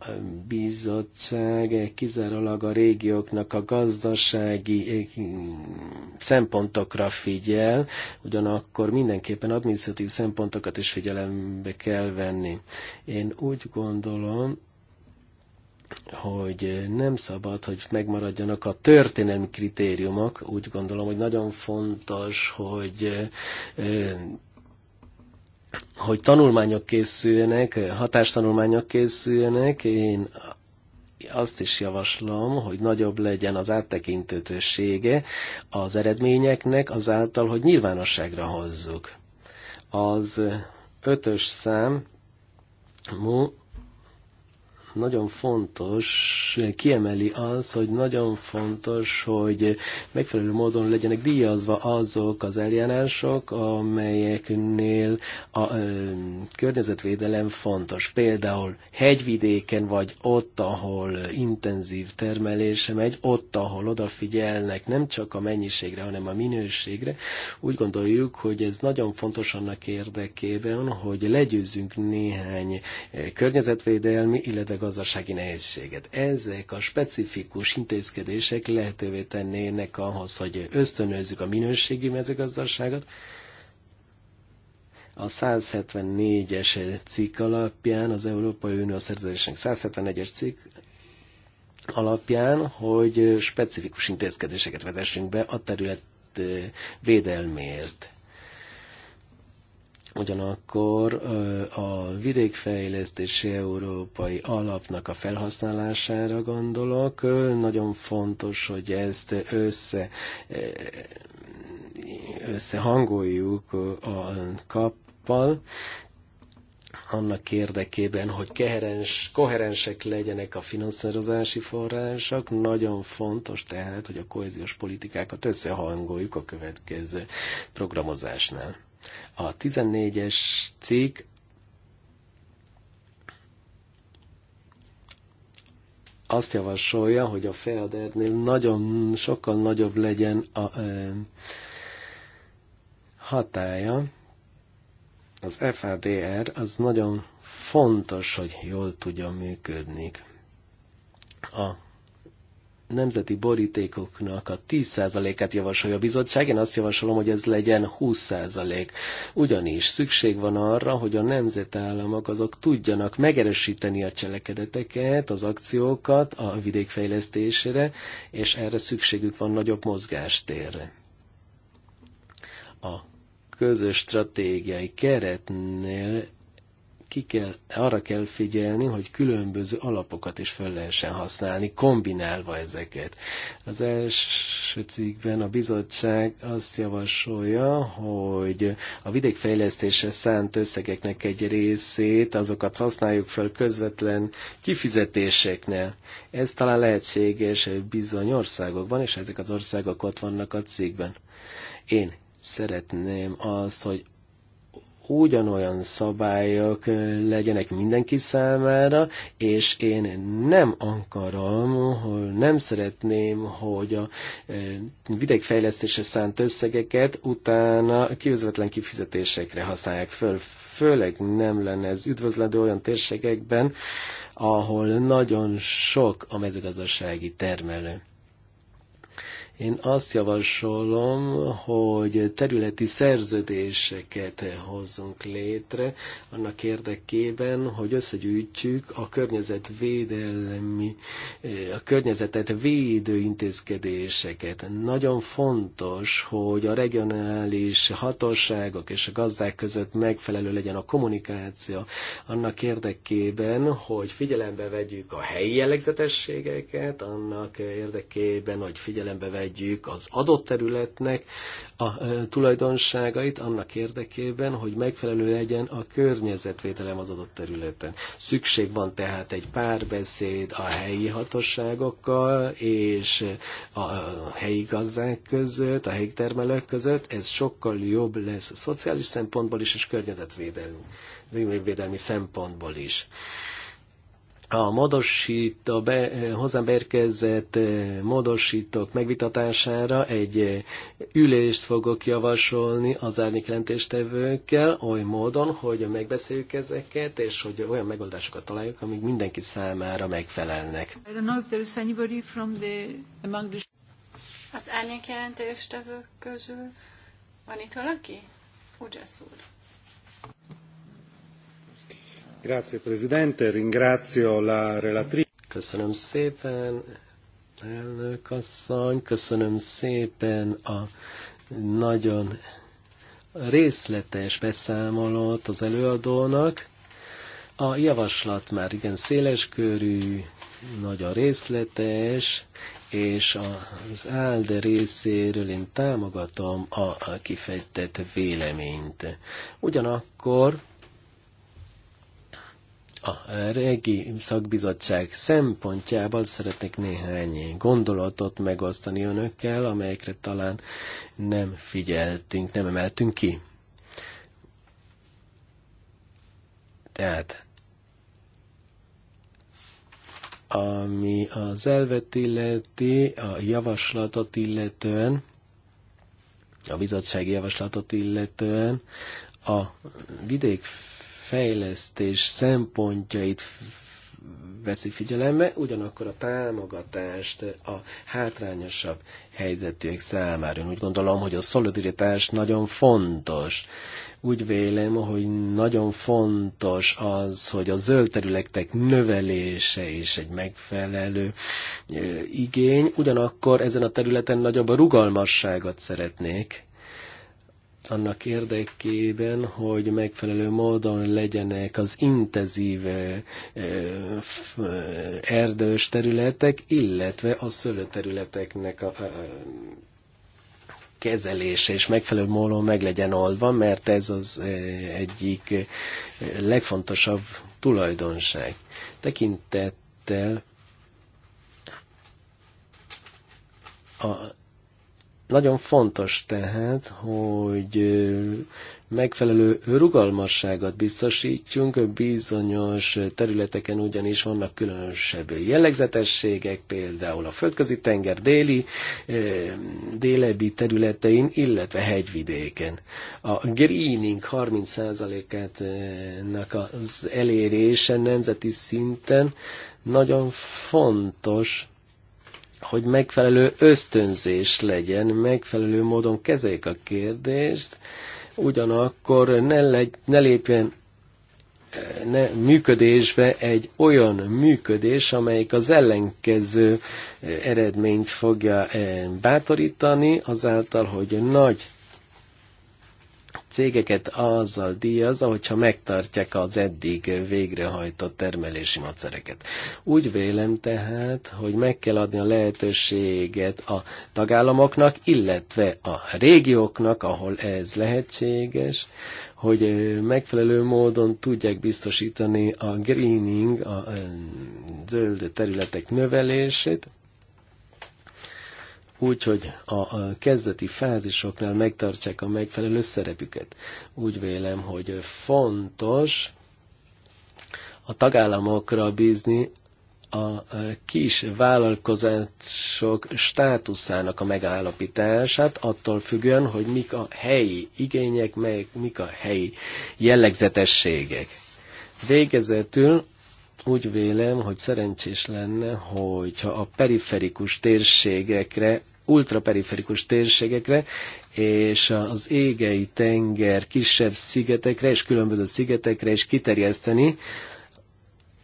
bizottság eh, kizárólag a régióknak a gazdasági eh, szempontokra figyel, ugyanakkor mindenképpen administratív szempontokat is figyelembe kell venni. Én úgy gondolom, hogy nem szabad, hogy megmaradjanak a történelmi kritériumok. Úgy gondolom, hogy nagyon fontos, hogy eh, hogy tanulmányok készüljenek, hatástanulmányok készüljenek, én azt is javaslom, hogy nagyobb legyen az áttekintőtősége az eredményeknek azáltal, hogy nyilvánosságra hozzuk. Az ötös szám mu nagyon fontos, kiemeli az, hogy nagyon fontos, hogy megfelelő módon legyenek díjazva azok az eljárások, amelyeknél a ö, környezetvédelem fontos. Például hegyvidéken vagy ott, ahol intenzív termelése megy, ott, ahol odafigyelnek nem csak a mennyiségre, hanem a minőségre. Úgy gondoljuk, hogy ez nagyon fontos annak érdekében, hogy legyőzzünk néhány környezetvédelmi, illetve gazdasági nehézséget. Ezek a specifikus intézkedések lehetővé tennének ahhoz, hogy ösztönözzük a minőségi mezőgazdaságot, a 174-es cikk alapján, az Európai Unió szerződésének 174 es cikk alapján, hogy specifikus intézkedéseket vezessünk be a terület eh, védelmért. Ugyanakkor a vidékfejlesztési európai alapnak a felhasználására gondolok. Nagyon fontos, hogy ezt össze összehangoljuk a kappal, annak érdekében, hogy keherens, koherensek legyenek a finanszírozási források, nagyon fontos tehát, hogy a kohéziós politikákat összehangoljuk a következő programozásnál. A 14-es cikk azt javasolja, hogy a Feadernél nagyon, sokkal nagyobb legyen a ö, hatája. Az FADR az nagyon fontos, hogy jól tudjon működni. A nemzeti borítékoknak a 10%-át javasolja a bizottság, én azt javasolom, hogy ez legyen 20%. Ugyanis szükség van arra, hogy a nemzetállamok azok tudjanak megerősíteni a cselekedeteket, az akciókat a vidékfejlesztésére, és erre szükségük van nagyobb mozgástérre. A közös stratégiai keretnél ki kell, arra kell figyelni, hogy különböző alapokat is fel lehessen használni, kombinálva ezeket. Az első cikkben a bizottság azt javasolja, hogy a vidékfejlesztésre szánt összegeknek egy részét, azokat használjuk fel közvetlen kifizetéseknél. Ez talán lehetséges bizony országokban, és ezek az országok ott vannak a cikkben. Én szeretném azt, hogy ugyanolyan szabályok legyenek mindenki számára, és én nem akarom, nem szeretném, hogy a e, vidékfejlesztésre szánt összegeket utána kiözvetlen kifizetésekre használják föl. Főleg nem lenne ez üdvözlendő olyan térségekben, ahol nagyon sok a mezőgazdasági termelő. Én azt javasolom, hogy területi szerződéseket hozzunk létre, annak érdekében, hogy összegyűjtjük a környezetvédelmi, eh, a környezetet védő intézkedéseket. Nagyon fontos, hogy a regionális hatóságok és a gazdák között megfelelő legyen a kommunikáció, annak érdekében, hogy figyelembe vegyük a helyi jellegzetességeket, annak érdekében, hogy figyelembe vegyük lefedjük az adott területnek a tulajdonságait annak érdekében, hogy megfelelő legyen a környezetvédelem az adott területen. Szükség van tehát egy párbeszéd a helyi hatóságokkal és a helyi gazdák között, a helyi termelők között. Ez sokkal jobb lesz szociális szempontból is és környezetvédelmi védelmi szempontból is a módosít, a be, hozzám beérkezett eh, módosítók megvitatására egy eh, ülést fogok javasolni az árnyékjelentéstevőkkel, oly módon, hogy megbeszéljük ezeket, és hogy olyan megoldásokat találjuk, amik mindenki számára megfelelnek. The... Az árnyékjelentéstevők közül van itt valaki? Ugyasz úr. Grazie Presidente, ringrazio la relatrice. Köszönöm szépen, elnök asszony, köszönöm szépen a nagyon részletes beszámolót az előadónak. A javaslat már igen széleskörű, nagyon részletes, és az ALDE részéről én támogatom a kifejtett véleményt. Ugyanakkor a régi szakbizottság szempontjából szeretnék néhány gondolatot megosztani önökkel, amelyekre talán nem figyeltünk, nem emeltünk ki. Tehát, ami az elvet illeti, a javaslatot illetően, a bizottsági javaslatot illetően, a vidék fejlesztés szempontjait veszi figyelembe, ugyanakkor a támogatást a hátrányosabb helyzetűek számára. Én úgy gondolom, hogy a szolidaritás nagyon fontos. Úgy vélem, hogy nagyon fontos az, hogy a zöld területek növelése is egy megfelelő igény, ugyanakkor ezen a területen nagyobb a rugalmasságot szeretnék annak érdekében, hogy megfelelő módon legyenek az intenzív eh, eh, erdős területek, illetve a szőlőterületeknek a kezelése és megfelelő módon meg legyen oldva, mert ez az eh, egyik legfontosabb tulajdonság. Tekintettel a nagyon fontos tehát, hogy megfelelő rugalmasságot biztosítjunk, bizonyos területeken ugyanis vannak különösebb jellegzetességek, például a földközi tenger déli, délebbi területein, illetve hegyvidéken. A greening 30%-ának az elérése nemzeti szinten nagyon fontos hogy megfelelő ösztönzés legyen, megfelelő módon kezeljék a kérdést, ugyanakkor ne, legy, ne lépjen ne, működésbe egy olyan működés, amelyik az ellenkező eredményt fogja eh, bátorítani, azáltal, hogy nagy cégeket azzal díjazza, hogyha megtartják az eddig végrehajtott termelési macereket. Úgy vélem tehát, hogy meg kell adni a lehetőséget a tagállamoknak, illetve a régióknak, ahol ez lehetséges, hogy megfelelő módon tudják biztosítani a greening, a zöld területek növelését, úgy, hogy a kezdeti fázisoknál megtartsák a megfelelő szerepüket. Úgy vélem, hogy fontos a tagállamokra bízni a e, kis vállalkozások státuszának a megállapítását, attól függően, hogy mik a helyi igények, melyek, mik a helyi jellegzetességek. Végezetül úgy vélem, hogy szerencsés lenne, hogyha a periferikus térségekre, ultraperiferikus térségekre és az égei tenger kisebb szigetekre és különböző szigetekre is kiterjeszteni,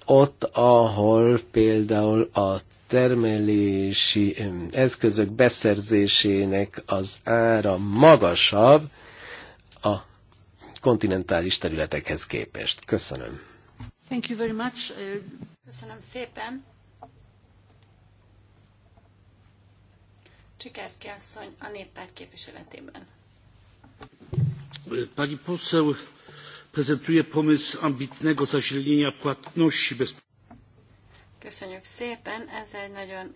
ott, ahol például a termelési eszközök beszerzésének az ára magasabb a kontinentális területekhez képest. Köszönöm. Thank you very much. Uh, Köszönöm szépen. Csikászki asszony a néppárt képviseletében. Pani poseł prezentuje pomysł ambitnego zazielenia płatności bez... Köszönjük szépen, ez egy nagyon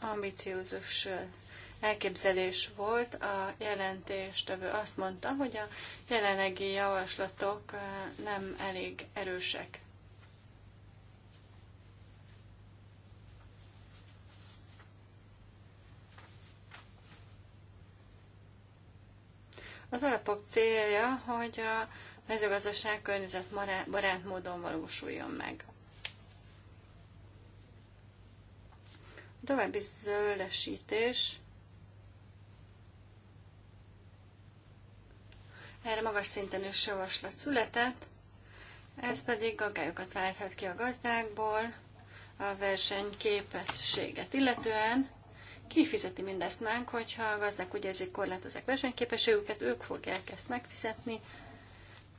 ambiciózus elképzelés volt. A jelentéstevő azt mondta, hogy a jelenlegi javaslatok nem elég erősek. Az alapok célja, hogy a mezőgazdaság barát módon valósuljon meg. A további zöldesítés Erre magas szinten is javaslat született, ez pedig gagályokat válthat ki a gazdákból, a verseny képességet illetően. Ki mindezt meg, hogyha a gazdák úgy érzik korlátozzák versenyképességüket, ők fogják ezt megfizetni,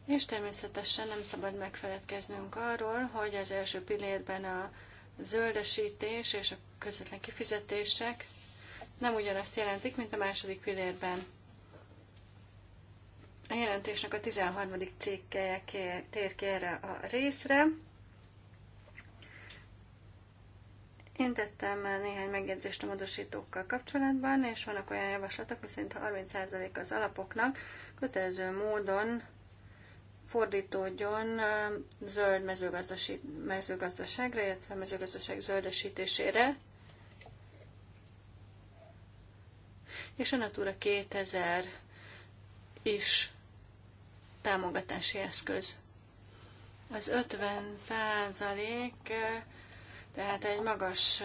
és természetesen nem szabad megfeledkeznünk arról, hogy az első pillérben a zöldesítés és a közvetlen kifizetések nem ugyanazt jelentik, mint a második pillérben. A jelentésnek a 13. cikkeje tér ki erre a részre. Én tettem néhány megjegyzést a módosítókkal kapcsolatban, és vannak olyan javaslatok, miszerint 30% az alapoknak kötelező módon fordítódjon zöld mezőgazdaságra, illetve mezőgazdaság zöldesítésére, és a Natura 2000 is támogatási eszköz. Az 50 százalék, tehát egy magas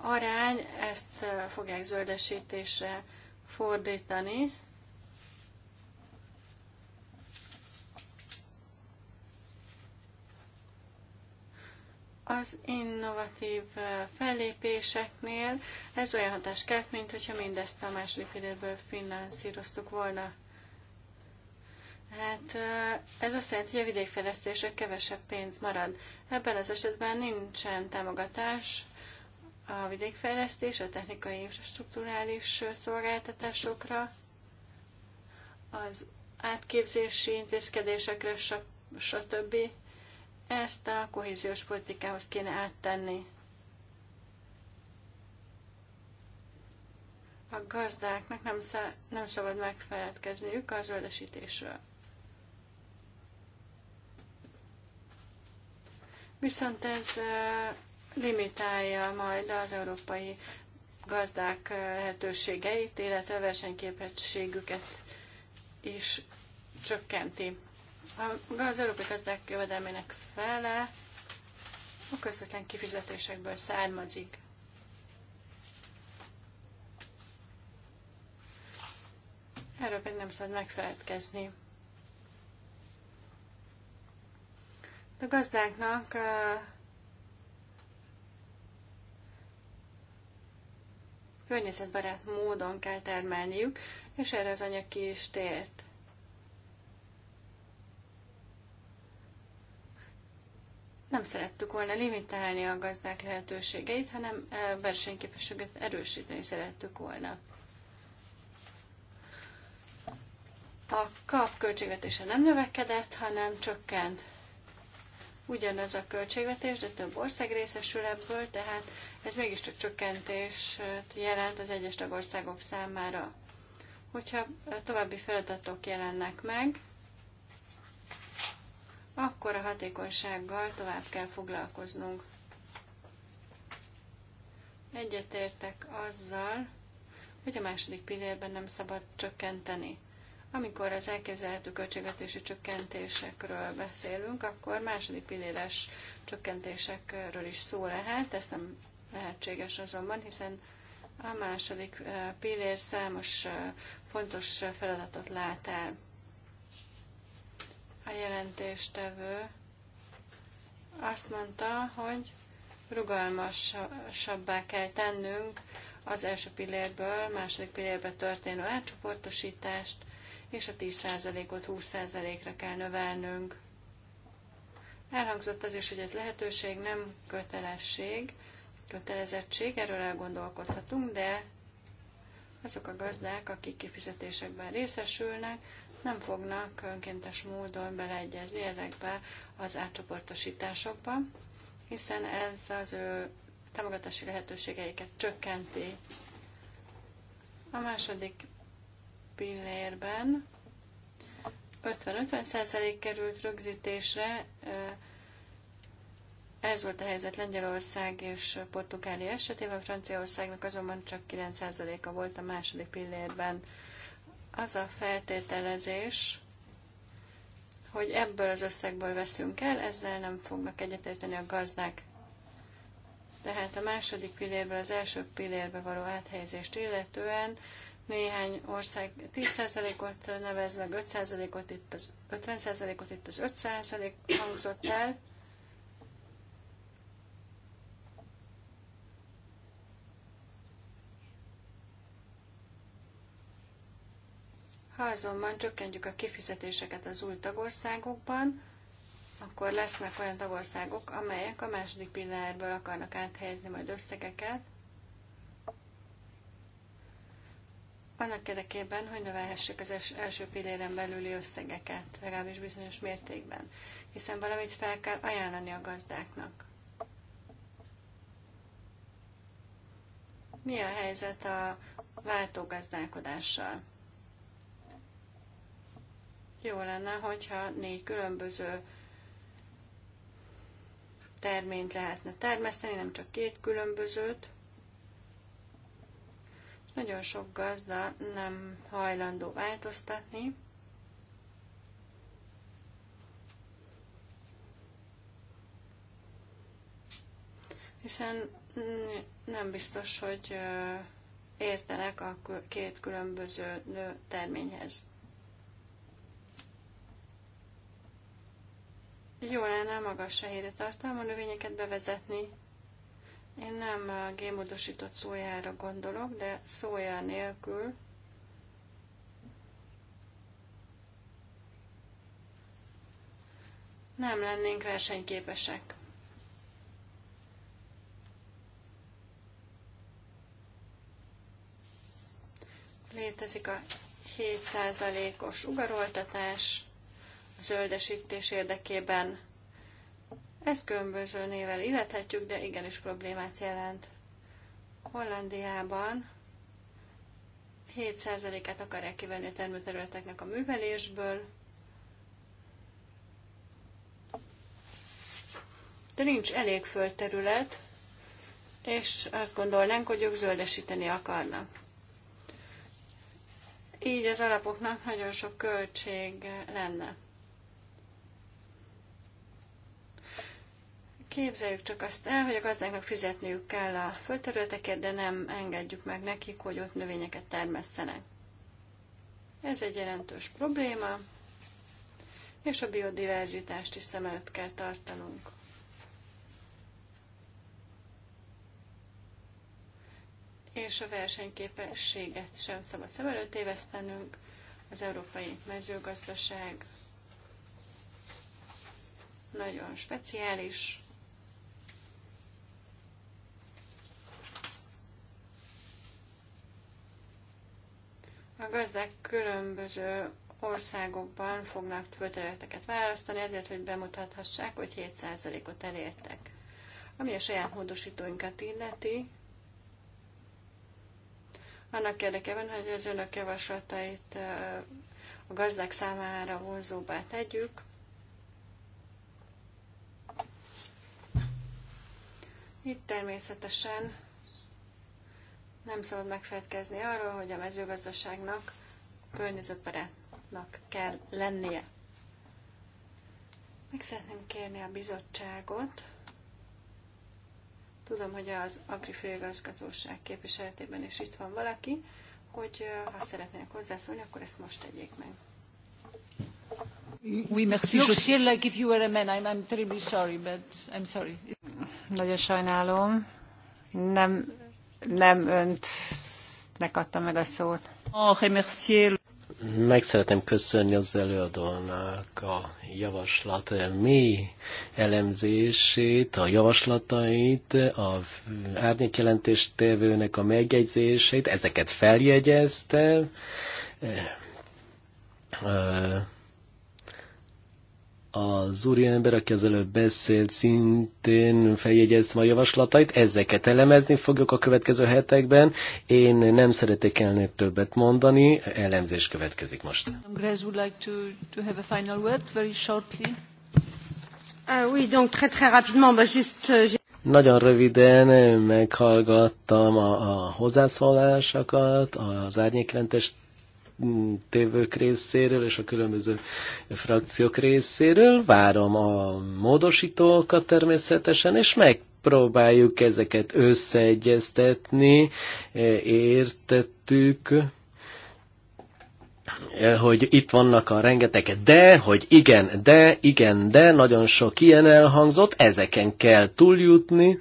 arány, ezt fogják zöldesítésre fordítani, az innovatív fellépéseknél ez olyan hatás kelt, mint hogyha mindezt a második időből finanszíroztuk volna. Hát ez azt jelenti, hogy a vidékfejlesztésre kevesebb pénz marad. Ebben az esetben nincsen támogatás a vidékfejlesztés, a technikai infrastruktúrális szolgáltatásokra, az átképzési intézkedésekre, stb. Ezt a kohéziós politikához kéne áttenni. A gazdáknak nem, szá- nem szabad megfeledkezniük a zöldesítésről. Viszont ez limitálja majd az európai gazdák lehetőségeit, illetve versenyképességüket is csökkenti. Az európai gazdák jövedelmének fele a közvetlen kifizetésekből származik. Erről pedig nem szabad megfeledkezni. A gazdáknak környezetbarát módon kell termelniük, és erre az anyag ki is tért. Nem szerettük volna limitálni a gazdák lehetőségeit, hanem versenyképességet erősíteni szerettük volna. A kap költségvetése nem növekedett, hanem csökkent ugyanaz a költségvetés, de több ország részesül ebből, tehát ez mégiscsak csökkentést jelent az egyes tagországok számára. Hogyha további feladatok jelennek meg, akkor a hatékonysággal tovább kell foglalkoznunk. Egyetértek azzal, hogy a második pillérben nem szabad csökkenteni. Amikor az elképzelhető költségvetési csökkentésekről beszélünk, akkor második pilléres csökkentésekről is szó lehet, ez nem lehetséges azonban, hiszen a második eh, pillér számos eh, fontos feladatot lát el. A jelentéstevő azt mondta, hogy rugalmasabbá kell tennünk az első pillérből második pillérbe történő átcsoportosítást, és a 10%-ot 20%-ra kell növelnünk. Elhangzott az is, hogy ez lehetőség, nem kötelesség, kötelezettség, erről elgondolkodhatunk, de azok a gazdák, akik kifizetésekben részesülnek, nem fognak önkéntes módon beleegyezni ezekbe az átcsoportosításokba, hiszen ez az ő támogatási lehetőségeiket csökkenti. A második pillérben 50-50 került rögzítésre. Ez volt a helyzet Lengyelország és Portugália esetében, Franciaországnak azonban csak 9 a volt a második pillérben. Az a feltételezés, hogy ebből az összegből veszünk el, ezzel nem fognak egyetérteni a gazdák. Tehát a második pillérből az első pillérbe való áthelyezést illetően néhány ország 10%-ot nevez meg, 5%-ot itt az 50%-ot, itt az 5% hangzott el. Ha azonban csökkentjük a kifizetéseket az új tagországokban, akkor lesznek olyan tagországok, amelyek a második pillérből akarnak áthelyezni majd összegeket, annak érdekében, hogy növelhessék az első pilléren belüli összegeket, legalábbis bizonyos mértékben, hiszen valamit fel kell ajánlani a gazdáknak. Mi a helyzet a váltógazdálkodással? Jó lenne, hogyha négy különböző terményt lehetne termeszteni, nem csak két különbözőt, nagyon sok gazda nem hajlandó változtatni, hiszen nem biztos, hogy értenek a két különböző terményhez. Jó lenne a magas fehérje tartalma növényeket bevezetni, én nem a gémódosított szójára gondolok, de szója nélkül nem lennénk versenyképesek. Létezik a 7%-os ugaroltatás a zöldesítés érdekében ezt különböző nével illethetjük, de igenis problémát jelent. Hollandiában 7%-át akarják kivenni a termőterületeknek a művelésből, de nincs elég földterület, és azt gondolnánk, hogy ők zöldesíteni akarnak. Így az alapoknak nagyon sok költség lenne. Képzeljük csak azt el, hogy a gazdáknak fizetniük kell a földterületeket, de nem engedjük meg nekik, hogy ott növényeket termesztenek. Ez egy jelentős probléma, és a biodiverzitást is szem előtt kell tartanunk. És a versenyképességet sem szabad szem előtt évesztenünk. Az európai mezőgazdaság nagyon speciális, A gazdák különböző országokban fognak földterületeket választani, ezért, hogy bemutathassák, hogy 7%-ot elértek. Ami a saját módosítóinkat illeti, annak érdekében, hogy az önök javaslatait a gazdák számára vonzóbbá tegyük, itt természetesen nem szabad megfelelkezni arról, hogy a mezőgazdaságnak környezetbarátnak kell lennie. Meg szeretném kérni a bizottságot. Tudom, hogy az Agri Főigazgatóság képviseletében is itt van valaki, hogy ha szeretnének hozzászólni, akkor ezt most tegyék meg. Oui, merci. Yorkshire, like if you were a man, I'm, I'm terribly sorry, but I'm sorry. Nagyon sajnálom. Nem nem önt adtam meg a szót. Meg szeretném köszönni az előadónak a javaslat mély elemzését, a javaslatait, a árnyékjelentéstevőnek a megjegyzéseit, ezeket feljegyeztem az úriember, aki az előbb beszélt, szintén feljegyezte a javaslatait, ezeket elemezni fogjuk a következő hetekben. Én nem szeretek elnél többet mondani, elemzés következik most. nagyon röviden meghallgattam a, a hozzászólásokat, az árnyéklentes tévők részéről és a különböző frakciók részéről. Várom a módosítókat természetesen, és meg próbáljuk ezeket összeegyeztetni, értettük Eh, hogy itt vannak a rengeteg de, hogy igen, de, igen, de, nagyon sok ilyen elhangzott, ezeken kell túljutni,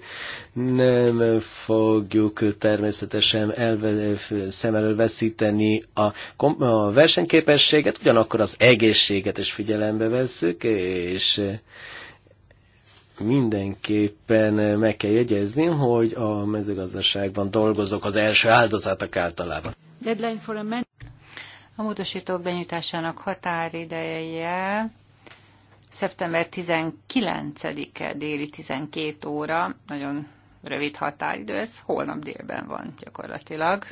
nem fogjuk természetesen elve, szem elől veszíteni a, a versenyképességet, ugyanakkor az egészséget is figyelembe vesszük, és mindenképpen meg kell jegyezni, hogy a mezőgazdaságban dolgozók az első áldozatok általában. Deadline for a man- a módosítók benyújtásának határideje szeptember 19-e déli 12 óra, nagyon rövid határidő, ez holnap délben van gyakorlatilag.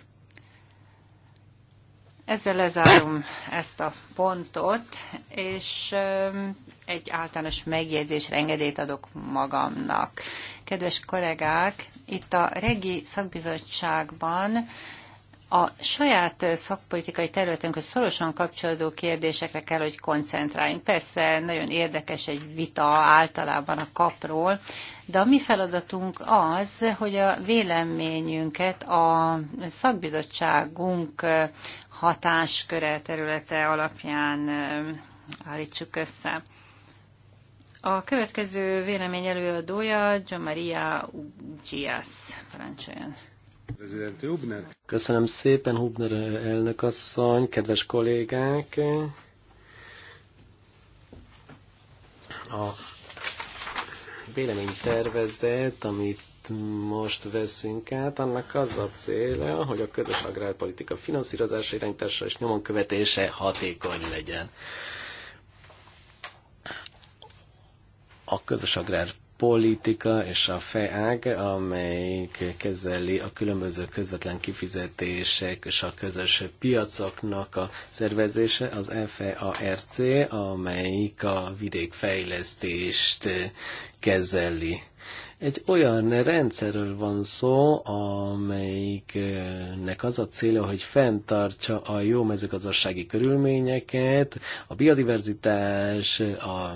Ezzel lezárom ezt a pontot, és egy általános megjegyzésre engedélyt adok magamnak. Kedves kollégák, itt a Regi Szakbizottságban a saját szakpolitikai területünkhöz szorosan kapcsolódó kérdésekre kell, hogy koncentráljunk. Persze nagyon érdekes egy vita általában a kapról, de a mi feladatunk az, hogy a véleményünket a szakbizottságunk hatásköre területe alapján állítsuk össze. A következő vélemény előadója Gian Maria Ugias. Parancsoljon. Köszönöm szépen, Hubner elnök asszony, kedves kollégák! A véleménytervezet, amit most veszünk át, annak az a célja, hogy a közös agrárpolitika finanszírozása, irányítása és nyomon követése hatékony legyen. A közös agrárpolitika politika és a FEÁG, amelyik kezeli a különböző közvetlen kifizetések és a közös piacoknak a szervezése, az FEARC, amelyik a vidékfejlesztést kezeli. Egy olyan rendszerről van szó, amelyiknek az a célja, hogy fenntartsa a jó mezőgazdasági körülményeket, a biodiverzitás, a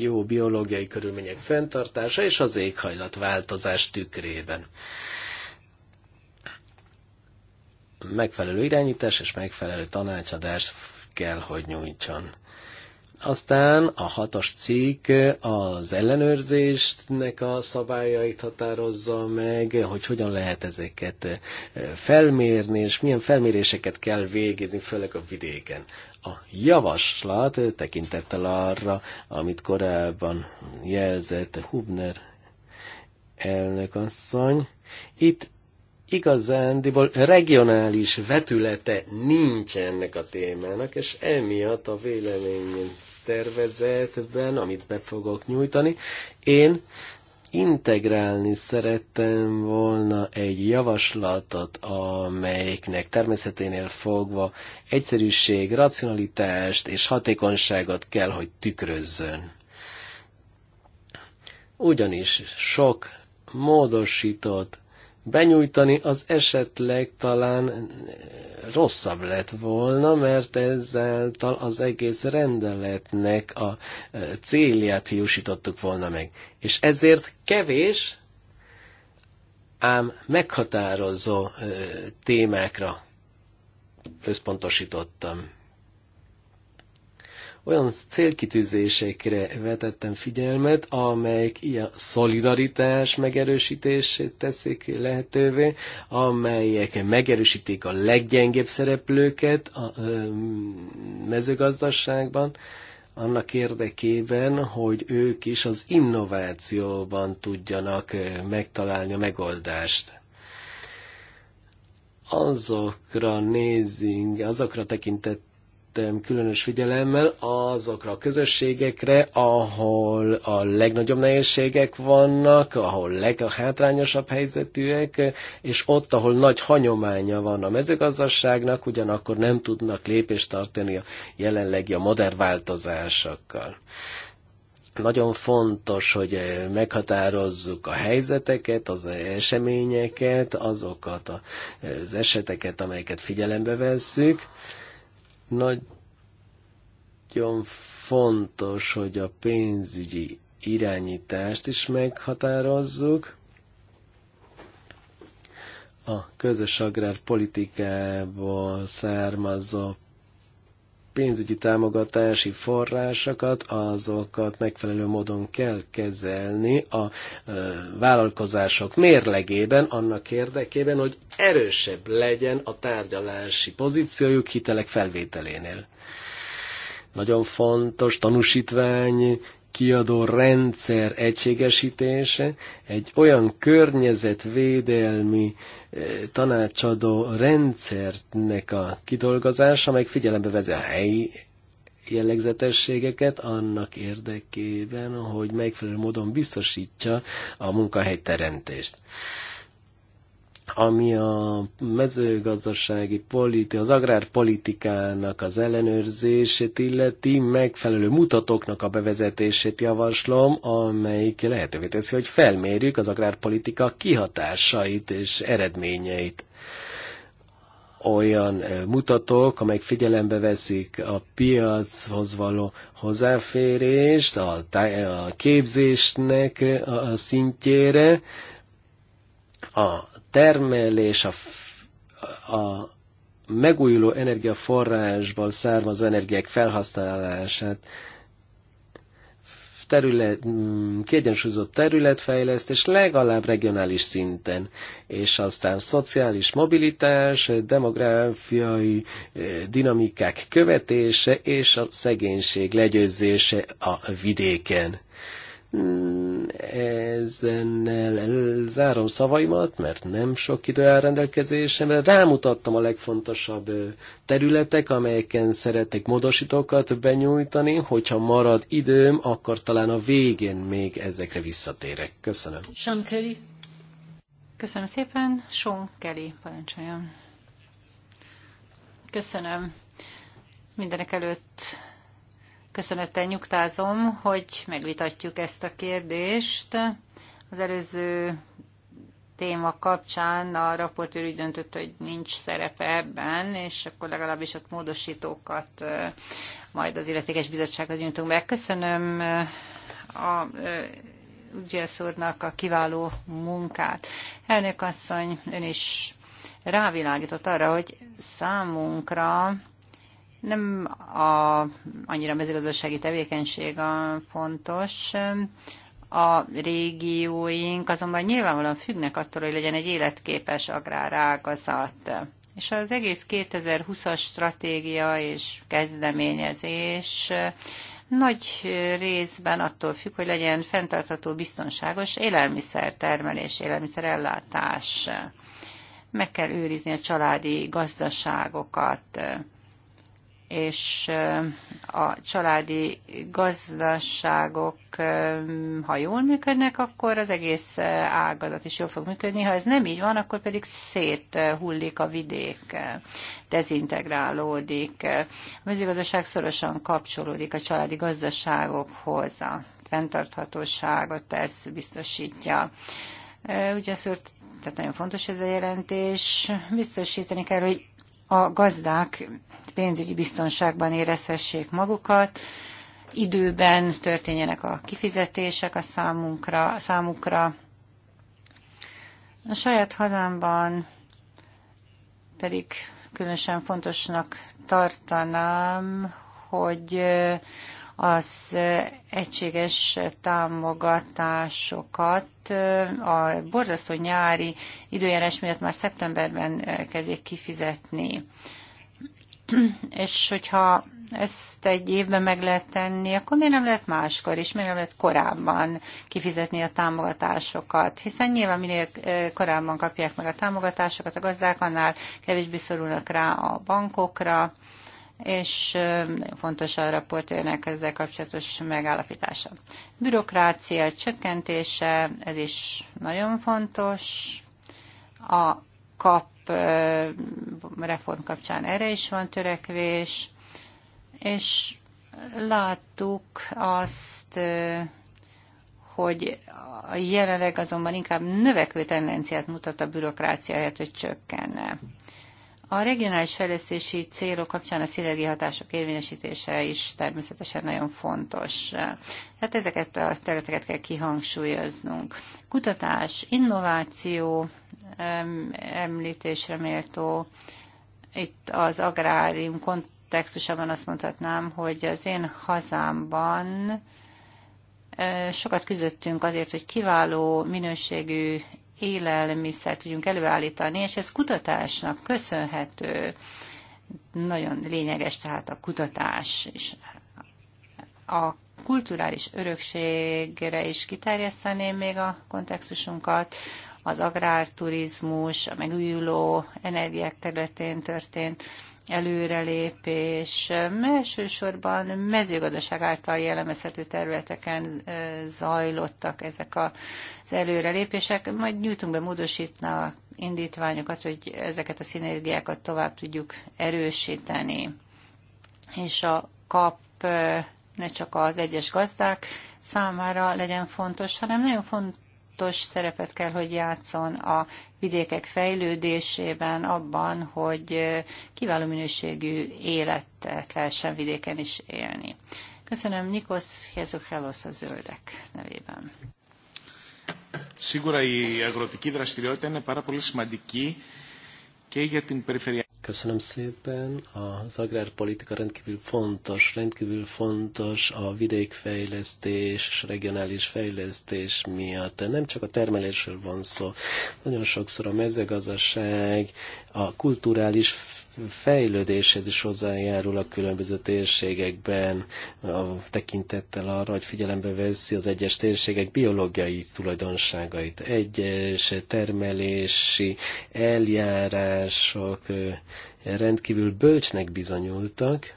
jó biológiai körülmények fenntartása és az éghajlatváltozás tükrében. Megfelelő irányítás és megfelelő tanácsadást kell, hogy nyújtson. Aztán a hatos cikk az ellenőrzésnek a szabályait határozza meg, hogy hogyan lehet ezeket felmérni, és milyen felméréseket kell végezni, főleg a vidéken a javaslat eh, tekintettel arra, amit korábban jelzett Hubner asszony. itt igazándiból regionális vetülete nincs ennek a témának, és emiatt a vélemény tervezetben, amit be fogok nyújtani, én integrálni szerettem volna egy javaslatot, amelyiknek természeténél fogva egyszerűség, racionalitást és hatékonyságot kell, hogy tükrözzön. Ugyanis sok módosított benyújtani az esetleg talán eh, rosszabb lett volna, mert ezáltal az egész rendeletnek a eh, célját hiúsítottuk volna meg és ezért kevés, ám meghatározó témákra összpontosítottam. Olyan célkitűzésekre vetettem figyelmet, amelyek ilyen szolidaritás megerősítését teszik lehetővé, amelyek megerősítik a leggyengébb szereplőket a mezőgazdaságban, annak érdekében, hogy ők is az innovációban tudjanak megtalálni a megoldást azokra nézünk, azokra tekintett figyeltem különös figyelemmel azokra a közösségekre, ahol a legnagyobb nehézségek vannak, ahol leghátrányosabb helyzetűek, és ott, ahol nagy hanyománya van a mezőgazdaságnak, ugyanakkor nem tudnak lépést tartani a jelenlegi a modern változásokkal nagyon fontos, hogy meghatározzuk a helyzeteket, az eseményeket, azokat az eseteket, amelyeket figyelembe vesszük, nagyon fontos, hogy a pénzügyi irányítást is meghatározzuk. A közös agrárpolitikából származó pénzügyi támogatási forrásokat, azokat megfelelő módon kell kezelni a vállalkozások mérlegében, annak érdekében, hogy erősebb legyen a tárgyalási pozíciójuk hitelek felvételénél. Nagyon fontos tanúsítvány kiadó rendszer egységesítése, egy olyan környezetvédelmi eh, tanácsadó rendszernek a kidolgozása, amely figyelembe vezi a helyi jellegzetességeket annak érdekében, hogy megfelelő módon biztosítja a munkahely teremtést ami a mezőgazdasági politi, az agrárpolitikának az ellenőrzését illeti, megfelelő mutatóknak a bevezetését javaslom, amelyik lehetővé teszi, hogy felmérjük az agrárpolitika kihatásait és eredményeit olyan mutatók, amelyek figyelembe veszik a piachoz való hozzáférést, a, a képzésnek a szintjére, a termelés, a, a megújuló energiaforrásból származó energiák felhasználását, terület, mm, kiegyensúlyozott területfejlesztés legalább regionális szinten, és aztán szociális mobilitás, demográfiai eh, dinamikák követése és a szegénység legyőzése a vidéken. Mm, ezennel zárom szavaimat, mert nem sok idő áll rendelkezésemre. Rámutattam a legfontosabb területek, amelyeken szeretek módosítókat benyújtani. Hogyha marad időm, akkor talán a végén még ezekre visszatérek. Köszönöm. Sean Kelly. Köszönöm szépen. Sean Kelly, parancsoljon. Köszönöm. Mindenek előtt köszönettel nyugtázom, hogy megvitatjuk ezt a kérdést. Az előző téma kapcsán a raportőr úgy döntött, hogy nincs szerepe ebben, és akkor legalábbis ott módosítókat majd az illetékes bizottsághoz nyújtunk be. Köszönöm a Ugyesz úrnak a kiváló munkát. Elnök asszony, ön is rávilágított arra, hogy számunkra nem a, annyira a mezőgazdasági tevékenység a fontos, a régióink azonban nyilvánvalóan függnek attól, hogy legyen egy életképes agrárágazat. És az egész 2020-as stratégia és kezdeményezés nagy részben attól függ, hogy legyen fenntartható, biztonságos élelmiszertermelés, élelmiszerellátás. Meg kell őrizni a családi gazdaságokat és a családi gazdaságok, ha jól működnek, akkor az egész ágazat is jól fog működni. Ha ez nem így van, akkor pedig széthullik a vidék, dezintegrálódik. A mezőgazdaság szorosan kapcsolódik a családi gazdaságokhoz, a fenntarthatóságot ez biztosítja. Ugyanúgy, tehát nagyon fontos ez a jelentés, biztosítani kell, hogy a gazdák pénzügyi biztonságban érezhessék magukat, időben történjenek a kifizetések a számunkra, a számukra. A saját hazámban pedig különösen fontosnak tartanám, hogy az eh, egységes támogatásokat eh, a borzasztó nyári időjárás miatt már szeptemberben eh, kezdjék kifizetni. [CLEARS THROAT] És hogyha ezt egy évben meg lehet tenni, akkor miért nem lehet máskor is, miért nem lehet korábban kifizetni a támogatásokat? Hiszen nyilván minél korábban kapják meg a támogatásokat a gazdák, annál kevésbé szorulnak rá a bankokra, és nagyon fontos a raportőrnek ezzel kapcsolatos megállapítása. Bürokrácia csökkentése, ez is nagyon fontos. A kap reform kapcsán erre is van törekvés, és láttuk azt, hogy jelenleg azonban inkább növekvő tendenciát mutat a bürokrácia, helyett, hogy csökkenne. A regionális fejlesztési célok kapcsán a hatások érvényesítése is természetesen nagyon fontos. Tehát ezeket a területeket kell kihangsúlyoznunk. Kutatás, innováció említésre méltó. Itt az agrárium kontextusában azt mondhatnám, hogy az én hazámban eh, sokat küzdöttünk azért, hogy kiváló minőségű élelmiszert tudjunk előállítani, és ez kutatásnak köszönhető. Nagyon lényeges tehát a kutatás is. A kulturális örökségre is kiterjeszteném még a kontextusunkat. Az agrárturizmus, a megújuló energiák területén történt előrelépés elsősorban mezőgazdaság által jellemezhető területeken zajlottak ezek az előrelépések. Majd nyújtunk be módosítna indítványokat, hogy ezeket a szinergiákat tovább tudjuk erősíteni. És a kap ne csak az egyes gazdák számára legyen fontos, hanem nagyon fontos fontos szerepet kell, hogy játszon a vidékek fejlődésében, abban, hogy kiváló minőségű életet lehessen vidéken is élni. Köszönöm Nikos Hezuchelos a zöldek nevében. Σίγουρα η αγροτική δραστηριότητα είναι πάρα πολύ σημαντική και για την περιφερειακή Köszönöm szépen. Az agrárpolitika rendkívül fontos, rendkívül fontos a vidékfejlesztés és regionális fejlesztés miatt. Nem csak a termelésről van szó, nagyon sokszor a mezőgazdaság, a kulturális fejlődéshez is hozzájárul a különböző térségekben, a tekintettel arra, hogy figyelembe veszi az egyes térségek biológiai tulajdonságait, egyes termelési eljárások rendkívül bölcsnek bizonyultak,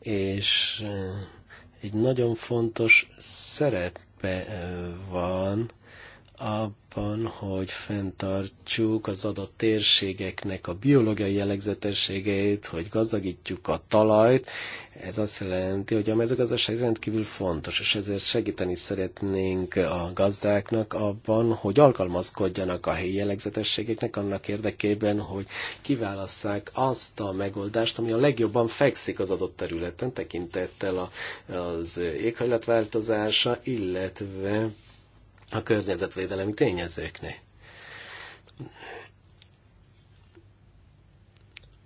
és egy nagyon fontos szerepe van abban, hogy fenntartsuk az adott térségeknek a biológiai jellegzetességeit, hogy gazdagítjuk a talajt. Ez azt jelenti, hogy a mezőgazdaság rendkívül fontos, és ezért segíteni szeretnénk a gazdáknak abban, hogy alkalmazkodjanak a helyi jellegzetességeknek annak érdekében, hogy kiválasszák azt a megoldást, ami a legjobban fekszik az adott területen, tekintettel az éghajlatváltozása, illetve a környezetvédelemi tényezőknél.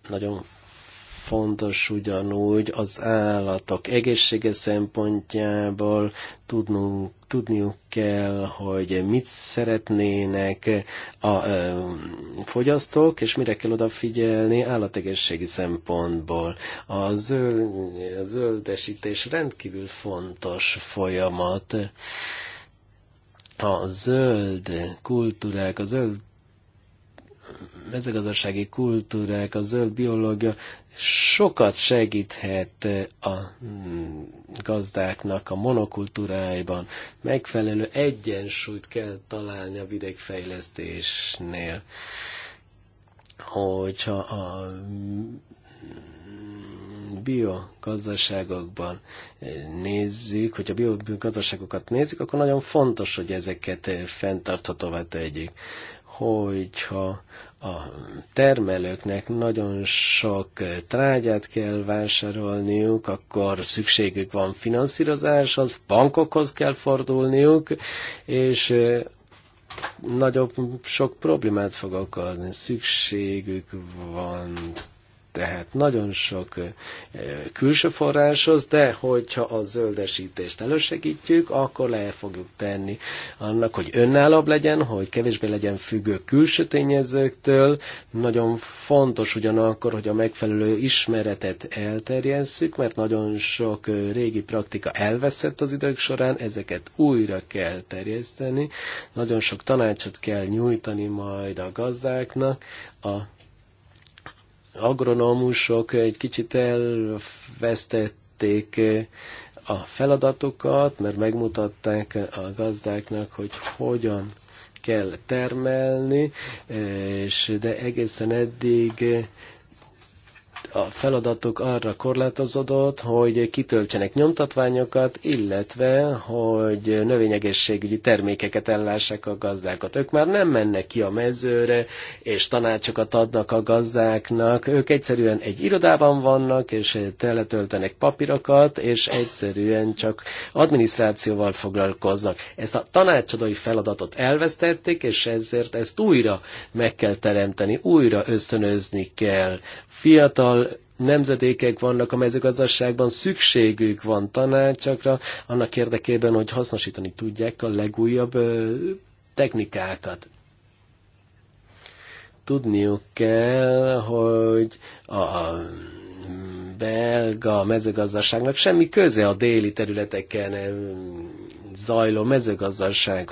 Nagyon fontos ugyanúgy az állatok egészsége szempontjából tudnunk, tudniuk kell, hogy mit szeretnének a ö, fogyasztók, és mire kell odafigyelni állategészségi szempontból. A zöld, a zöldesítés rendkívül fontos folyamat a zöld kultúrák, a zöld mezőgazdasági kultúrák, a zöld biológia sokat segíthet a mm, gazdáknak a monokultúráiban. Megfelelő egyensúlyt kell találni a vidékfejlesztésnél hogyha a biogazdaságokban eh, nézzük, hogyha a biogazdaságokat nézzük, akkor nagyon fontos, hogy ezeket eh, fenntarthatóvá tegyük. Hogyha a termelőknek nagyon sok eh, trágyát kell vásárolniuk, akkor szükségük van finanszírozáshoz, bankokhoz kell fordulniuk, és nagyobb sok problémát fog okozni. Szükségük van tehát nagyon sok külső forráshoz, de hogyha a zöldesítést elősegítjük, akkor le fogjuk tenni annak, hogy önállóbb legyen, hogy kevésbé legyen függő külső tényezőktől. Nagyon fontos ugyanakkor, hogy a megfelelő ismeretet elterjesszük, mert nagyon sok régi praktika elveszett az idők során, ezeket újra kell terjeszteni. Nagyon sok tanácsot kell nyújtani majd a gazdáknak, a agronómusok egy kicsit elvesztették eh, a feladatokat, mert megmutatták a gazdáknak, hogy hogyan kell termelni, eh, és de egészen eddig eh, a feladatuk arra korlátozódott, hogy kitöltsenek nyomtatványokat, illetve, hogy növényegészségügyi termékeket ellássák a gazdákat. Ők már nem mennek ki a mezőre, és tanácsokat adnak a gazdáknak. Ők egyszerűen egy irodában vannak, és teletöltenek papírokat, és egyszerűen csak adminisztrációval foglalkoznak. Ezt a tanácsadói feladatot elvesztették, és ezért ezt újra meg kell teremteni, újra ösztönözni kell. Fiatal nemzedékek vannak a mezőgazdaságban, szükségük van tanácsakra, annak érdekében, hogy hasznosítani tudják a legújabb technikákat. Tudniuk kell, hogy a belga mezőgazdaságnak semmi köze a déli területeken zajló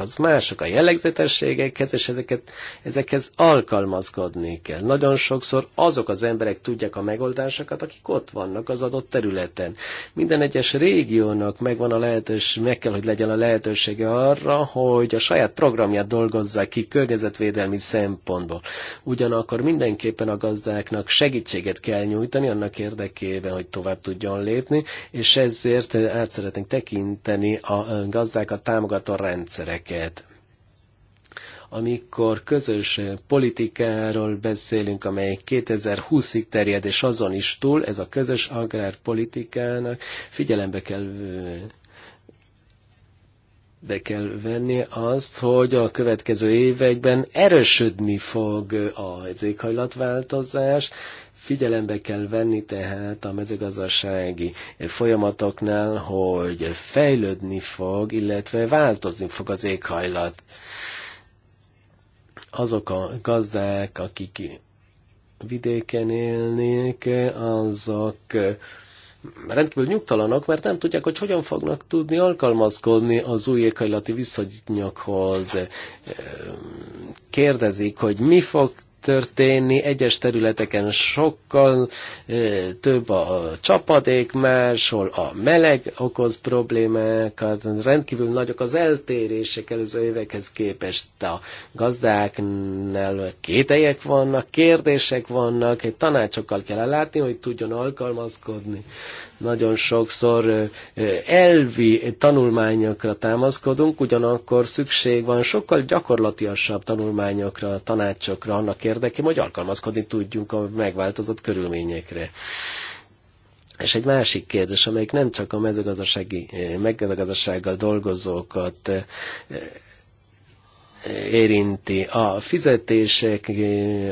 az mások a jellegzetességeket, és ezeket, ezekhez alkalmazkodni kell. Nagyon sokszor azok az emberek tudják a megoldásokat, akik ott vannak az adott területen. Minden egyes régiónak megvan a lehetőség, meg kell, hogy legyen a lehetősége arra, hogy a saját programját dolgozzák ki környezetvédelmi szempontból. Ugyanakkor mindenképpen a gazdáknak segítséget kell nyújtani annak érdekében, hogy tovább tudjon lépni, és ezért át szeretnénk tekinteni a gazdaság létrehozzák a támogató rendszereket. Amikor közös politikáról beszélünk, amely 2020-ig terjed, és azon is túl, ez a közös agrárpolitikának figyelembe kell be kell venni azt, hogy a következő években erősödni fog az éghajlatváltozás, Figyelembe kell venni tehát a mezőgazdasági folyamatoknál, hogy fejlődni fog, illetve változni fog az éghajlat. Azok a gazdák, akik vidéken élnék, azok rendkívül nyugtalanok, mert nem tudják, hogy hogyan fognak tudni alkalmazkodni az új éghajlati viszonyokhoz. Kérdezik, hogy mi fog történni. Egyes területeken sokkal több a csapadék, máshol a meleg okoz problémákat, rendkívül nagyok az eltérések előző évekhez képest a gazdáknál kételyek vannak, kérdések vannak, tanácsokkal kell látni, hogy tudjon alkalmazkodni nagyon sokszor elvi tanulmányokra támaszkodunk, ugyanakkor szükség van sokkal gyakorlatiasabb tanulmányokra, tanácsokra annak érdekében, hogy alkalmazkodni tudjunk a megváltozott körülményekre. És egy másik kérdés, amelyik nem csak a mezőgazdasági, mezőgazdasággal dolgozókat érinti a fizetések,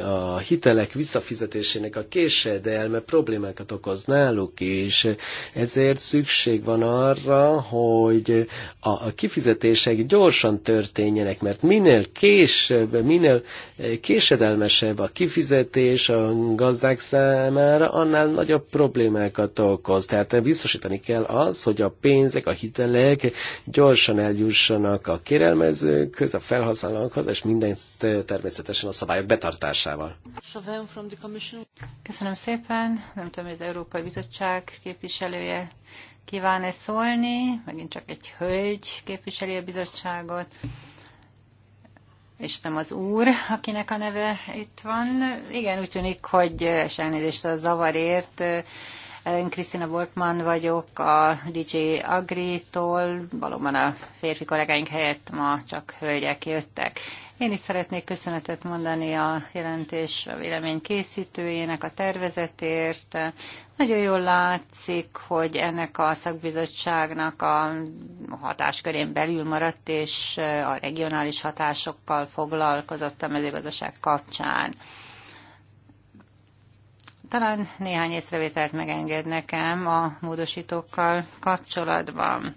a hitelek visszafizetésének a késedelme problémákat okoz náluk is. Ezért szükség van arra, hogy a kifizetések gyorsan történjenek, mert minél később, minél késedelmesebb a kifizetés a gazdák számára, annál nagyobb problémákat okoz. Tehát biztosítani kell az, hogy a pénzek, a hitelek gyorsan eljussanak a kérelmezőkhöz, a felhasználók, felhasználókhoz, és mindezt természetesen a szabályok betartásával. Köszönöm szépen. Nem tudom, hogy az Európai Bizottság képviselője kíván-e szólni. Megint csak egy hölgy képviseli a bizottságot és nem az úr, akinek a neve itt van. Igen, úgy tűnik, hogy, és elnézést a zavarért, én Krisztina Bortman vagyok, a DJ Agri-tól, valóban a férfi kollégáink helyett ma csak hölgyek jöttek. Én is szeretnék köszönetet mondani a jelentés a vélemény készítőjének a tervezetért. Nagyon jól látszik, hogy ennek a szakbizottságnak a hatáskörén belül maradt, és a regionális hatásokkal foglalkozott a mezőgazdaság kapcsán. Talán néhány észrevételt megenged nekem a módosítókkal kapcsolatban.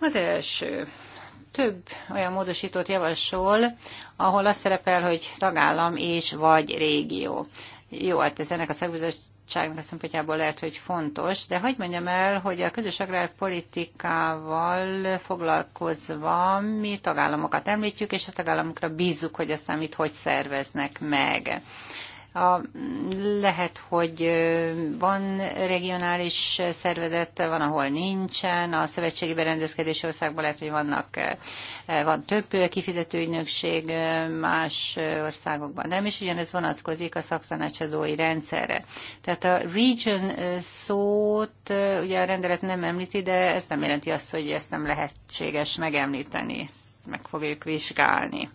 Az első. Több olyan módosítót javasol, ahol azt szerepel, hogy tagállam és vagy régió. Jó, hát ez ennek a szakbizottságnak a szempontjából lehet, hogy fontos, de hagyd mondjam el, hogy a közös agrárpolitikával foglalkozva mi tagállamokat említjük, és a tagállamokra bízzuk, hogy aztán mit hogy szerveznek meg. A, lehet, hogy van regionális szervezet, van, ahol nincsen. A szövetségi berendezkedési országban lehet, hogy vannak, van több kifizető ügynökség, más országokban nem, is ugyanez vonatkozik a szaktanácsadói rendszerre. Tehát a region szót ugye a rendelet nem említi, de ez nem jelenti azt, hogy ezt nem lehetséges megemlíteni. Ezt meg fogjuk vizsgálni.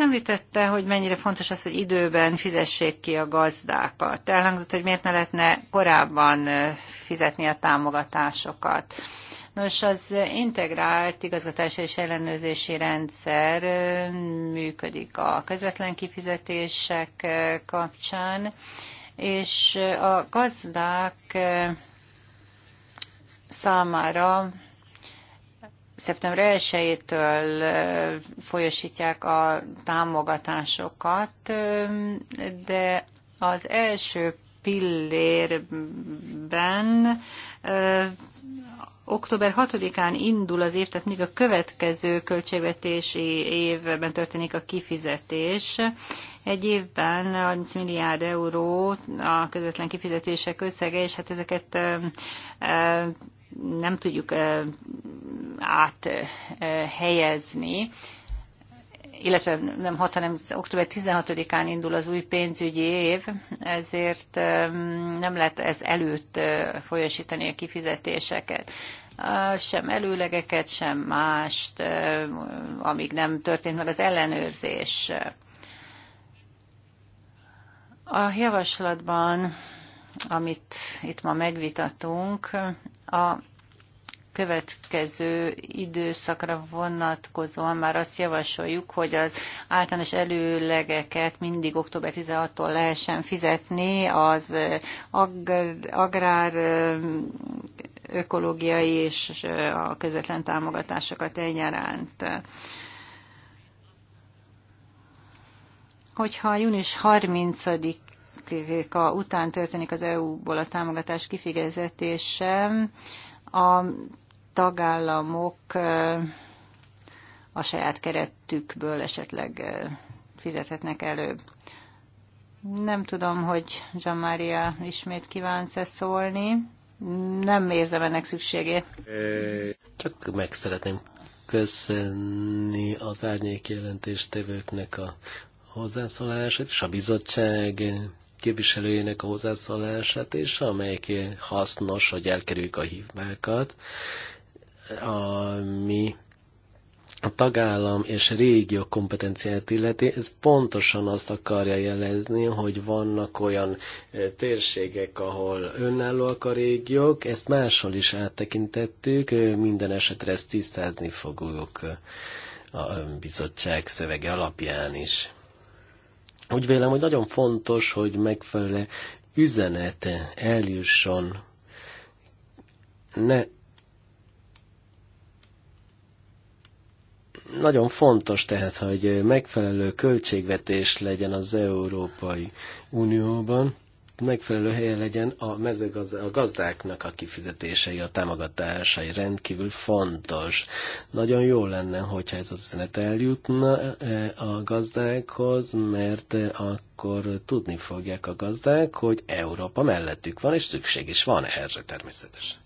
Említette, hogy mennyire fontos az, hogy időben fizessék ki a gazdákat. Elhangzott, hogy miért ne lehetne korábban fizetni a támogatásokat. Nos, az integrált igazgatási és ellenőrzési rendszer működik a közvetlen kifizetések kapcsán, és a gazdák számára szeptember 1-től folyosítják a támogatásokat, de az első pillérben október 6-án indul az év, tehát még a következő költségvetési évben történik a kifizetés. Egy évben 30 milliárd euró a közvetlen kifizetések összege, és hát ezeket nem tudjuk áthelyezni, illetve nem 6, hanem október 16-án indul az új pénzügyi év, ezért nem lehet ez előtt folyosítani a kifizetéseket sem előlegeket, sem mást, amíg nem történt meg az ellenőrzés. A javaslatban, amit itt ma megvitatunk, a következő időszakra vonatkozóan már azt javasoljuk, hogy az általános előlegeket mindig október 16-tól lehessen fizetni az agrár ökológiai és a közvetlen támogatásokat egyaránt. Hogyha június 30 a után történik az EU-ból a támogatás kifizetése, a tagállamok a saját keretükből esetleg fizethetnek elő. Nem tudom, hogy Maria ismét kívánsz-e szólni. Nem érzem ennek szükségét. Csak meg szeretném köszönni az árnyék jelentéstevőknek a hozzászólását, és a bizottság képviselőjének a hozzászólását, és amelyik hasznos, hogy elkerüljük a hívmákat, ami a tagállam és régió kompetenciát illeti, ez pontosan azt akarja jelezni, hogy vannak olyan eh, térségek, ahol önállóak a régiók, ezt máshol is áttekintettük, eh, minden esetre ezt tisztázni fogjuk eh, a bizottság szövege alapján is. Úgy vélem, hogy nagyon fontos, hogy megfelelő üzenete eljusson. Ne nagyon fontos tehát, hogy megfelelő költségvetés legyen az Európai Unióban, megfelelő helyen legyen a, mezőgaz, a gazdáknak a kifizetései, a támogatásai rendkívül fontos. Nagyon jó lenne, hogyha ez az üzenet eljutna e, a gazdákhoz, mert akkor tudni fogják a gazdák, hogy Európa mellettük van, és szükség is van erre természetesen.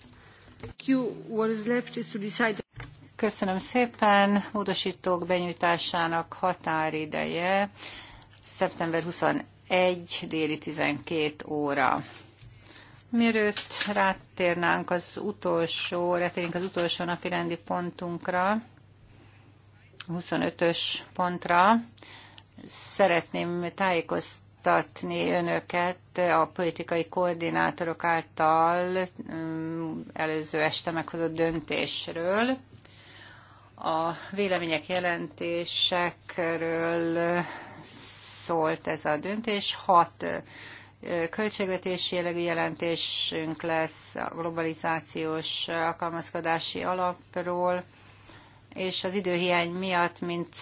Köszönöm szépen. Módosítók benyújtásának határideje szeptember 21 1 déli 12 óra. Mielőtt rátérnánk az utolsó, rátérnénk az utolsó napi rendi pontunkra, 25-ös pontra, szeretném tájékoztatni önöket a politikai koordinátorok által mm, előző este meghozott döntésről. A vélemények jelentésekről szólt ez a döntés. Hat költségvetési jellegű jelentésünk lesz a globalizációs alkalmazkodási alapról, és az időhiány miatt, mint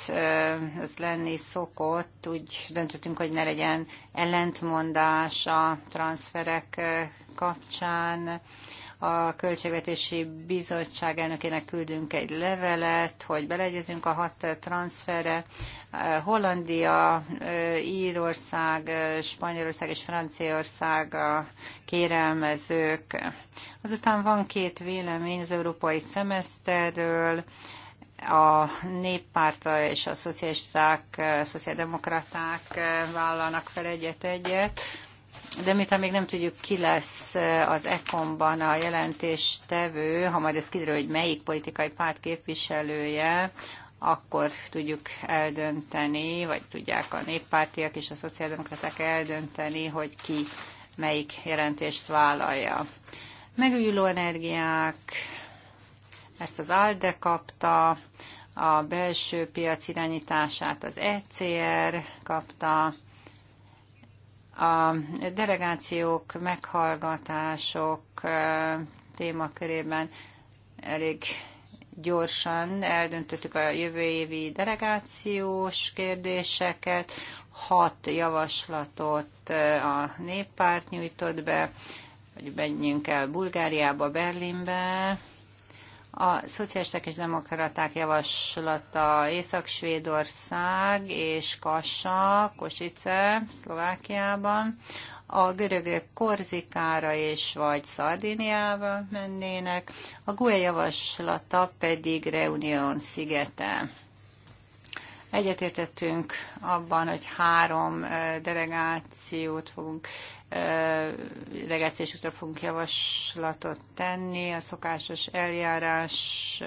ez lenni szokott, úgy döntöttünk, hogy ne legyen ellentmondás a transferek kapcsán. A Költségvetési Bizottság elnökének küldünk egy levelet, hogy beleegyezünk a hat transferre. Hollandia, Írország, Spanyolország és Franciaország a kérelmezők. Azután van két vélemény az európai szemeszterről, a néppárta és a szocialisták, szociáldemokraták vállalnak fel egyet-egyet de mintha még nem tudjuk, ki lesz az ECOM-ban a jelentéstevő, ha majd ez kiderül, hogy melyik politikai párt képviselője, akkor tudjuk eldönteni, vagy tudják a néppártiak és a szociáldemokraták eldönteni, hogy ki melyik jelentést vállalja. Megújuló energiák, ezt az ALDE kapta, a belső piac irányítását az ECR kapta, a delegációk, meghallgatások témakörében elég gyorsan eldöntöttük a jövő évi delegációs kérdéseket, hat javaslatot a néppárt nyújtott be, hogy menjünk el Bulgáriába, Berlinbe, a szocialisták és demokraták javaslata Észak-Svédország és Kassa, Kosice, Szlovákiában, a görögök Korzikára és vagy Szardiniába mennének, a GUE javaslata pedig Reunion szigete. Egyetértettünk abban, hogy három delegációt fogunk, delegációs útra fogunk javaslatot tenni a szokásos eljárás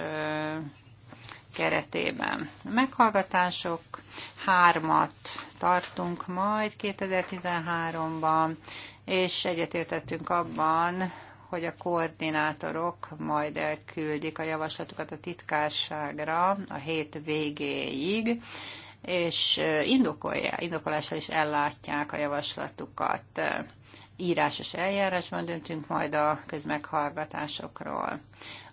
keretében. A meghallgatások hármat tartunk majd 2013-ban, és egyetértettünk abban, hogy a koordinátorok majd elküldik a javaslatukat a titkárságra a hét végéig, és indokolják, indokolással is ellátják a javaslatukat. Írásos eljárásban döntünk majd a közmeghallgatásokról.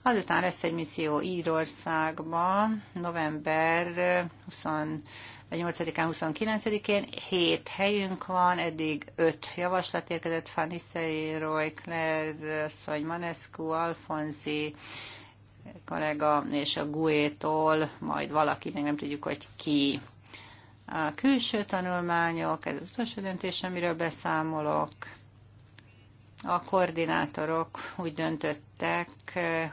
Azután lesz egy misszió Írországba, november 20 8-án, 29-én. Hét helyünk van, eddig öt javaslat érkezett, Van Roy, Claire, Szony Manescu, Alfonzi, kollega és a Guétól, majd valaki, még nem tudjuk, hogy ki. A külső tanulmányok, ez az utolsó döntés, amiről beszámolok a koordinátorok úgy döntöttek,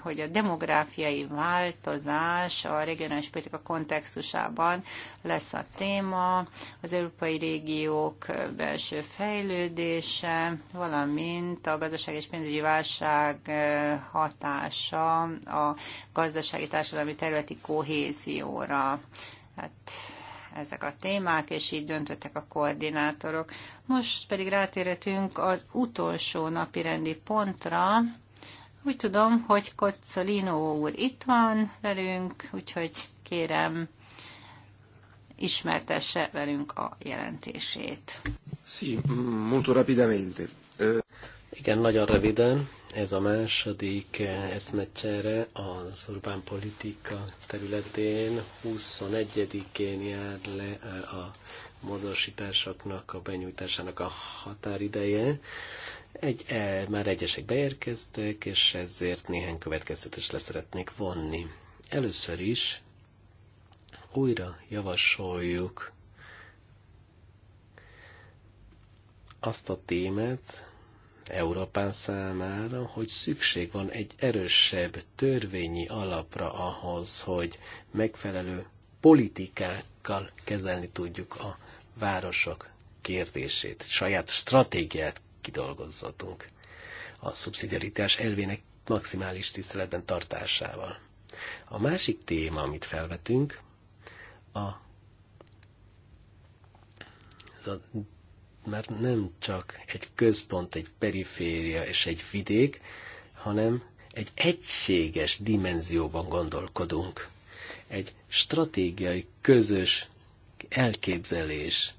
hogy a demográfiai változás a regionális politika kontextusában lesz a téma, az európai régiók belső fejlődése, valamint a gazdaság és pénzügyi válság hatása a gazdasági társadalmi területi kohézióra. Hát ezek a témák, és így döntöttek a koordinátorok. Most pedig rátérhetünk az utolsó napi rendi pontra. Úgy tudom, hogy Kocsolino úr itt van velünk, úgyhogy kérem, ismertesse velünk a jelentését. Sí, molto rapidamente. Eh, Igen, nagyon röviden. Ez a második eszmecsere az urbán politika területén 21-én jár le eh, a módosításoknak a benyújtásának a határideje. Egy, e, már egyesek beérkeztek, és ezért néhány következtetést leszeretnék vonni. Először is újra javasoljuk azt a témát, Európán számára, hogy szükség van egy erősebb törvényi alapra ahhoz, hogy megfelelő politikákkal kezelni tudjuk a városok kérdését, saját stratégiát kidolgozzatunk a szubszidiaritás elvének maximális tiszteletben tartásával. A másik téma, amit felvetünk, a, ez a már nem csak egy központ, egy periféria és egy vidék, hanem egy egységes dimenzióban gondolkodunk. Egy stratégiai, közös elképzelés,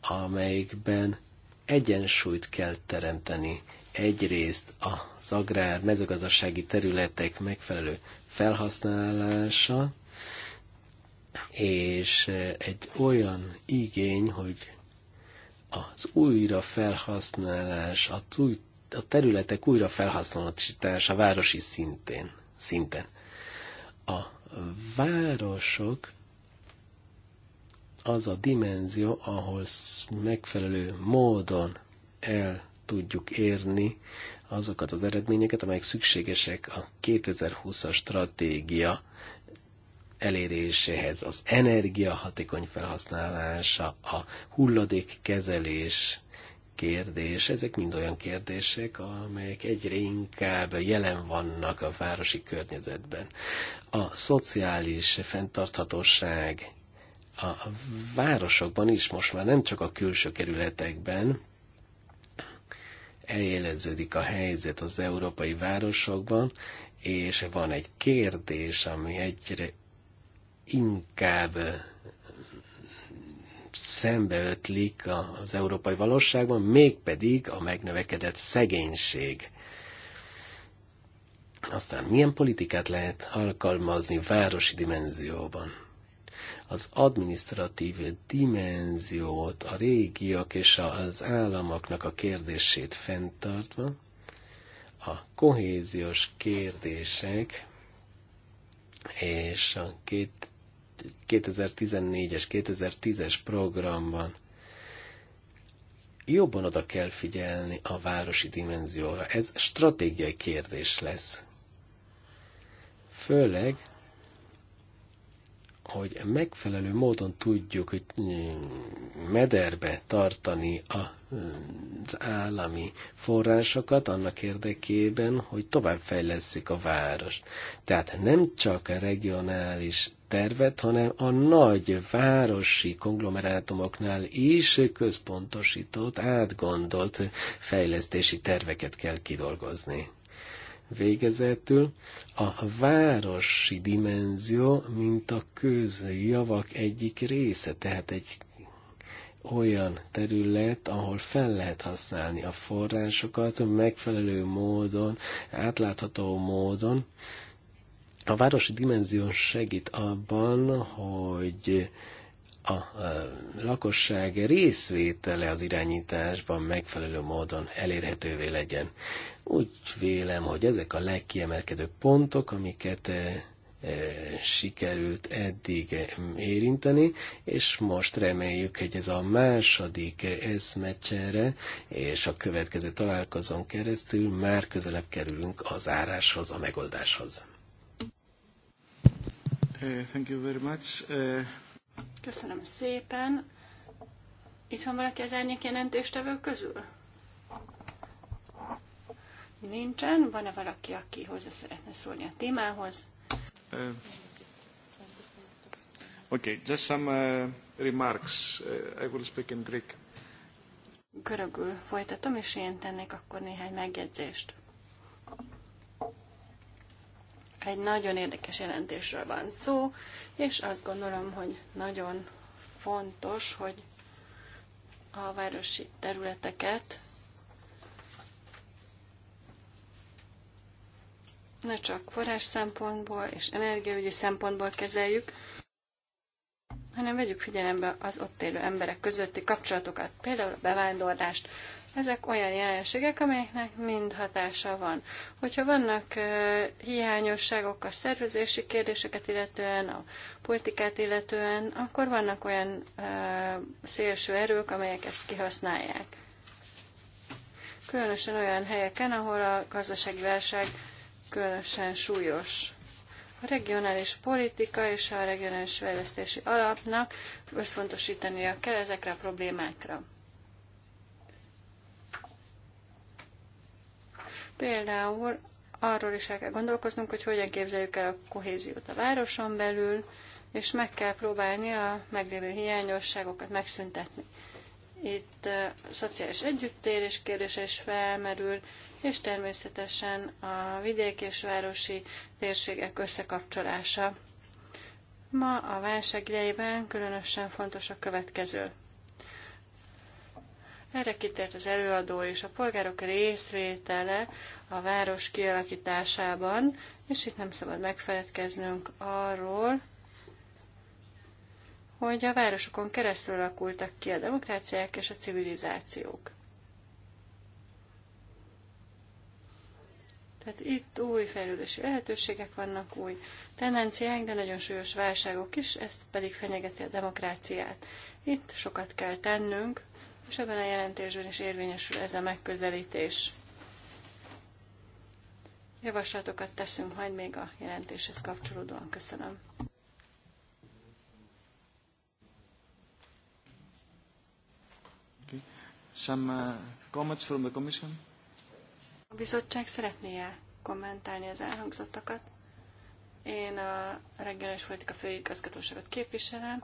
amelyikben egyensúlyt kell teremteni egyrészt az agrár mezőgazdasági területek megfelelő felhasználása, és egy olyan igény, hogy az újra felhasználás, a, új, a területek újra városi szintén, szinten. A városok az a dimenzió, ahol megfelelő módon el tudjuk érni azokat az eredményeket, amelyek szükségesek a 2020-as stratégia eléréséhez. Az energia hatékony felhasználása, a hulladékkezelés kérdés, ezek mind olyan kérdések, amelyek egyre inkább jelen vannak a városi környezetben. A szociális fenntarthatóság a városokban is most már nem csak a külső kerületekben eljeleződik a helyzet az európai városokban, és van egy kérdés, ami egyre inkább szembeötlik az európai valóságban, mégpedig a megnövekedett szegénység. Aztán milyen politikát lehet alkalmazni városi dimenzióban? az administratív dimenziót, a régiók és az államoknak a kérdését fenntartva, a kohéziós kérdések és a 2014-es, 2010-es programban jobban oda kell figyelni a városi dimenzióra. Ez stratégiai kérdés lesz. Főleg hogy megfelelő módon tudjuk hogy mm, mederbe tartani mm, az állami forrásokat annak érdekében, hogy tovább fejleszik a város. Tehát nem csak a regionális tervet, hanem a nagy városi konglomerátumoknál is központosított, átgondolt fejlesztési terveket kell kidolgozni. Végezetül a városi dimenzió, mint a közjavak egyik része, tehát egy olyan terület, ahol fel lehet használni a forrásokat megfelelő módon, átlátható módon. A városi dimenzió segít abban, hogy a, lakosság részvétele az irányításban megfelelő módon elérhetővé legyen. Úgy vélem, hogy ezek a legkiemelkedő pontok, amiket eh, eh, sikerült eddig eh, érinteni, és most reméljük, hogy ez a második eszmecsere és a következő találkozón keresztül már közelebb kerülünk az áráshoz, a megoldáshoz. Thank you very much. Köszönöm szépen. Itt van valaki az árnyék jelentéstevő közül? nincsen. Van-e valaki, aki hozzá szeretne szólni a témához? Uh, okay, just some uh, remarks. Uh, I will speak in Greek. Görögül folytatom, és én tennék akkor néhány megjegyzést. Egy nagyon érdekes jelentésről van szó, és azt gondolom, hogy nagyon fontos, hogy a városi területeket ne csak forrás szempontból és energiaügyi szempontból kezeljük, hanem vegyük figyelembe az ott élő emberek közötti kapcsolatokat, például a bevándorlást. Ezek olyan jelenségek, amelyeknek mind hatása van. Hogyha vannak hiányosságok a szervezési kérdéseket illetően, a politikát illetően, akkor vannak olyan szélső erők, amelyek ezt kihasználják. Különösen olyan helyeken, ahol a gazdasági válság különösen súlyos. A regionális politika és a regionális fejlesztési alapnak összpontosítania kell ezekre a problémákra. Például arról is el kell gondolkoznunk, hogy hogyan képzeljük el a kohéziót a városon belül, és meg kell próbálni a meglévő hiányosságokat megszüntetni. Itt a szociális együttélés kérdése is felmerül, és természetesen a vidék és városi térségek összekapcsolása. Ma a válság idejében különösen fontos a következő. Erre kitért az előadó és a polgárok részvétele a város kialakításában, és itt nem szabad megfeledkeznünk arról, hogy a városokon keresztül alakultak ki a demokráciák és a civilizációk. Tehát itt új fejlődési lehetőségek vannak, új tendenciák, de nagyon súlyos válságok is, ez pedig fenyegeti a demokráciát. Itt sokat kell tennünk, és ebben a jelentésben is érvényesül ez a megközelítés. Javaslatokat teszünk majd még a jelentéshez kapcsolódóan. Köszönöm. Some uh, comments from the Commission? A bizottság szeretné -e kommentálni az elhangzottakat? Én a regionális politika főigazgatóságot képviselem.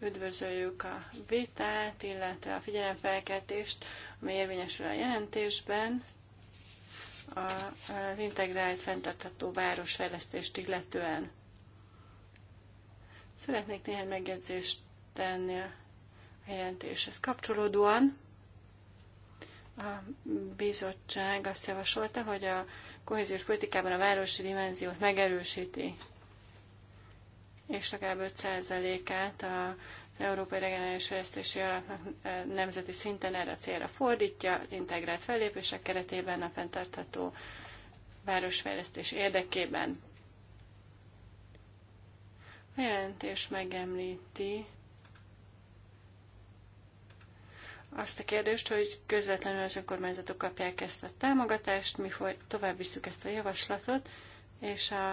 Üdvözöljük a vitát, illetve a figyelemfelkeltést, ami érvényesül a jelentésben. A, az integrált fenntartható városfejlesztést illetően. Szeretnék néhány megjegyzést tenni a jelentéshez kapcsolódóan. A bizottság azt javasolta, hogy a kohéziós politikában a városi dimenziót megerősíti, és legalább 5%-át a Európai Regionális Fejlesztési Alapnak e, nemzeti szinten erre a célra fordítja, integrált fellépések keretében a fenntartható városfejlesztés érdekében. A jelentés megemlíti azt a kérdést, hogy közvetlenül az önkormányzatok kapják ezt a támogatást, mi tovább visszük ezt a javaslatot, és a,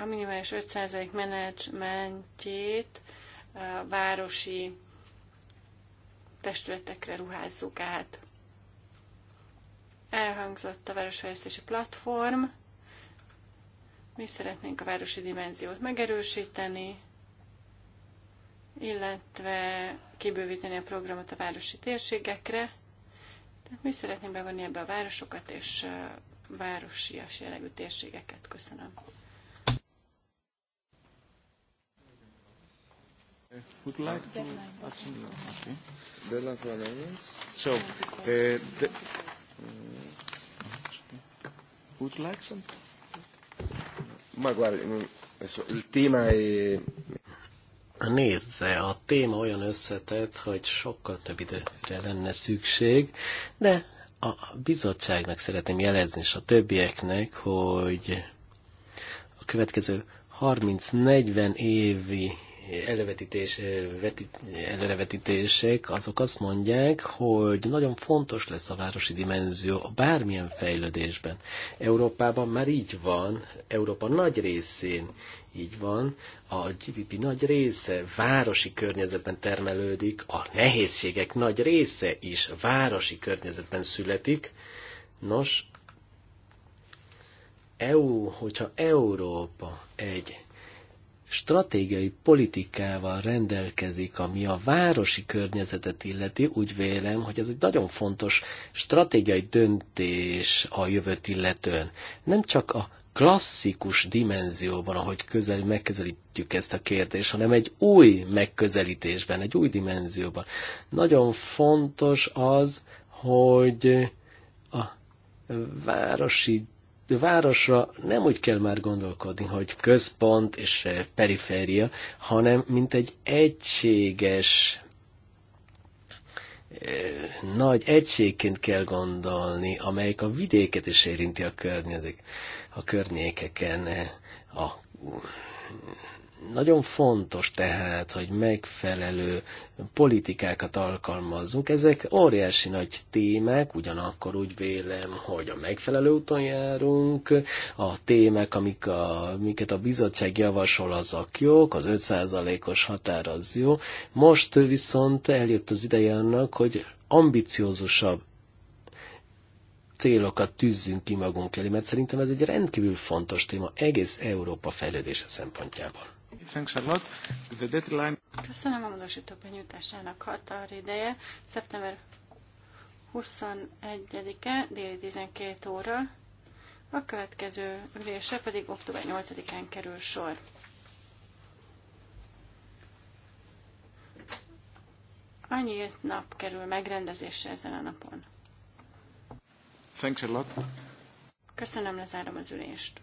a minimális 5% menedzsmentjét a városi testületekre ruházzuk át. Elhangzott a Városfejlesztési Platform, mi szeretnénk a városi dimenziót megerősíteni, illetve kibővíteni a programot a városi térségekre. Tehát mi szeretnénk bevonni ebbe a városokat és városias jellegű térségeket. Köszönöm. Would you like to add something? Okay. So, uh, the, uh, would like Ma guarda, adesso il tema è Nézze, a téma olyan összetett, hogy sokkal több időre lenne szükség, de a bizottságnak szeretném jelezni, és a többieknek, hogy a következő 30-40 évi elővetítés, vetit, előrevetítések, azok azt mondják, hogy nagyon fontos lesz a városi dimenzió bármilyen fejlődésben. Európában már így van, Európa nagy részén így van, a GDP nagy része városi környezetben termelődik, a nehézségek nagy része is városi környezetben születik. Nos, EU, hogyha Európa egy stratégiai politikával rendelkezik, ami a városi környezetet illeti, úgy vélem, hogy ez egy nagyon fontos stratégiai döntés a jövőt illetően. Nem csak a klasszikus dimenzióban, ahogy közel megközelítjük ezt a kérdést, hanem egy új megközelítésben, egy új dimenzióban. Nagyon fontos az, hogy a városi városra nem úgy kell már gondolkodni, hogy központ és periféria, hanem mint egy egységes nagy egységként kell gondolni, amelyik a vidéket is érinti a környezet a környékeken eh, a nagyon fontos tehát, hogy megfelelő politikákat alkalmazzunk. Ezek óriási nagy témák, ugyanakkor úgy vélem, hogy a megfelelő úton járunk, a témák, amik a, amiket a bizottság javasol, azok jók, az 5%-os határ az jó. Most viszont eljött az ideje annak, hogy ambiciózusabb célokat tűzzünk ki magunk elé, mert szerintem ez egy rendkívül fontos téma egész Európa fejlődése szempontjából. Köszönöm a módosító benyújtásának határideje. Szeptember 21-e, déli 12 óra, a következő ülése pedig október 8-án kerül sor. Annyi nap kerül megrendezésre ezen a napon. Thanks a lot. Köszönöm, lezárom az ülést.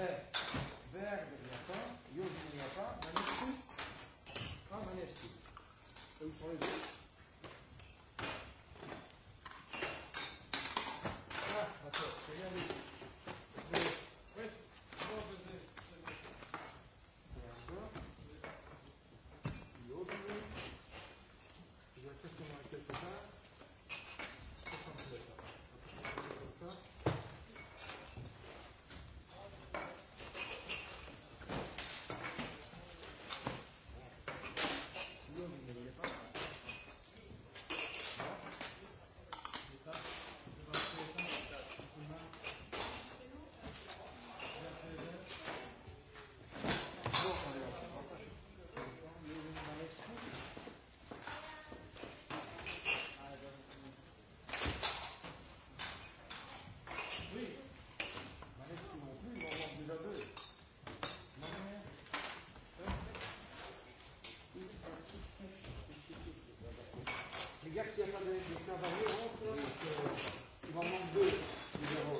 Evet. Verdir yapa, yurdun yapa, nanesti, ha nanesti. Öyle sonra gars qui a pas de travailler rentre, parce qu'il en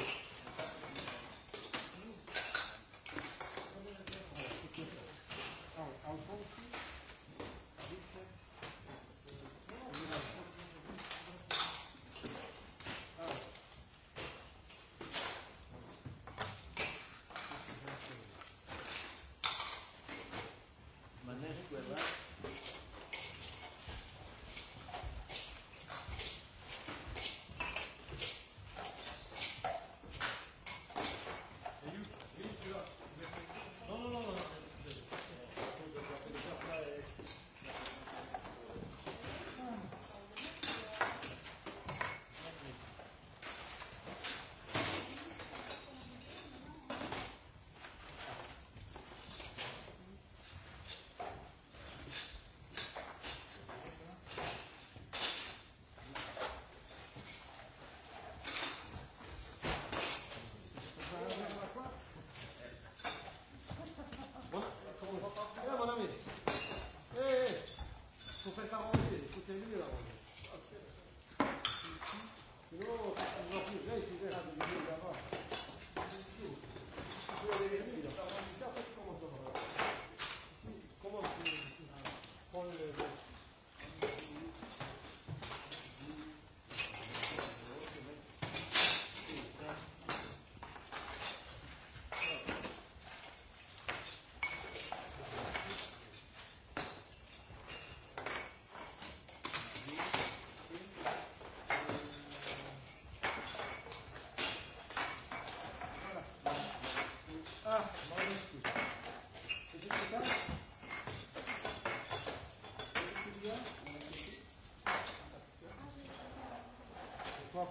entendido la voz.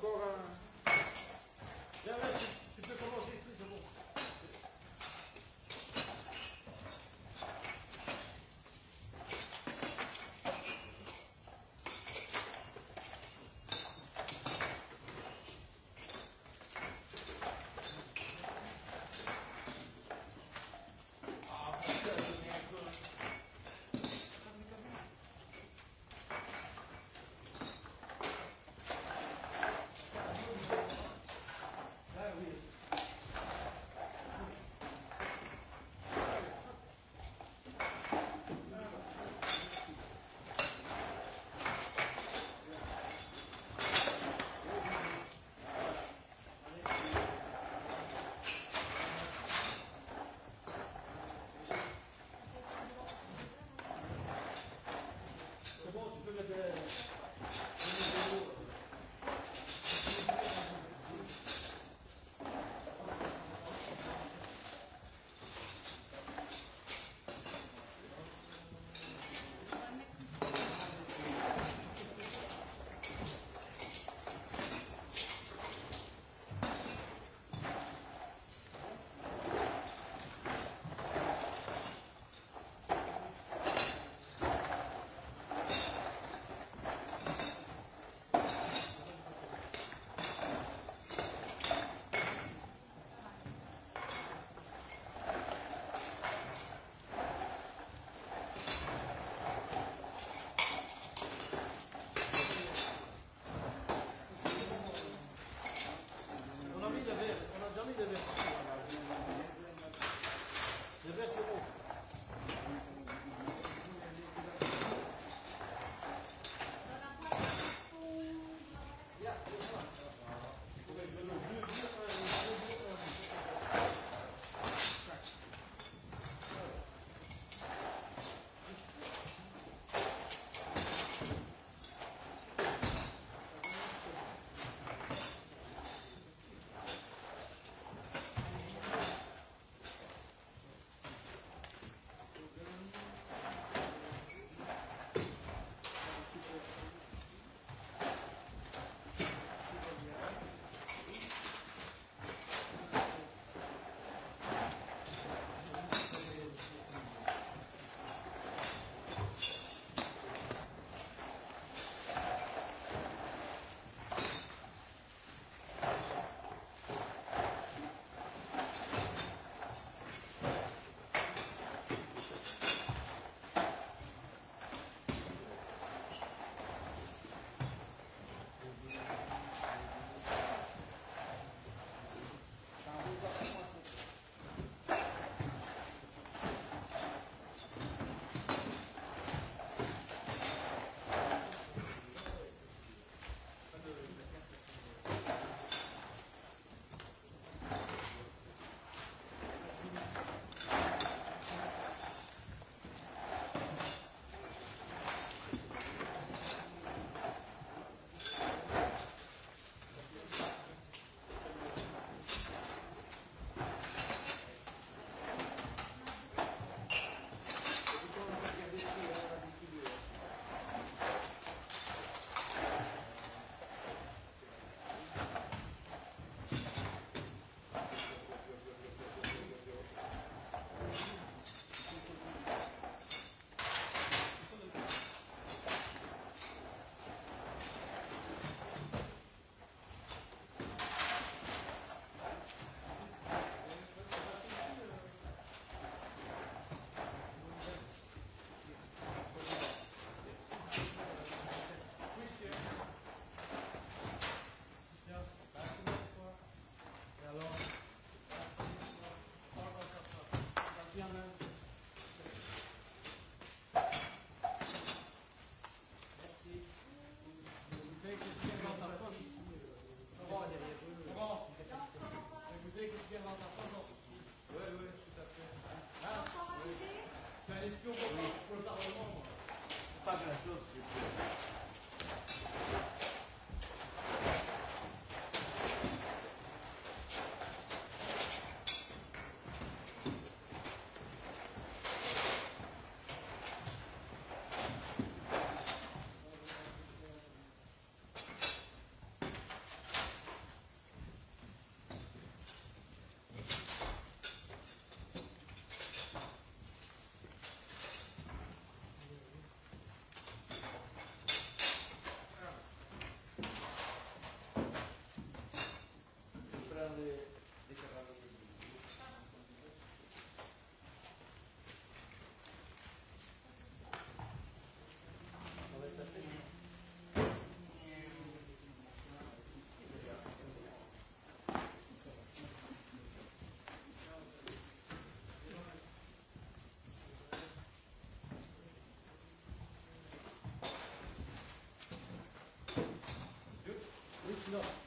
אחורה, jogokat, az alkalmat. Tagásos, が。